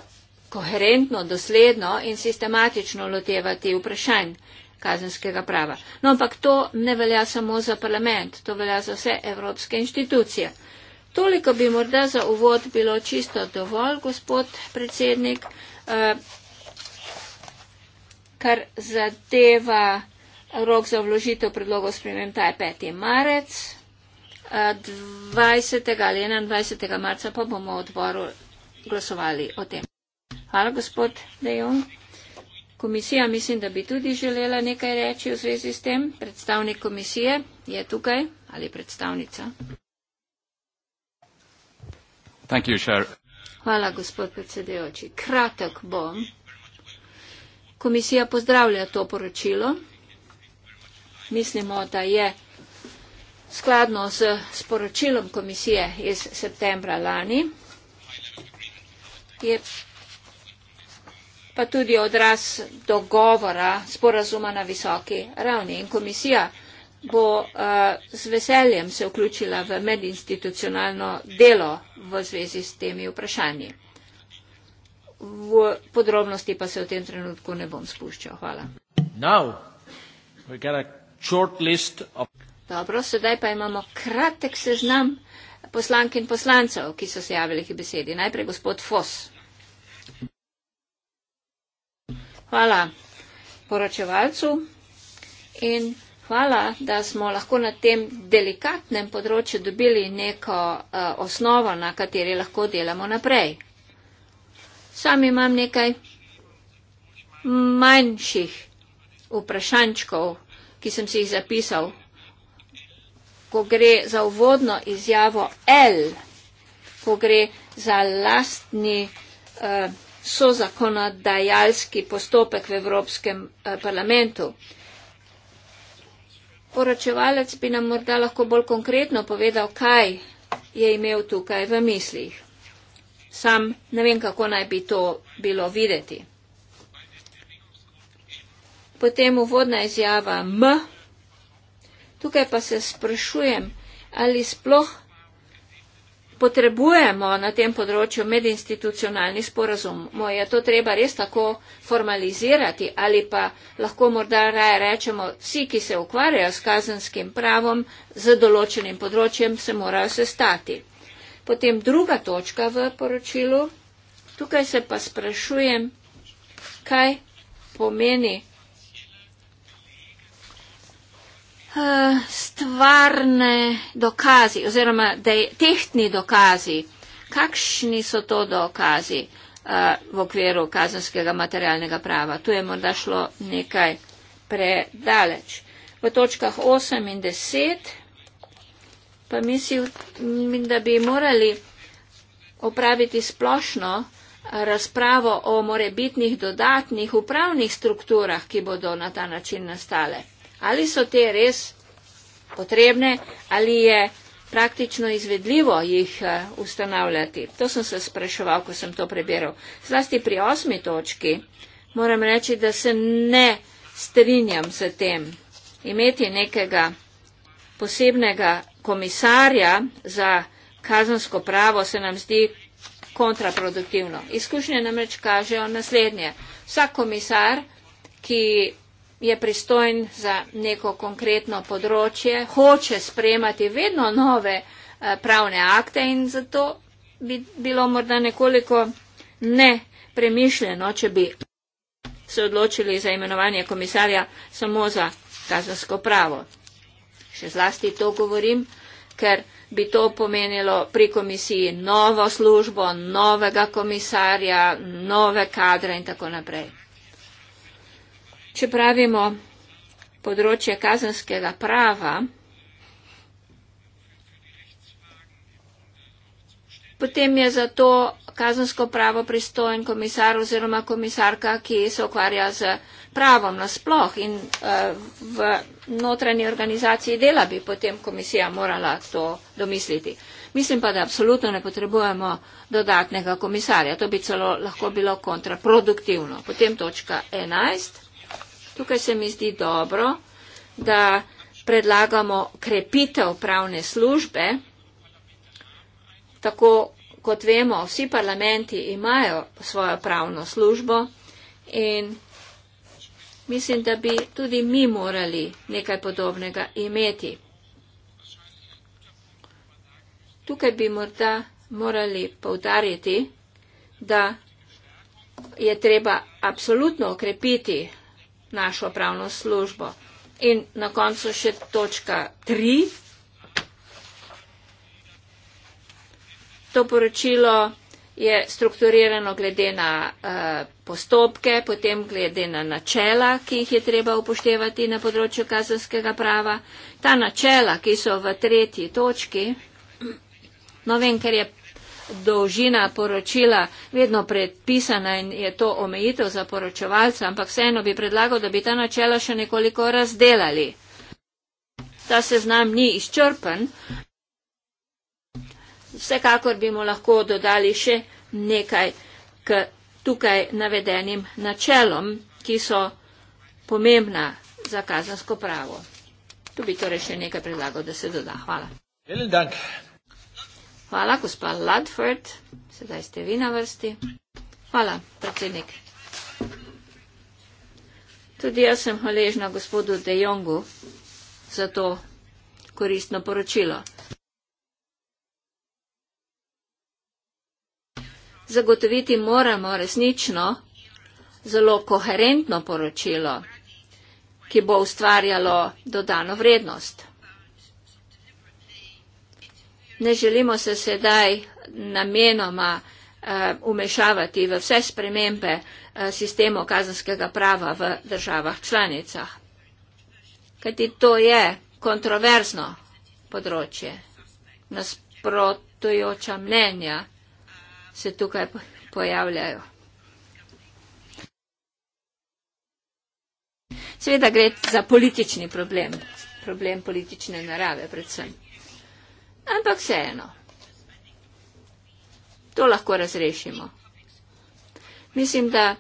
koherentno, dosledno in sistematično lotevati vprašanj kazenskega prava. No, ampak to ne velja samo za parlament, to velja za vse evropske inštitucije. Toliko bi morda za uvod bilo čisto dovolj, gospod predsednik, eh, kar zadeva rok za vložitev predlogov spremem, ta je 5. marec, 20. Eh, ali 21. marca pa bomo v odboru glasovali o tem. Hvala, gospod Dejong. Komisija mislim, da bi tudi želela nekaj reči v zvezi s tem. Predstavnik komisije je tukaj ali predstavnica. You, Hvala, gospod predsedujoči. Kratek bom. Komisija pozdravlja to poročilo. Mislimo, da je skladno s sporočilom komisije iz septembra lani. Je pa tudi odraz dogovora, sporazuma na visoki ravni. In komisija bo uh, z veseljem se vključila v medinstitucionalno delo v zvezi s temi vprašanji. V podrobnosti pa se v tem trenutku ne bom spuščal. Hvala. Of... Dobro, sedaj pa imamo kratek seznam poslank in poslancev, ki so se javili k besedi. Najprej gospod Foss. hvala poročevalcu in hvala, da smo lahko na tem delikatnem področju dobili neko uh, osnovo, na kateri lahko delamo naprej. Sam imam nekaj manjših vprašančkov, ki sem si jih zapisal. Ko gre za uvodno izjavo L, ko gre za lastni. Uh, so zakonodajalski postopek v Evropskem eh, parlamentu. Poročevalec bi nam morda lahko bolj konkretno povedal, kaj je imel tukaj v mislih. Sam ne vem, kako naj bi to bilo videti. Potem uvodna izjava M. Tukaj pa se sprašujem, ali sploh potrebujemo na tem področju medinstitucionalni sporazum. Mo je to treba res tako formalizirati ali pa lahko morda raje rečemo, vsi, ki se ukvarjajo s kazenskim pravom, z določenim področjem se morajo sestati. Potem druga točka v poročilu. Tukaj se pa sprašujem, kaj pomeni Eh, stvarne dokazi oziroma dej, tehtni dokazi. Kakšni so to dokazi uh, v okviru kazanskega materialnega prava? Tu je morda šlo nekaj predaleč. V točkah 8 in 10 pa mislim, mm, da bi morali opraviti splošno eh, razpravo o morebitnih dodatnih upravnih strukturah, ki bodo na ta način nastale ali so te res potrebne, ali je praktično izvedljivo jih eh, ustanavljati. To sem se spraševal, ko sem to preberal. Zlasti pri osmi točki moram reči, da se ne strinjam s tem. Imeti nekega posebnega komisarja za kazansko pravo se nam zdi kontraproduktivno. Izkušnje namreč kažejo naslednje. Vsak komisar, ki je pristojen za neko konkretno področje, hoče spremati vedno nove eh, pravne akte in zato bi bilo morda nekoliko nepremišljeno, če bi se odločili za imenovanje komisarja samo za kazansko pravo. Še zlasti to govorim, ker bi to pomenilo pri komisiji novo službo, novega komisarja, nove kadre in tako naprej. Če pravimo področje kazenskega prava, potem je za to kazensko pravo pristojen komisar oziroma komisarka, ki se ukvarja z pravom nasploh in uh, v notranji organizaciji dela bi potem komisija morala to domisliti. Mislim pa, da absolutno ne potrebujemo dodatnega komisarja. To bi celo lahko bilo kontraproduktivno. Potem točka 11. Tukaj se mi zdi dobro, da predlagamo krepitev pravne službe. Tako kot vemo, vsi parlamenti imajo svojo pravno službo in mislim, da bi tudi mi morali nekaj podobnega imeti. Tukaj bi morda morali povdariti, da je treba absolutno okrepiti našo pravno službo. In na koncu še točka tri. To poročilo je strukturirano glede na uh, postopke, potem glede na načela, ki jih je treba upoštevati na področju kazanskega prava. Ta načela, ki so v tretji točki, no vem, ker je dolžina poročila vedno predpisana in je to omejitev za poročevalca, ampak vseeno bi predlagal, da bi ta načela še nekoliko razdelali. Ta seznam ni izčrpen. Vsekakor bi mu lahko dodali še nekaj k tukaj navedenim načelom, ki so pomembna za kazansko pravo. Tu bi torej še nekaj predlagal, da se doda. Hvala. Vielen Dank. Hvala, gospa Ludford. Sedaj ste vi na vrsti. Hvala, predsednik. Tudi jaz sem hvaležna gospodu De Jongu za to koristno poročilo. Zagotoviti moramo resnično zelo koherentno poročilo, ki bo ustvarjalo dodano vrednost ne želimo se sedaj namenoma umešavati eh, v vse spremembe eh, sistemov kazenskega prava v državah članicah. Kajti to je kontroverzno področje. Nasprotujoča mnenja se tukaj pojavljajo. Sveda gre za politični problem, problem politične narave predvsem. Ampak vseeno. To lahko razrešimo. Mislim, da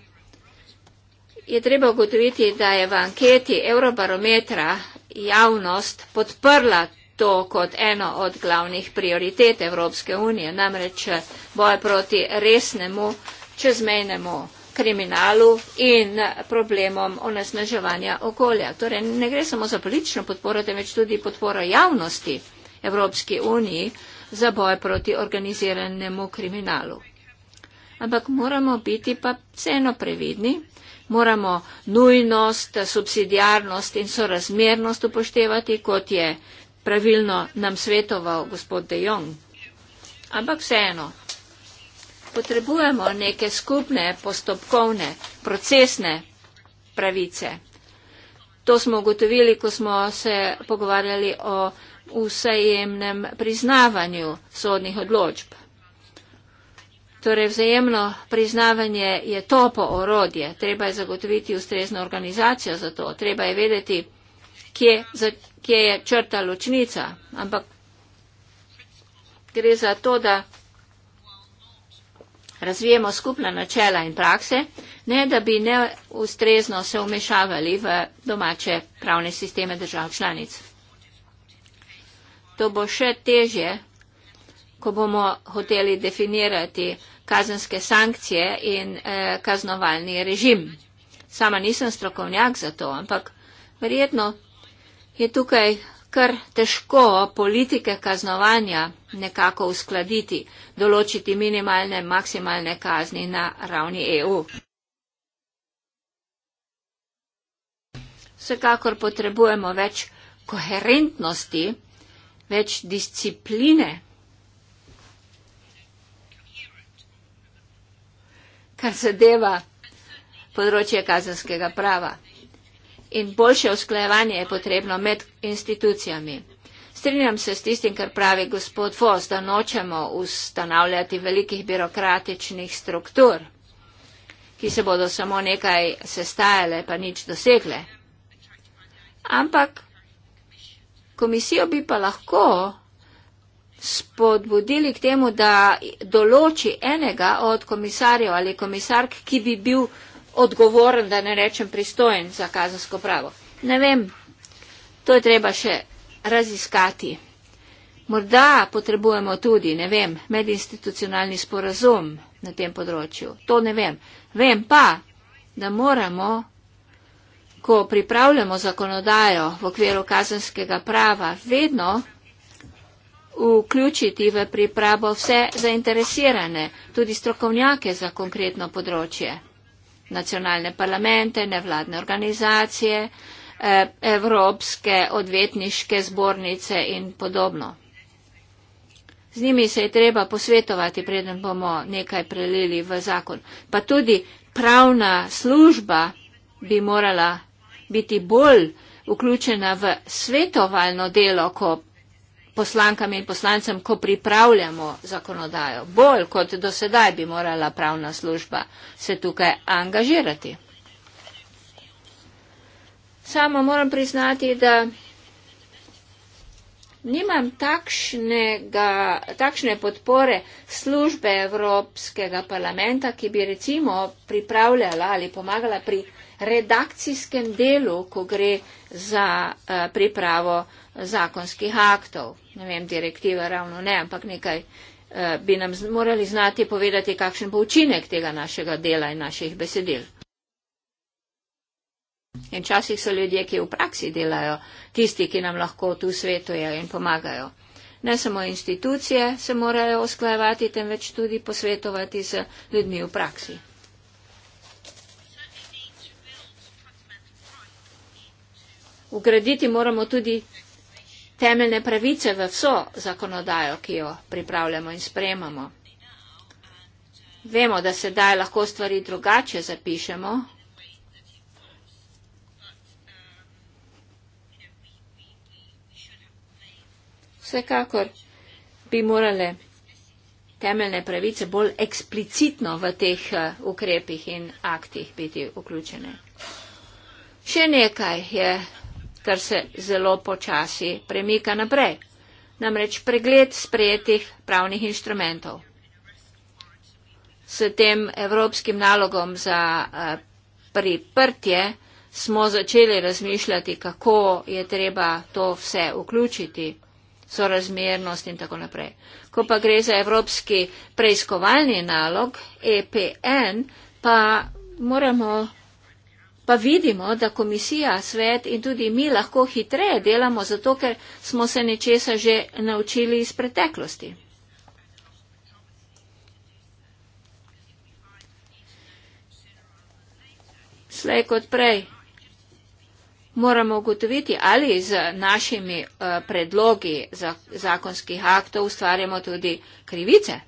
je treba ugotoviti, da je v anketi Eurobarometra javnost podprla to kot eno od glavnih prioritet Evropske unije, namreč boje proti resnemu, čezmejnemu kriminalu in problemom onesnaževanja okolja. Torej ne gre samo za politično podporo, temveč tudi podporo javnosti. Evropski uniji za boj proti organiziranemu kriminalu. Ampak moramo biti pa vseeno previdni, moramo nujnost, subsidijarnost in sorazmernost upoštevati, kot je pravilno nam svetoval gospod De Jong. Ampak vseeno, potrebujemo neke skupne postopkovne, procesne pravice. To smo ugotovili, ko smo se pogovarjali o vzajemnem priznavanju sodnih odločb. Torej, vzajemno priznavanje je topo orodje, treba je zagotoviti ustrezno organizacijo za to, treba je vedeti, kje, za, kje je črta ločnica, ampak gre za to, da razvijemo skupna načela in prakse, ne da bi neustrezno se umešavali v domače pravne sisteme držav članic to bo še teže, ko bomo hoteli definirati kazenske sankcije in eh, kaznovalni režim. Sama nisem strokovnjak za to, ampak verjetno je tukaj kar težko politike kaznovanja nekako uskladiti, določiti minimalne, maksimalne kazni na ravni EU. Vsekakor potrebujemo več koherentnosti, več discipline, kar zadeva področje kazanskega prava. In boljše usklajevanje je potrebno med institucijami. Strinjam se s tistim, kar pravi gospod Vos, da nočemo ustanavljati velikih birokratičnih struktur, ki se bodo samo nekaj sestajale, pa nič dosegle. Ampak komisijo bi pa lahko spodbudili k temu, da določi enega od komisarjev ali komisark, ki bi bil odgovoren, da ne rečem pristojen za kazansko pravo. Ne vem, to je treba še raziskati. Morda potrebujemo tudi, ne vem, medinstitucionalni sporazum na tem področju. To ne vem. Vem pa, da moramo ko pripravljamo zakonodajo v okviru kazenskega prava, vedno vključiti v pripravo vse zainteresirane, tudi strokovnjake za konkretno področje, nacionalne parlamente, nevladne organizacije, eh, evropske odvetniške zbornice in podobno. Z njimi se je treba posvetovati, preden bomo nekaj prelili v zakon. Pa tudi pravna služba bi morala biti bolj vključena v svetovalno delo, ko poslankam in poslancem, ko pripravljamo zakonodajo. Bolj kot do sedaj bi morala pravna služba se tukaj angažirati. Samo moram priznati, da nimam takšnega, takšne podpore službe Evropskega parlamenta, ki bi recimo pripravljala ali pomagala pri redakcijskem delu, ko gre za uh, pripravo zakonskih aktov. Ne vem, direktive ravno ne, ampak nekaj uh, bi nam morali znati povedati, kakšen bo učinek tega našega dela in naših besedil. In časih so ljudje, ki v praksi delajo, tisti, ki nam lahko tu svetujejo in pomagajo. Ne samo institucije se morajo usklajevati, temveč tudi posvetovati z ljudmi v praksi. ugraditi moramo tudi temeljne pravice v vso zakonodajo, ki jo pripravljamo in sprejemamo. Vemo, da sedaj lahko stvari drugače zapišemo. Vsekakor bi morale temeljne pravice bolj eksplicitno v teh eh, ukrepih in aktih biti vključene. Še nekaj je kar se zelo počasi premika naprej. Namreč pregled sprejetih pravnih inštrumentov. S tem evropskim nalogom za eh, priprtje smo začeli razmišljati, kako je treba to vse vključiti, sorazmernost in tako naprej. Ko pa gre za evropski preiskovalni nalog, EPN, pa moramo pa vidimo, da komisija, svet in tudi mi lahko hitreje delamo, zato ker smo se nečesa že naučili iz preteklosti. Slej kot prej moramo ugotoviti, ali z našimi uh, predlogi za, zakonskih aktov ustvarjamo tudi krivice.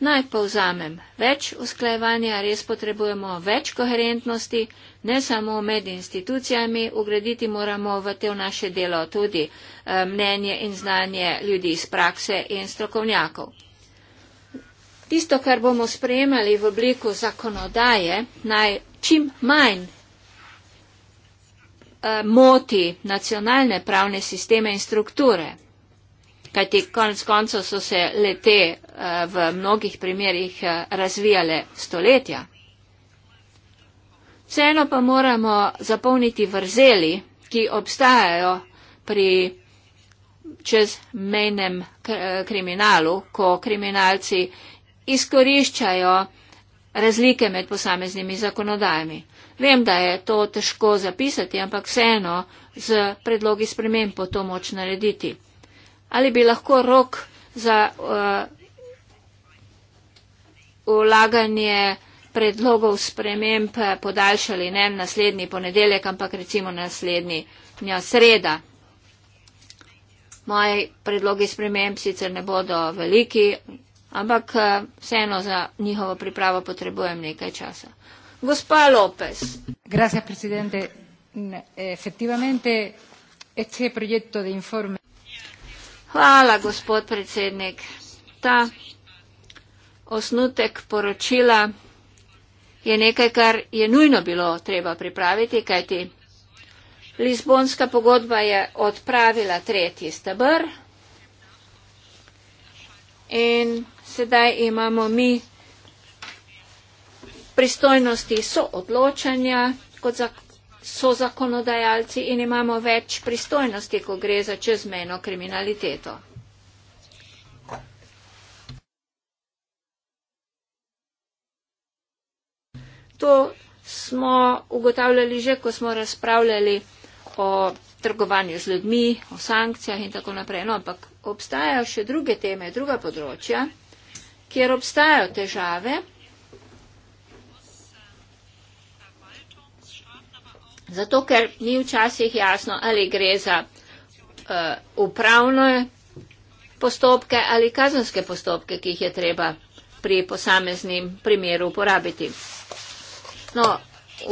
Naj povzamem, več usklajevanja res potrebujemo, več koherentnosti, ne samo med institucijami, ugraditi moramo v te v naše delo tudi eh, mnenje in znanje ljudi iz prakse in strokovnjakov. Tisto, kar bomo sprejemali v obliku zakonodaje, naj čim manj eh, moti nacionalne pravne sisteme in strukture, kajti konec koncev so se lete eh, v mnogih primerjih eh, razvijale stoletja. Vseeno pa moramo zapolniti vrzeli, ki obstajajo pri čezmejnem eh, kriminalu, ko kriminalci izkoriščajo razlike med posameznimi zakonodajami. Vem, da je to težko zapisati, ampak vseeno z predlogi spremem po to moč narediti ali bi lahko rok za uh, ulaganje predlogov sprememb podaljšali ne naslednji ponedeljek, ampak recimo naslednji nja sreda. Moji predlogi sprememb sicer ne bodo veliki, ampak uh, vseeno za njihovo pripravo potrebujem nekaj časa. Gospa Lopez. Gracias, presidente. Efectivamente, este proyecto de informe. Hvala, gospod predsednik. Ta osnutek poročila je nekaj, kar je nujno bilo treba pripraviti, kajti Lizbonska pogodba je odpravila tretji stebr in sedaj imamo mi pristojnosti soodločanja kot zakon so zakonodajalci in imamo več pristojnosti, ko gre za čezmeno kriminaliteto. To smo ugotavljali že, ko smo razpravljali o trgovanju z ljudmi, o sankcijah in tako naprej. No, ampak obstajajo še druge teme, druga področja, kjer obstajajo težave. Zato, ker ni včasih jasno, ali gre za uh, upravne postopke ali kazenske postopke, ki jih je treba pri posameznim primeru uporabiti. No,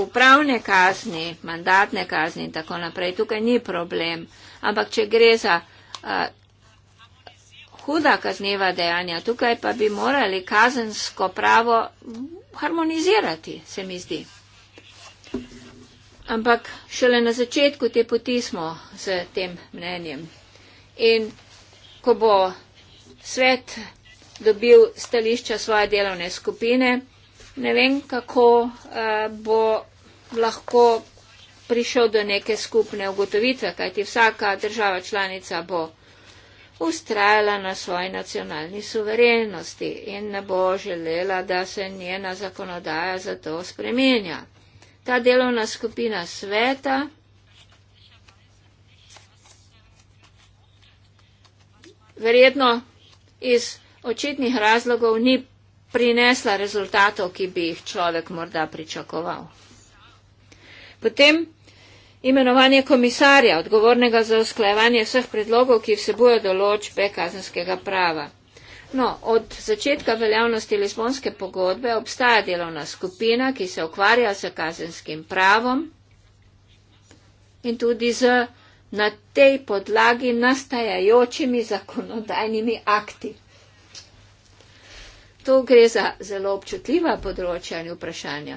upravne kazni, mandatne kazni in tako naprej, tukaj ni problem. Ampak, če gre za uh, huda kazniva dejanja, tukaj pa bi morali kazensko pravo harmonizirati, se mi zdi. Ampak šele na začetku te poti smo z tem mnenjem. In ko bo svet dobil stališča svoje delovne skupine, ne vem, kako uh, bo lahko prišel do neke skupne ugotovitve, kajti vsaka država članica bo ustrajala na svoji nacionalni suverenosti in ne bo želela, da se njena zakonodaja zato spremenja ta delovna skupina sveta verjetno iz očitnih razlogov ni prinesla rezultatov, ki bi jih človek morda pričakoval. Potem imenovanje komisarja, odgovornega za usklajevanje vseh predlogov, ki vsebujejo določbe kazenskega prava. No, od začetka veljavnosti Lisbonske pogodbe obstaja delovna skupina, ki se ukvarja z kazenskim pravom in tudi z na tej podlagi nastajajočimi zakonodajnimi akti. To gre za zelo občutljiva področja in vprašanja.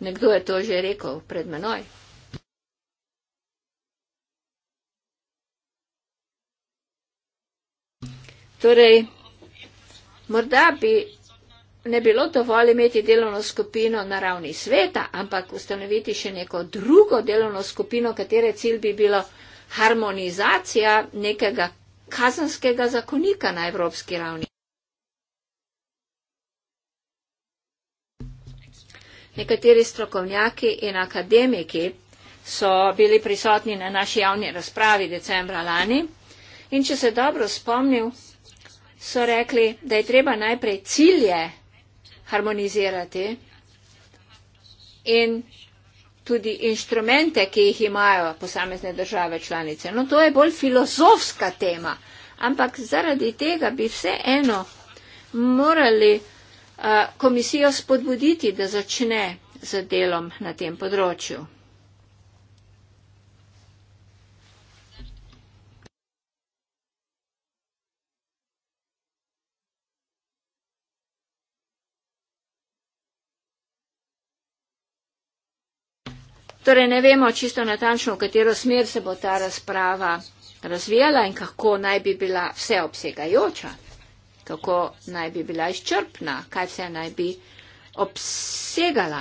Nekdo je to že rekel pred menoj. Torej, Morda bi ne bilo dovolj imeti delovno skupino na ravni sveta, ampak ustanoviti še neko drugo delovno skupino, katere cilj bi bilo harmonizacija nekega kazanskega zakonika na evropski ravni. Nekateri strokovnjaki in akademiki so bili prisotni na naši javni razpravi decembra lani in če se dobro spomnil, so rekli, da je treba najprej cilje harmonizirati in tudi inštrumente, ki jih imajo posamezne države članice. No, to je bolj filozofska tema, ampak zaradi tega bi vse eno morali uh, komisijo spodbuditi, da začne z delom na tem področju. Torej ne vemo čisto natančno, v katero smer se bo ta razprava razvijala in kako naj bi bila vseobsegajoča, kako naj bi bila izčrpna, kaj se naj bi obsegala.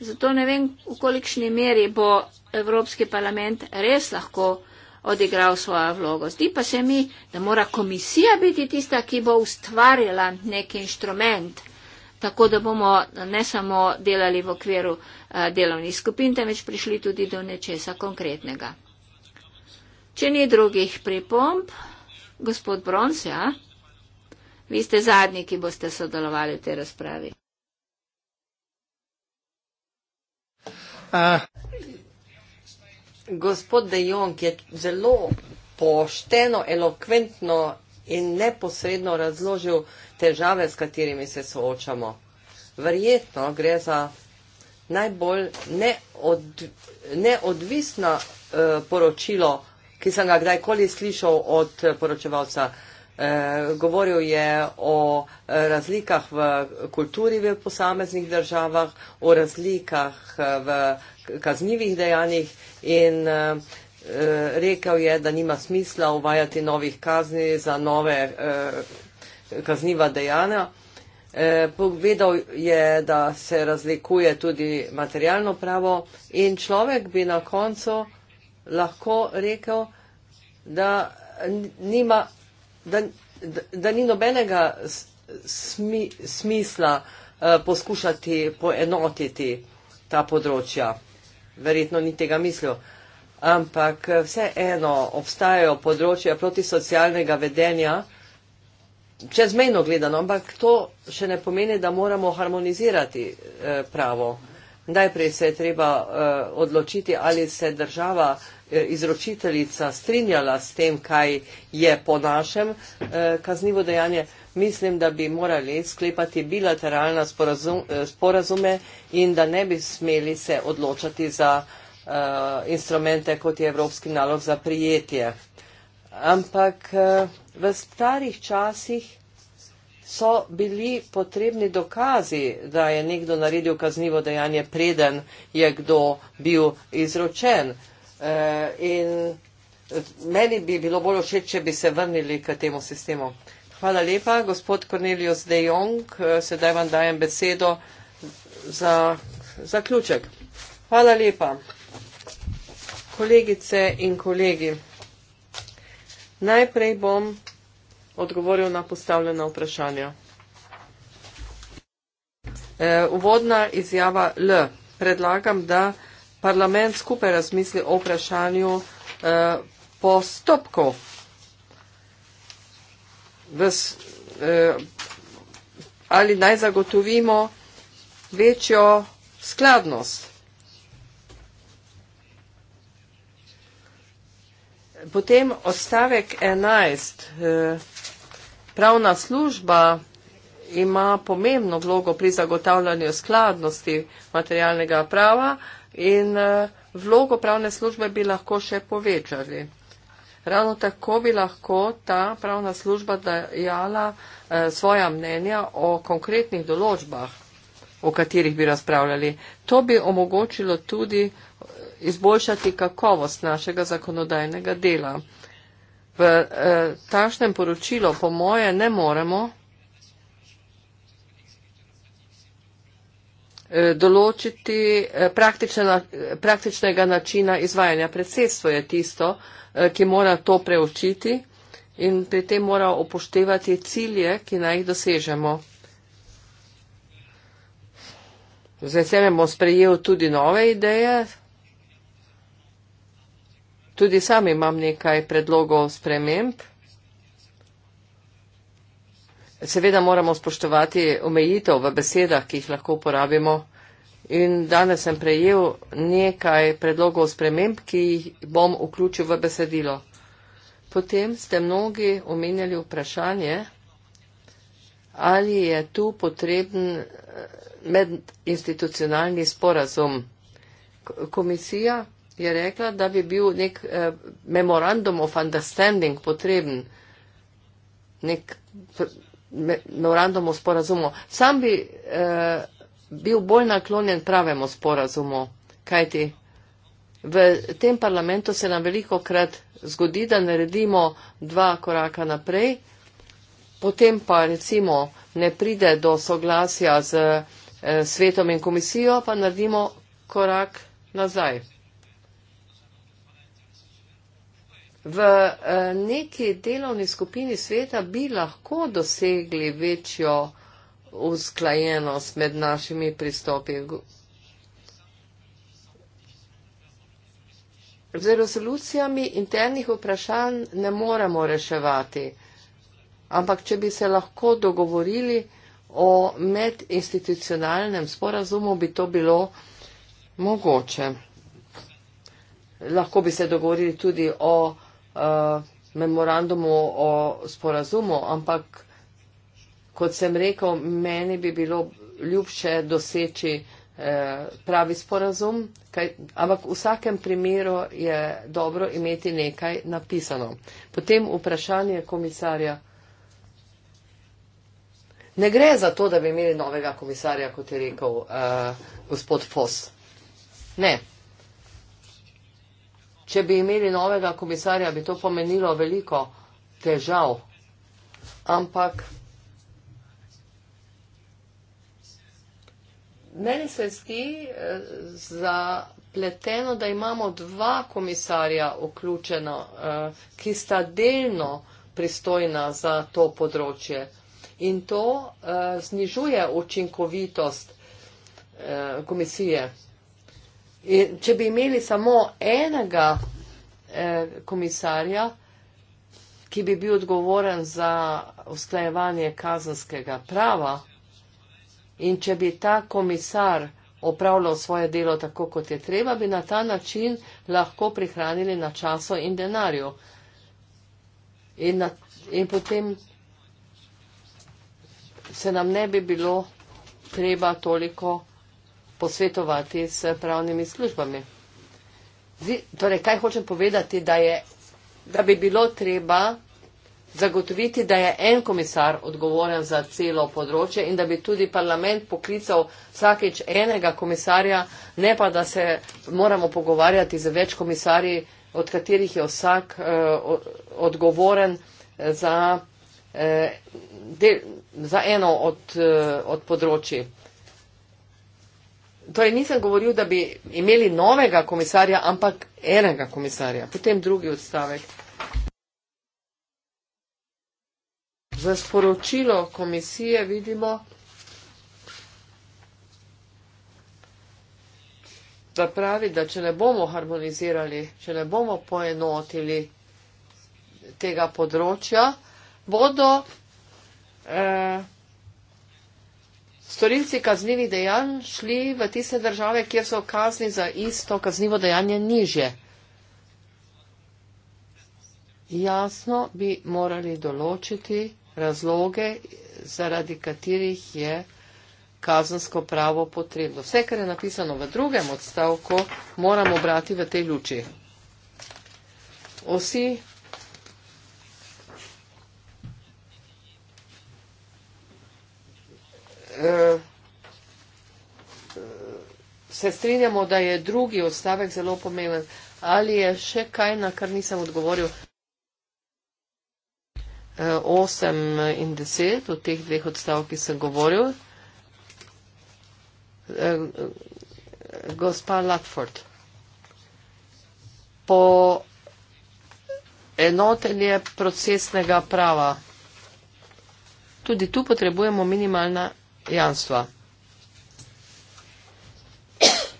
Zato ne vem, v kolikšni meri bo Evropski parlament res lahko odigral svojo vlogo. Zdi pa se mi, da mora komisija biti tista, ki bo ustvarjala nek inštrument, tako da bomo ne samo delali v okviru Eh, delovnih skupin, temveč prišli tudi do nečesa konkretnega. Če ni drugih pripomb, gospod Brons, ja, vi ste zadnji, ki boste sodelovali v tej razpravi. A, eh, gospod De Jong je zelo pošteno, elokventno in neposredno razložil težave, s katerimi se soočamo. Verjetno gre za najbolj neod, neodvisno uh, poročilo, ki sem ga kdajkoli slišal od eh, poročevalca. Uh, govoril je o razlikah v kulturi v posameznih državah, o razlikah v kaznjivih dejanjih in uh, rekel je, da nima smisla uvajati novih kazni za nove uh, kazniva dejanja. Eh, povedal je, da se razlikuje tudi materialno pravo in človek bi na koncu lahko rekel, da, nima, da, da, da ni nobenega smi, smisla eh, poskušati poenotiti ta področja. Verjetno ni tega mislil. Ampak eh, vseeno obstajajo področja protisocialnega vedenja, čezmejno gledano, ampak to še ne pomeni, da moramo harmonizirati eh, pravo. Najprej se je treba eh, odločiti, ali se država eh, izročiteljica strinjala s tem, kaj je po našem kaznivo dejanje. Mislim, da bi morali sklepati bilateralna sporazum, sporazume in da ne bi smeli se odločati za uh, instrumente, kot je Evropski nalog za prijetje ampak eh, v starih časih so bili potrebni dokazi, da je nekdo naredil kaznivo dejanje, preden je kdo bil izročen. Eh, in meni bi bilo bolj všeč, če bi se vrnili k temu sistemu. Hvala lepa, gospod Cornelius de Jong. Eh, sedaj vam dajem besedo za zaključek. Hvala lepa, kolegice in kolegi. Najprej bom odgovoril na postavljena vprašanja. E, uvodna izjava L. Predlagam, da parlament skupaj razmisli o vprašanju e, postopkov. Ves, e, ali naj zagotovimo večjo skladnost potem odstavek 11. Eh, pravna služba ima pomembno vlogo pri zagotavljanju skladnosti materialnega prava in eh, vlogo pravne službe bi lahko še povečali. Ravno tako bi lahko ta pravna služba dajala eh, svoja mnenja o konkretnih določbah, o katerih bi razpravljali. To bi omogočilo tudi izboljšati kakovost našega zakonodajnega dela. V eh, takšnem poročilu, po moje, ne moremo eh, določiti eh, praktična, eh, praktičnega načina izvajanja. Predsedstvo je tisto, eh, ki mora to preučiti in pri tem mora upoštevati cilje, ki naj jih dosežemo. Zdaj se bomo sprejeli tudi nove ideje, Tudi sam imam nekaj predlogov sprememb. Seveda moramo spoštovati omejitev v besedah, ki jih lahko uporabimo. In danes sem prejel nekaj predlogov sprememb, ki jih bom vključil v besedilo. Potem ste mnogi omenjali vprašanje, ali je tu potreben eh, medinstitucionalni sporazum. Komisija je rekla, da bi bil nek uh, memorandum of understanding potreben, nek memorandum o sporazumu. Sam bi uh, bil bolj naklonjen pravemu sporazumu, kajti v tem parlamentu se nam veliko krat zgodi, da naredimo dva koraka naprej, potem pa recimo ne pride do soglasja z uh, svetom in komisijo, pa naredimo korak nazaj. v eh, neki delovni skupini sveta bi lahko dosegli večjo usklajenost med našimi pristopi. Z rezolucijami internih vprašanj ne moremo reševati, ampak če bi se lahko dogovorili o medinstitucionalnem sporazumu, bi to bilo mogoče. Lahko bi se dogovorili tudi o Eh, memorandumu o sporazumu, ampak kot sem rekel, meni bi bilo ljubše doseči eh, pravi sporazum, kaj, ampak v vsakem primeru je dobro imeti nekaj napisano. Potem vprašanje komisarja. Ne gre za to, da bi imeli novega komisarja, kot je rekel uh, gospod Fos. Ne. Če bi imeli novega komisarja, bi to pomenilo veliko težav. Ampak. Meni se zdi eh, zapleteno, da imamo dva komisarja vključeno, eh, ki sta delno pristojna za to področje. In to eh, znižuje učinkovitost komisije. In če bi imeli samo enega eh, komisarja, ki bi bil odgovoren za usklajevanje kazanskega prava in če bi ta komisar opravljal svoje delo tako, kot je treba, bi na ta način lahko prihranili na času in denarju. In, na, in potem se nam ne bi bilo treba toliko posvetovati s pravnimi službami. Zdi, torej, kaj hočem povedati, da, je, da bi bilo treba zagotoviti, da je en komisar odgovoren za celo področje in da bi tudi parlament poklical vsakeč enega komisarja, ne pa da se moramo pogovarjati z več komisarji, od katerih je vsak uh, odgovoren eh, za, uh, del, za eno od, uh, od področji. Torej, nisem govoril, da bi imeli novega komisarja, ampak enega komisarja. Potem drugi odstavek. Za sporočilo komisije vidimo, da pravi, da če ne bomo harmonizirali, če ne bomo poenotili tega področja, bodo. Eh, storilci kaznjivih dejanj šli v tiste države, kjer so kazni za isto kaznjivo dejanje nižje. Jasno bi morali določiti razloge, zaradi katerih je kazensko pravo potrebno. Vse, kar je napisano v drugem odstavku, moramo brati v tej luči. Vsi Eh, eh, se strinjamo, da je drugi odstavek zelo pomemben. Ali je še kaj, na kar nisem odgovoril? 8 eh, in 10 od teh dveh odstavkih sem govoril. Gospa Latford. Po enotenje procesnega prava. Tudi tu potrebujemo minimalna janstva.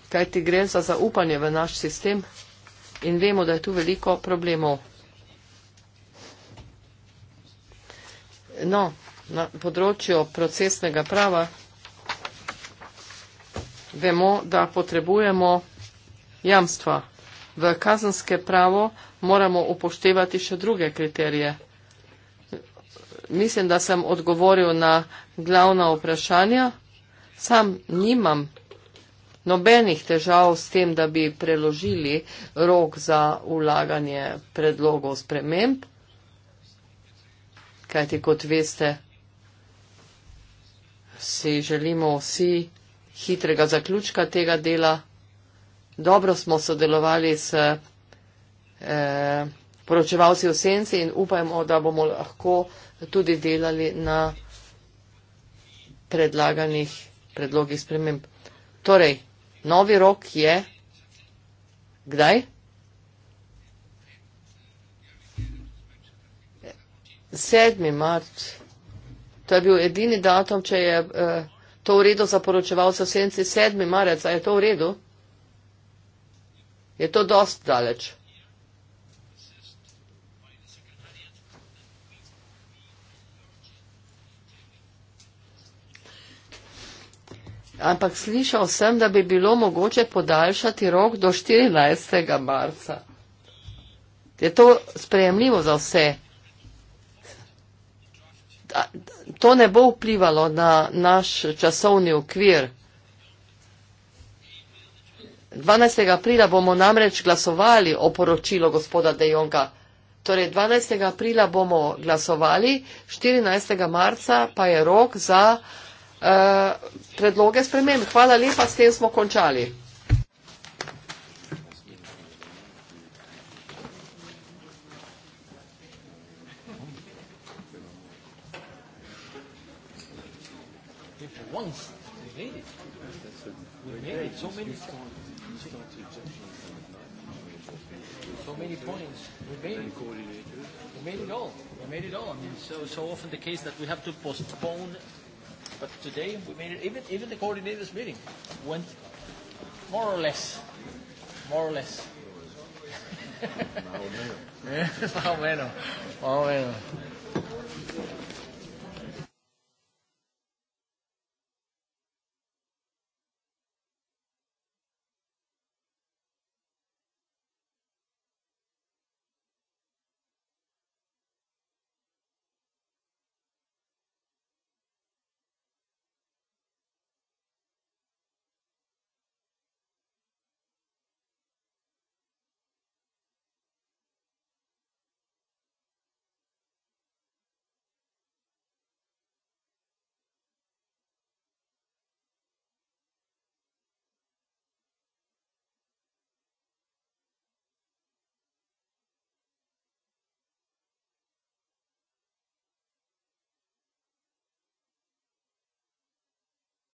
Kaj ti gre za zaupanje v naš sistem in vemo, da je tu veliko problemov. No, na področju procesnega prava vemo, da potrebujemo jamstva. V kazenske pravo moramo upoštevati še druge kriterije mislim, da sem odgovoril na glavna vprašanja. Sam nimam nobenih težav s tem, da bi preložili rok za ulaganje predlogov sprememb, kajti kot veste, si želimo vsi hitrega zaključka tega dela. Dobro smo sodelovali s eh, poročevalci v senci in upajmo, da bomo lahko eh, tudi delali na predlaganih predlogih sprememb. Torej, novi rok je kdaj? Sedmi mart. To je bil edini datum, če je eh, to v redu za poročevalce v senci. Sedmi marec, a je to v redu? Je to dost daleč? ampak slišal sem, da bi bilo mogoče podaljšati rok do 14. marca. Je to sprejemljivo za vse? To ne bo vplivalo na naš časovni okvir. 12. aprila bomo namreč glasovali o poročilu gospoda Dejonka. Torej, 12. aprila bomo glasovali, 14. marca pa je rok za uh, Eh, predloge spremen. Hvala lepa, s tem smo končali. We made it all. We made it all. I mean, so, so often the case that we have to postpone. But today we made it. Even even the coordinators' meeting went more or less, more or less. Yeah, Thank you.